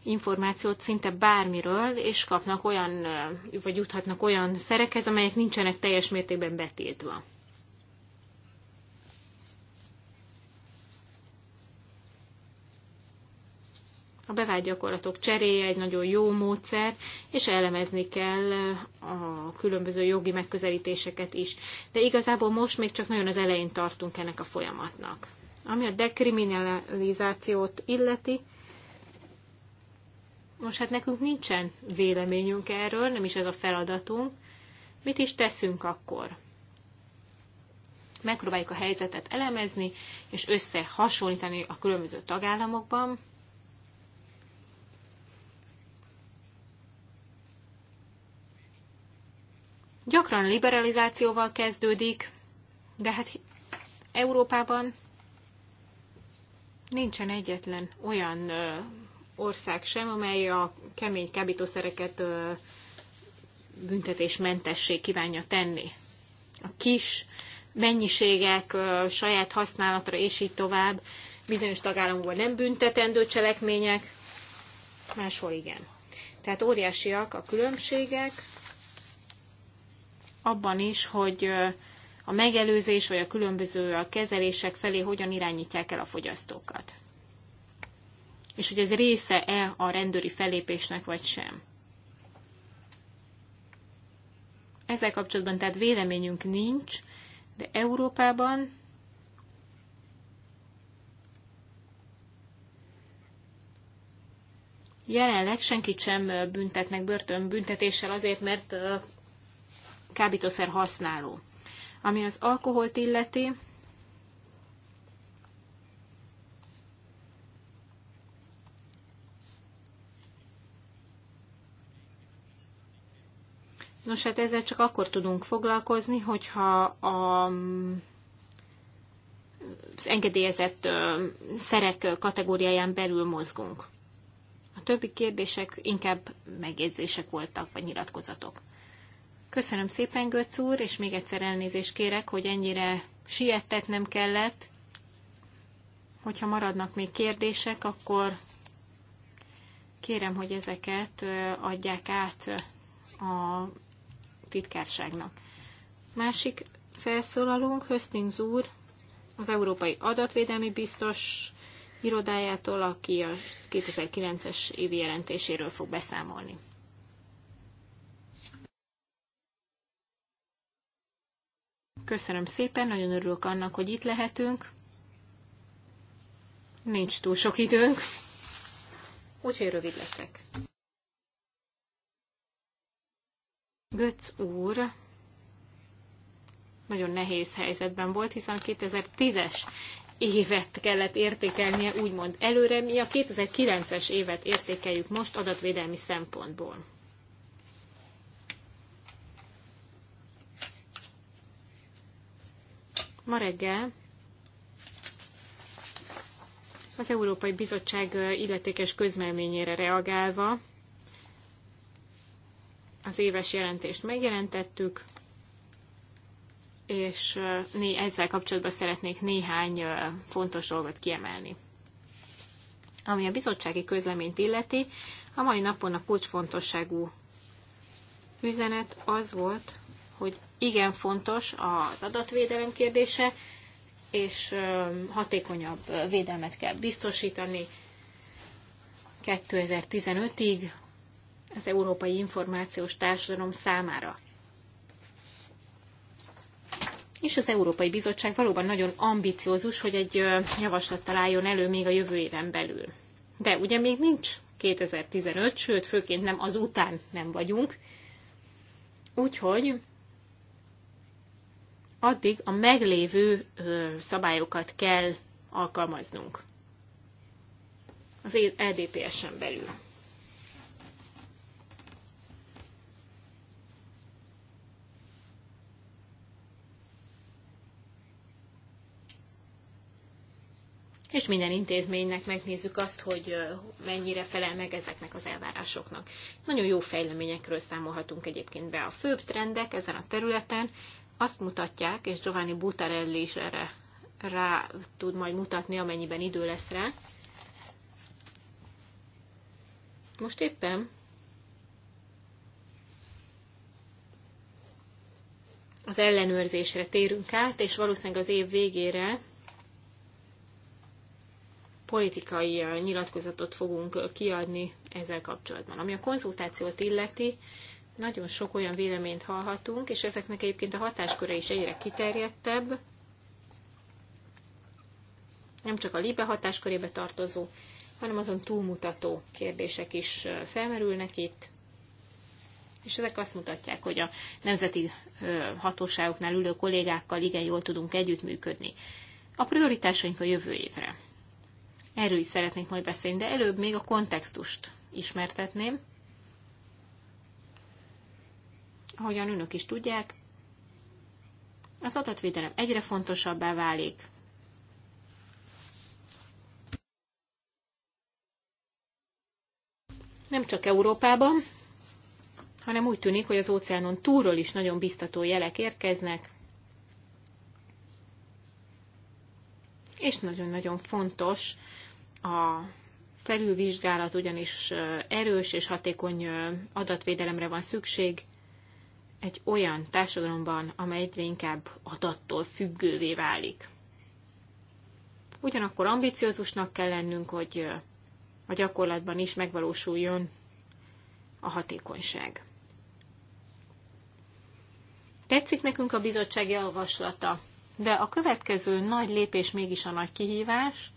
információt szinte bármiről, és kapnak olyan, vagy juthatnak olyan szerekhez, amelyek nincsenek teljes mértékben betiltva. A bevált gyakorlatok cseréje egy nagyon jó módszer, és elemezni kell a különböző jogi megközelítéseket is. De igazából most még csak nagyon az elején tartunk ennek a folyamatnak. Ami a dekriminalizációt illeti, most hát nekünk nincsen véleményünk erről, nem is ez a feladatunk. Mit is teszünk akkor? Megpróbáljuk a helyzetet elemezni, és összehasonlítani a különböző tagállamokban, Gyakran liberalizációval kezdődik, de hát Európában nincsen egyetlen olyan ország sem, amely a kemény kábítószereket büntetésmentessé kívánja tenni. A kis mennyiségek saját használatra és így tovább bizonyos tagállamokban nem büntetendő cselekmények, máshol igen. Tehát óriásiak a különbségek, abban is, hogy a megelőzés vagy a különböző a kezelések felé hogyan irányítják el a fogyasztókat. És hogy ez része-e a rendőri felépésnek vagy sem. Ezzel kapcsolatban tehát véleményünk nincs, de Európában jelenleg senkit sem büntetnek börtönbüntetéssel azért, mert kábítószer használó. Ami az alkoholt illeti, Nos, hát ezzel csak akkor tudunk foglalkozni, hogyha a, az engedélyezett szerek kategóriáján belül mozgunk. A többi kérdések inkább megjegyzések voltak, vagy nyilatkozatok. Köszönöm szépen, Götz úr, és még egyszer elnézést kérek, hogy ennyire siettet nem kellett. Hogyha maradnak még kérdések, akkor kérem, hogy ezeket adják át a titkárságnak. Másik felszólalónk Höstings úr, az Európai Adatvédelmi Biztos irodájától, aki a 2009-es évi jelentéséről fog beszámolni. Köszönöm szépen, nagyon örülök annak, hogy itt lehetünk. Nincs túl sok időnk, úgyhogy rövid leszek. Götz úr nagyon nehéz helyzetben volt, hiszen 2010-es évet kellett értékelnie, úgymond előre. Mi a 2009-es évet értékeljük most adatvédelmi szempontból. Ma reggel az Európai Bizottság illetékes közmelményére reagálva az éves jelentést megjelentettük, és ezzel kapcsolatban szeretnék néhány fontos dolgot kiemelni. Ami a bizottsági közleményt illeti, a mai napon a kulcsfontosságú üzenet az volt, hogy igen fontos az adatvédelem kérdése, és hatékonyabb védelmet kell biztosítani 2015-ig az Európai Információs Társadalom számára. És az Európai Bizottság valóban nagyon ambiciózus, hogy egy javaslat találjon elő még a jövő éven belül. De ugye még nincs 2015, sőt, főként nem az után nem vagyunk. Úgyhogy addig a meglévő szabályokat kell alkalmaznunk az LDPS-en belül. és minden intézménynek megnézzük azt, hogy mennyire felel meg ezeknek az elvárásoknak. Nagyon jó fejleményekről számolhatunk egyébként be a főbb trendek ezen a területen, azt mutatják, és Giovanni Butarelli is erre rá tud majd mutatni, amennyiben idő lesz rá. Most éppen az ellenőrzésre térünk át, és valószínűleg az év végére politikai uh, nyilatkozatot fogunk uh, kiadni ezzel kapcsolatban. Ami a konzultációt illeti, nagyon sok olyan véleményt hallhatunk, és ezeknek egyébként a hatásköre is egyre kiterjedtebb, nem csak a libe hatáskörébe tartozó, hanem azon túlmutató kérdések is felmerülnek itt. És ezek azt mutatják, hogy a nemzeti hatóságoknál ülő kollégákkal igen jól tudunk együttműködni. A prioritásaink a jövő évre. Erről is szeretnék majd beszélni, de előbb még a kontextust ismertetném ahogyan önök is tudják, az adatvédelem egyre fontosabbá válik. Nem csak Európában, hanem úgy tűnik, hogy az óceánon túlról is nagyon biztató jelek érkeznek, és nagyon-nagyon fontos a felülvizsgálat, ugyanis erős és hatékony adatvédelemre van szükség, egy olyan társadalomban, amely egyre inkább adattól függővé válik. Ugyanakkor ambiciózusnak kell lennünk, hogy a gyakorlatban is megvalósuljon a hatékonyság. Tetszik nekünk a bizottság javaslata, de a következő nagy lépés mégis a nagy kihívás,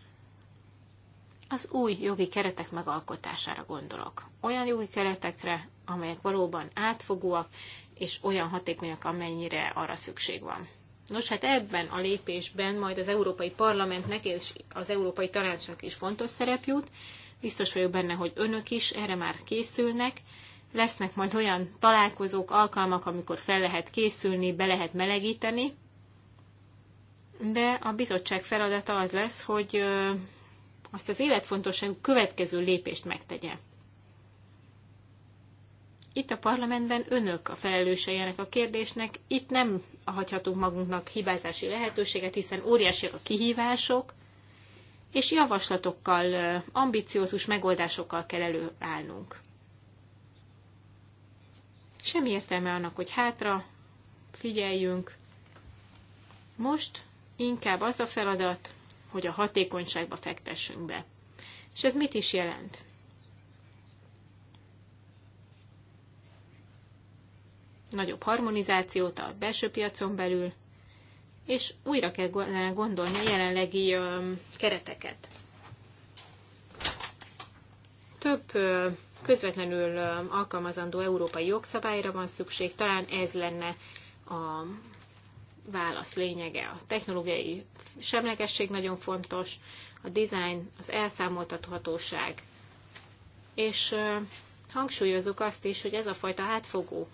az új jogi keretek megalkotására gondolok. Olyan jogi keretekre, amelyek valóban átfogóak, és olyan hatékonyak, amennyire arra szükség van. Nos, hát ebben a lépésben majd az Európai Parlamentnek és az Európai Tanácsnak is fontos szerep jut. Biztos vagyok benne, hogy önök is erre már készülnek. Lesznek majd olyan találkozók, alkalmak, amikor fel lehet készülni, be lehet melegíteni. De a bizottság feladata az lesz, hogy azt az életfontosságú következő lépést megtegye. Itt a parlamentben önök a felelősei ennek a kérdésnek, itt nem hagyhatunk magunknak hibázási lehetőséget, hiszen óriásiak a kihívások, és javaslatokkal, ambiciózus megoldásokkal kell előállnunk. Semmi értelme annak, hogy hátra figyeljünk. Most inkább az a feladat, hogy a hatékonyságba fektessünk be. És ez mit is jelent? nagyobb harmonizációt a belső piacon belül, és újra kell gondolni a jelenlegi kereteket. Több közvetlenül alkalmazandó európai jogszabályra van szükség, talán ez lenne a válasz lényege. A technológiai semlegesség nagyon fontos, a design, az elszámoltathatóság, és hangsúlyozok azt is, hogy ez a fajta átfogó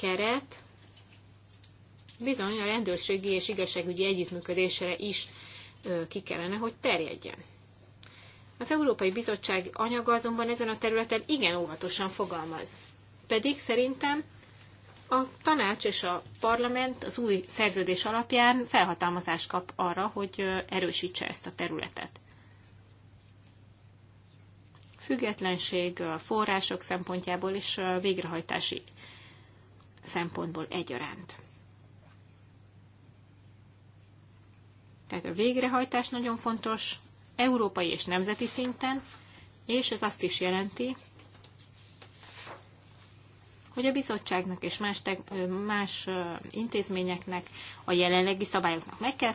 keret bizony a rendőrségi és igazságügyi együttműködésre is ki kellene, hogy terjedjen. Az Európai Bizottság anyaga azonban ezen a területen igen óvatosan fogalmaz. Pedig szerintem a tanács és a parlament az új szerződés alapján felhatalmazást kap arra, hogy erősítse ezt a területet. Függetlenség, források szempontjából és végrehajtási szempontból egyaránt. Tehát a végrehajtás nagyon fontos, európai és nemzeti szinten, és ez azt is jelenti, hogy a bizottságnak és más, te, más intézményeknek a jelenlegi szabályoknak meg kell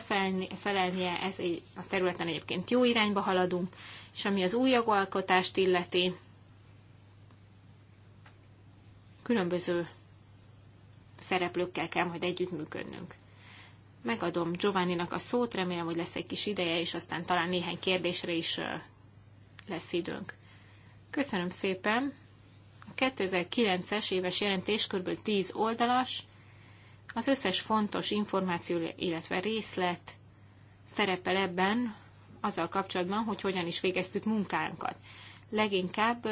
felelnie, ez a területen egyébként jó irányba haladunk, és ami az új jogalkotást illeti, különböző szereplőkkel kell majd együttműködnünk. Megadom Giovanninak a szót, remélem, hogy lesz egy kis ideje, és aztán talán néhány kérdésre is lesz időnk. Köszönöm szépen! A 2009-es éves jelentés kb. 10 oldalas, az összes fontos információ, illetve részlet szerepel ebben azzal kapcsolatban, hogy hogyan is végeztük munkánkat. Leginkább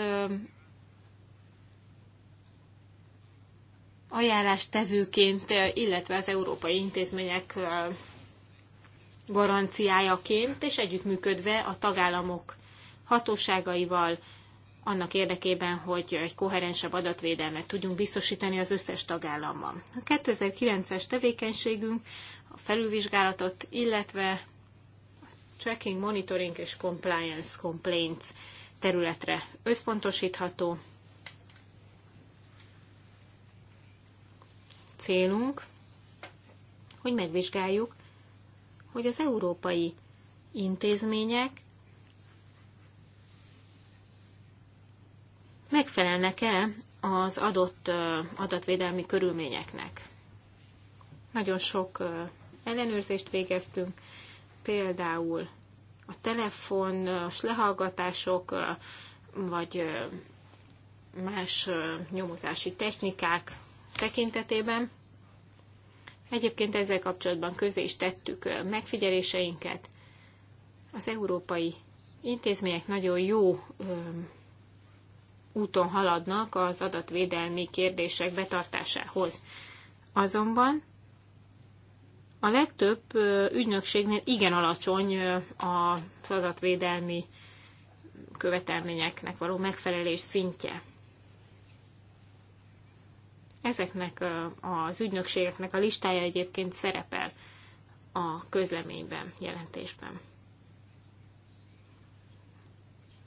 ajánlástevőként, eh, illetve az európai intézmények eh, garanciájaként, és együttműködve a tagállamok hatóságaival, annak érdekében, hogy egy koherensebb adatvédelmet tudjunk biztosítani az összes tagállamban. A 2009-es tevékenységünk a felülvizsgálatot, illetve a tracking, monitoring és compliance complaints területre összpontosítható, célunk, hogy megvizsgáljuk, hogy az európai intézmények megfelelnek-e az adott adatvédelmi körülményeknek. Nagyon sok ellenőrzést végeztünk, például a telefonos lehallgatások, vagy más nyomozási technikák tekintetében. Egyébként ezzel kapcsolatban közé is tettük megfigyeléseinket. Az európai intézmények nagyon jó úton haladnak az adatvédelmi kérdések betartásához. Azonban a legtöbb ügynökségnél igen alacsony az adatvédelmi követelményeknek való megfelelés szintje. Ezeknek az ügynökségeknek a listája egyébként szerepel a közleményben, jelentésben.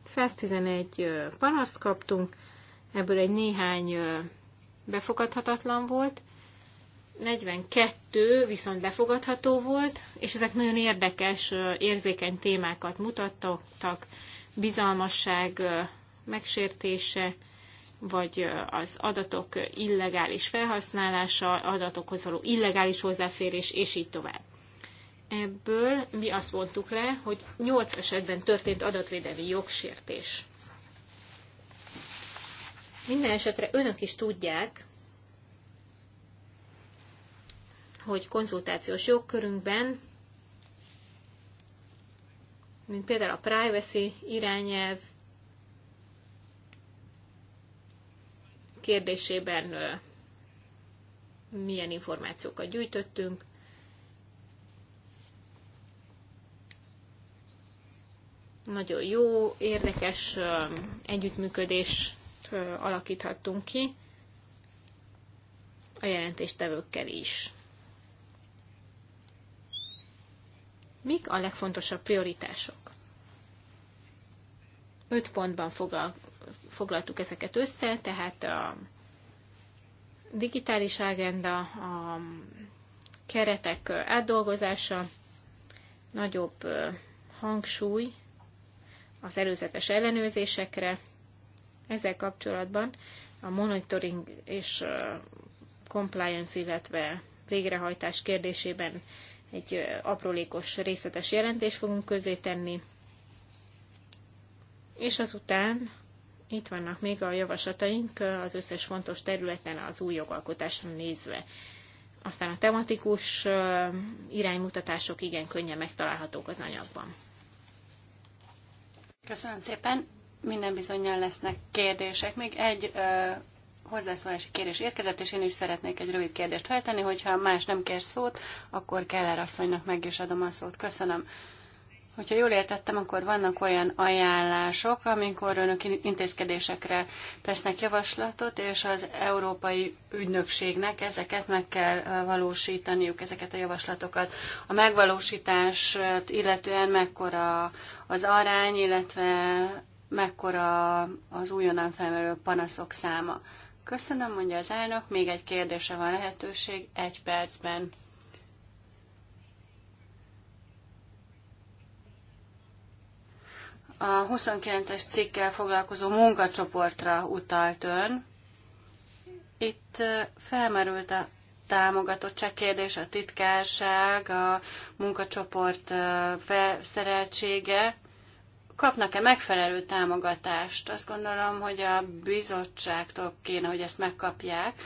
111 panaszt kaptunk, ebből egy néhány befogadhatatlan volt, 42 viszont befogadható volt, és ezek nagyon érdekes, érzékeny témákat mutattak, bizalmasság megsértése, vagy az adatok illegális felhasználása, adatokhoz való illegális hozzáférés, és így tovább. Ebből mi azt mondtuk le, hogy 8 esetben történt adatvédelmi jogsértés. Minden esetre önök is tudják, hogy konzultációs jogkörünkben, mint például a privacy irányelv, kérdésében milyen információkat gyűjtöttünk. Nagyon jó, érdekes együttműködést alakíthattunk ki a jelentéstevőkkel is. Mik a legfontosabb prioritások? Öt pontban foglaltuk ezeket össze, tehát a digitális agenda, a keretek átdolgozása, nagyobb hangsúly az előzetes ellenőrzésekre. Ezzel kapcsolatban a monitoring és compliance, illetve végrehajtás kérdésében egy aprólékos részletes jelentést fogunk közé tenni. És azután itt vannak még a javaslataink az összes fontos területen az új jogalkotásra nézve. Aztán a tematikus iránymutatások igen könnyen megtalálhatók az anyagban. Köszönöm szépen. Minden bizonyal lesznek kérdések. Még egy ö, hozzászólási kérés érkezett, és én is szeretnék egy rövid kérdést feltenni, hogyha más nem kér szót, akkor Keller asszonynak meg is adom a szót. Köszönöm. Hogyha jól értettem, akkor vannak olyan ajánlások, amikor önök intézkedésekre tesznek javaslatot, és az Európai Ügynökségnek ezeket meg kell valósítaniuk, ezeket a javaslatokat. A megvalósítást illetően mekkora az arány, illetve mekkora az újonnan felmerülő panaszok száma. Köszönöm, mondja az elnök, még egy kérdése van lehetőség, egy percben. A 29-es cikkel foglalkozó munkacsoportra utalt ön. Itt felmerült a támogatottság kérdés, a titkárság, a munkacsoport felszereltsége. Kapnak-e megfelelő támogatást? Azt gondolom, hogy a bizottságtól kéne, hogy ezt megkapják,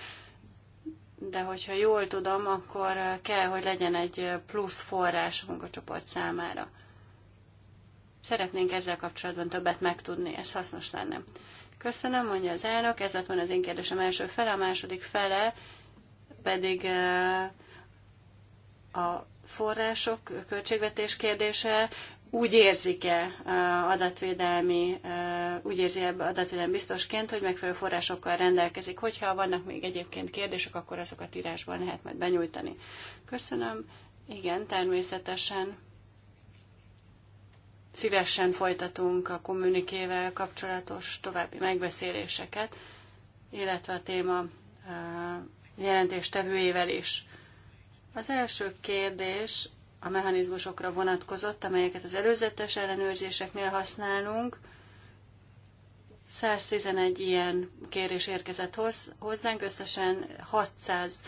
de hogyha jól tudom, akkor kell, hogy legyen egy plusz forrás a munkacsoport számára. Szeretnénk ezzel kapcsolatban többet megtudni, ez hasznos lenne. Köszönöm, mondja az elnök, ez lett volna az én kérdésem első fele, a második fele pedig eh, a források, a költségvetés kérdése, úgy érzik-e eh, adatvédelmi, eh, úgy érzi -e adatvédelmi biztosként, hogy megfelelő forrásokkal rendelkezik. Hogyha vannak még egyébként kérdések, akkor azokat írásban lehet majd benyújtani. Köszönöm. Igen, természetesen szívesen folytatunk a kommunikével kapcsolatos további megbeszéléseket, illetve a téma jelentéstevőjével is. Az első kérdés a mechanizmusokra vonatkozott, amelyeket az előzetes ellenőrzéseknél használunk. 111 ilyen kérés érkezett hozzánk, összesen 600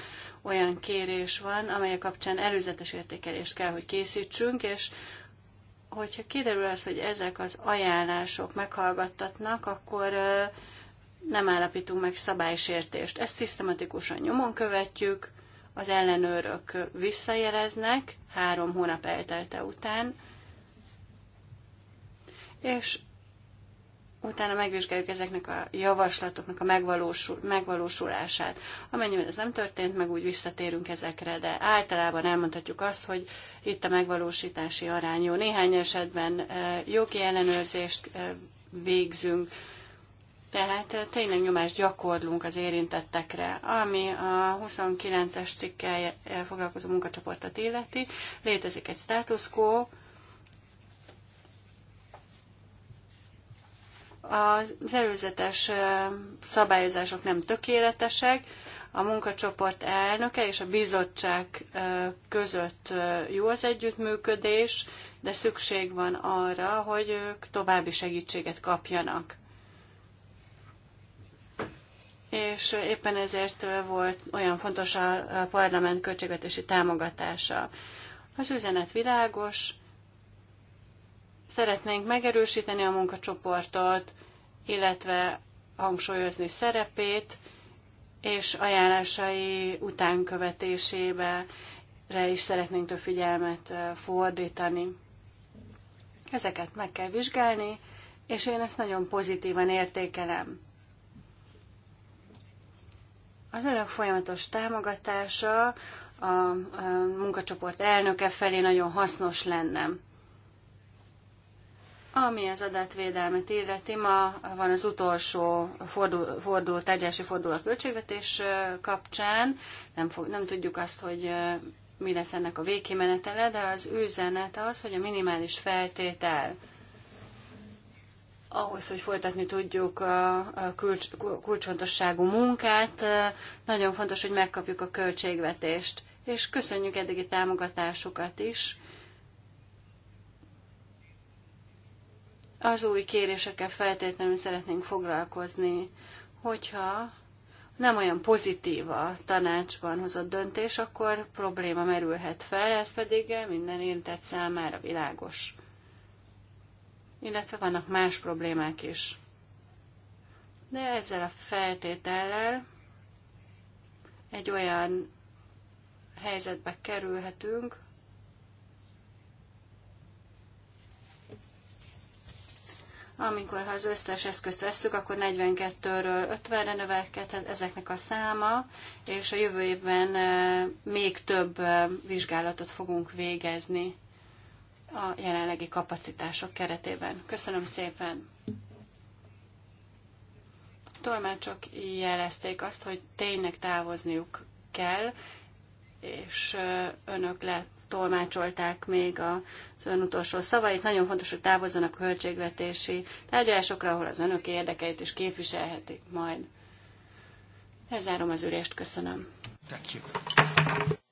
olyan kérés van, amelyek kapcsán előzetes értékelést kell, hogy készítsünk, és hogyha kiderül az, hogy ezek az ajánlások meghallgattatnak, akkor nem állapítunk meg szabálysértést. Ezt szisztematikusan nyomon követjük, az ellenőrök visszajeleznek három hónap eltelte után, és utána megvizsgáljuk ezeknek a javaslatoknak a megvalósul, megvalósulását. Amennyiben ez nem történt, meg úgy visszatérünk ezekre, de általában elmondhatjuk azt, hogy itt a megvalósítási arány jó. Néhány esetben e, jogi ellenőrzést e, végzünk, tehát e, tényleg nyomást gyakorlunk az érintettekre. Ami a 29-es cikkel foglalkozó munkacsoportot illeti, létezik egy státuszkó, Az előzetes szabályozások nem tökéletesek, a munkacsoport elnöke és a bizottság között jó az együttműködés, de szükség van arra, hogy ők további segítséget kapjanak. És éppen ezért volt olyan fontos a parlament költségvetési támogatása. Az üzenet világos, Szeretnénk megerősíteni a munkacsoportot, illetve hangsúlyozni szerepét, és ajánlásai utánkövetésébe re is szeretnénk több figyelmet fordítani. Ezeket meg kell vizsgálni, és én ezt nagyon pozitívan értékelem. Az önök folyamatos támogatása a munkacsoport elnöke felé nagyon hasznos lenne. Ami az adatvédelmet illeti, ma van az utolsó forduló, tárgyási forduló a költségvetés kapcsán. Nem, fog, nem tudjuk azt, hogy mi lesz ennek a végkimenetele, de az üzenet az, hogy a minimális feltétel ahhoz, hogy folytatni tudjuk a kulcsfontosságú munkát, nagyon fontos, hogy megkapjuk a költségvetést. És köszönjük eddigi támogatásukat is az új kérésekkel feltétlenül szeretnénk foglalkozni, hogyha nem olyan pozitív a tanácsban hozott döntés, akkor probléma merülhet fel, ez pedig minden érintett számára világos. Illetve vannak más problémák is. De ezzel a feltétellel egy olyan helyzetbe kerülhetünk, Amikor ha az összes eszközt vesszük, akkor 42-ről 50-re növekedhet ezeknek a száma, és a jövő évben e, még több e, vizsgálatot fogunk végezni a jelenlegi kapacitások keretében. Köszönöm szépen! Tolmácsok jelezték azt, hogy tényleg távozniuk kell, és e, önök lett tolmácsolták még az ön utolsó szavait. Nagyon fontos, hogy távozzanak a költségvetési tárgyalásokra, ahol az önök érdekeit is képviselhetik majd. Lezárom az ülést, köszönöm. Thank you.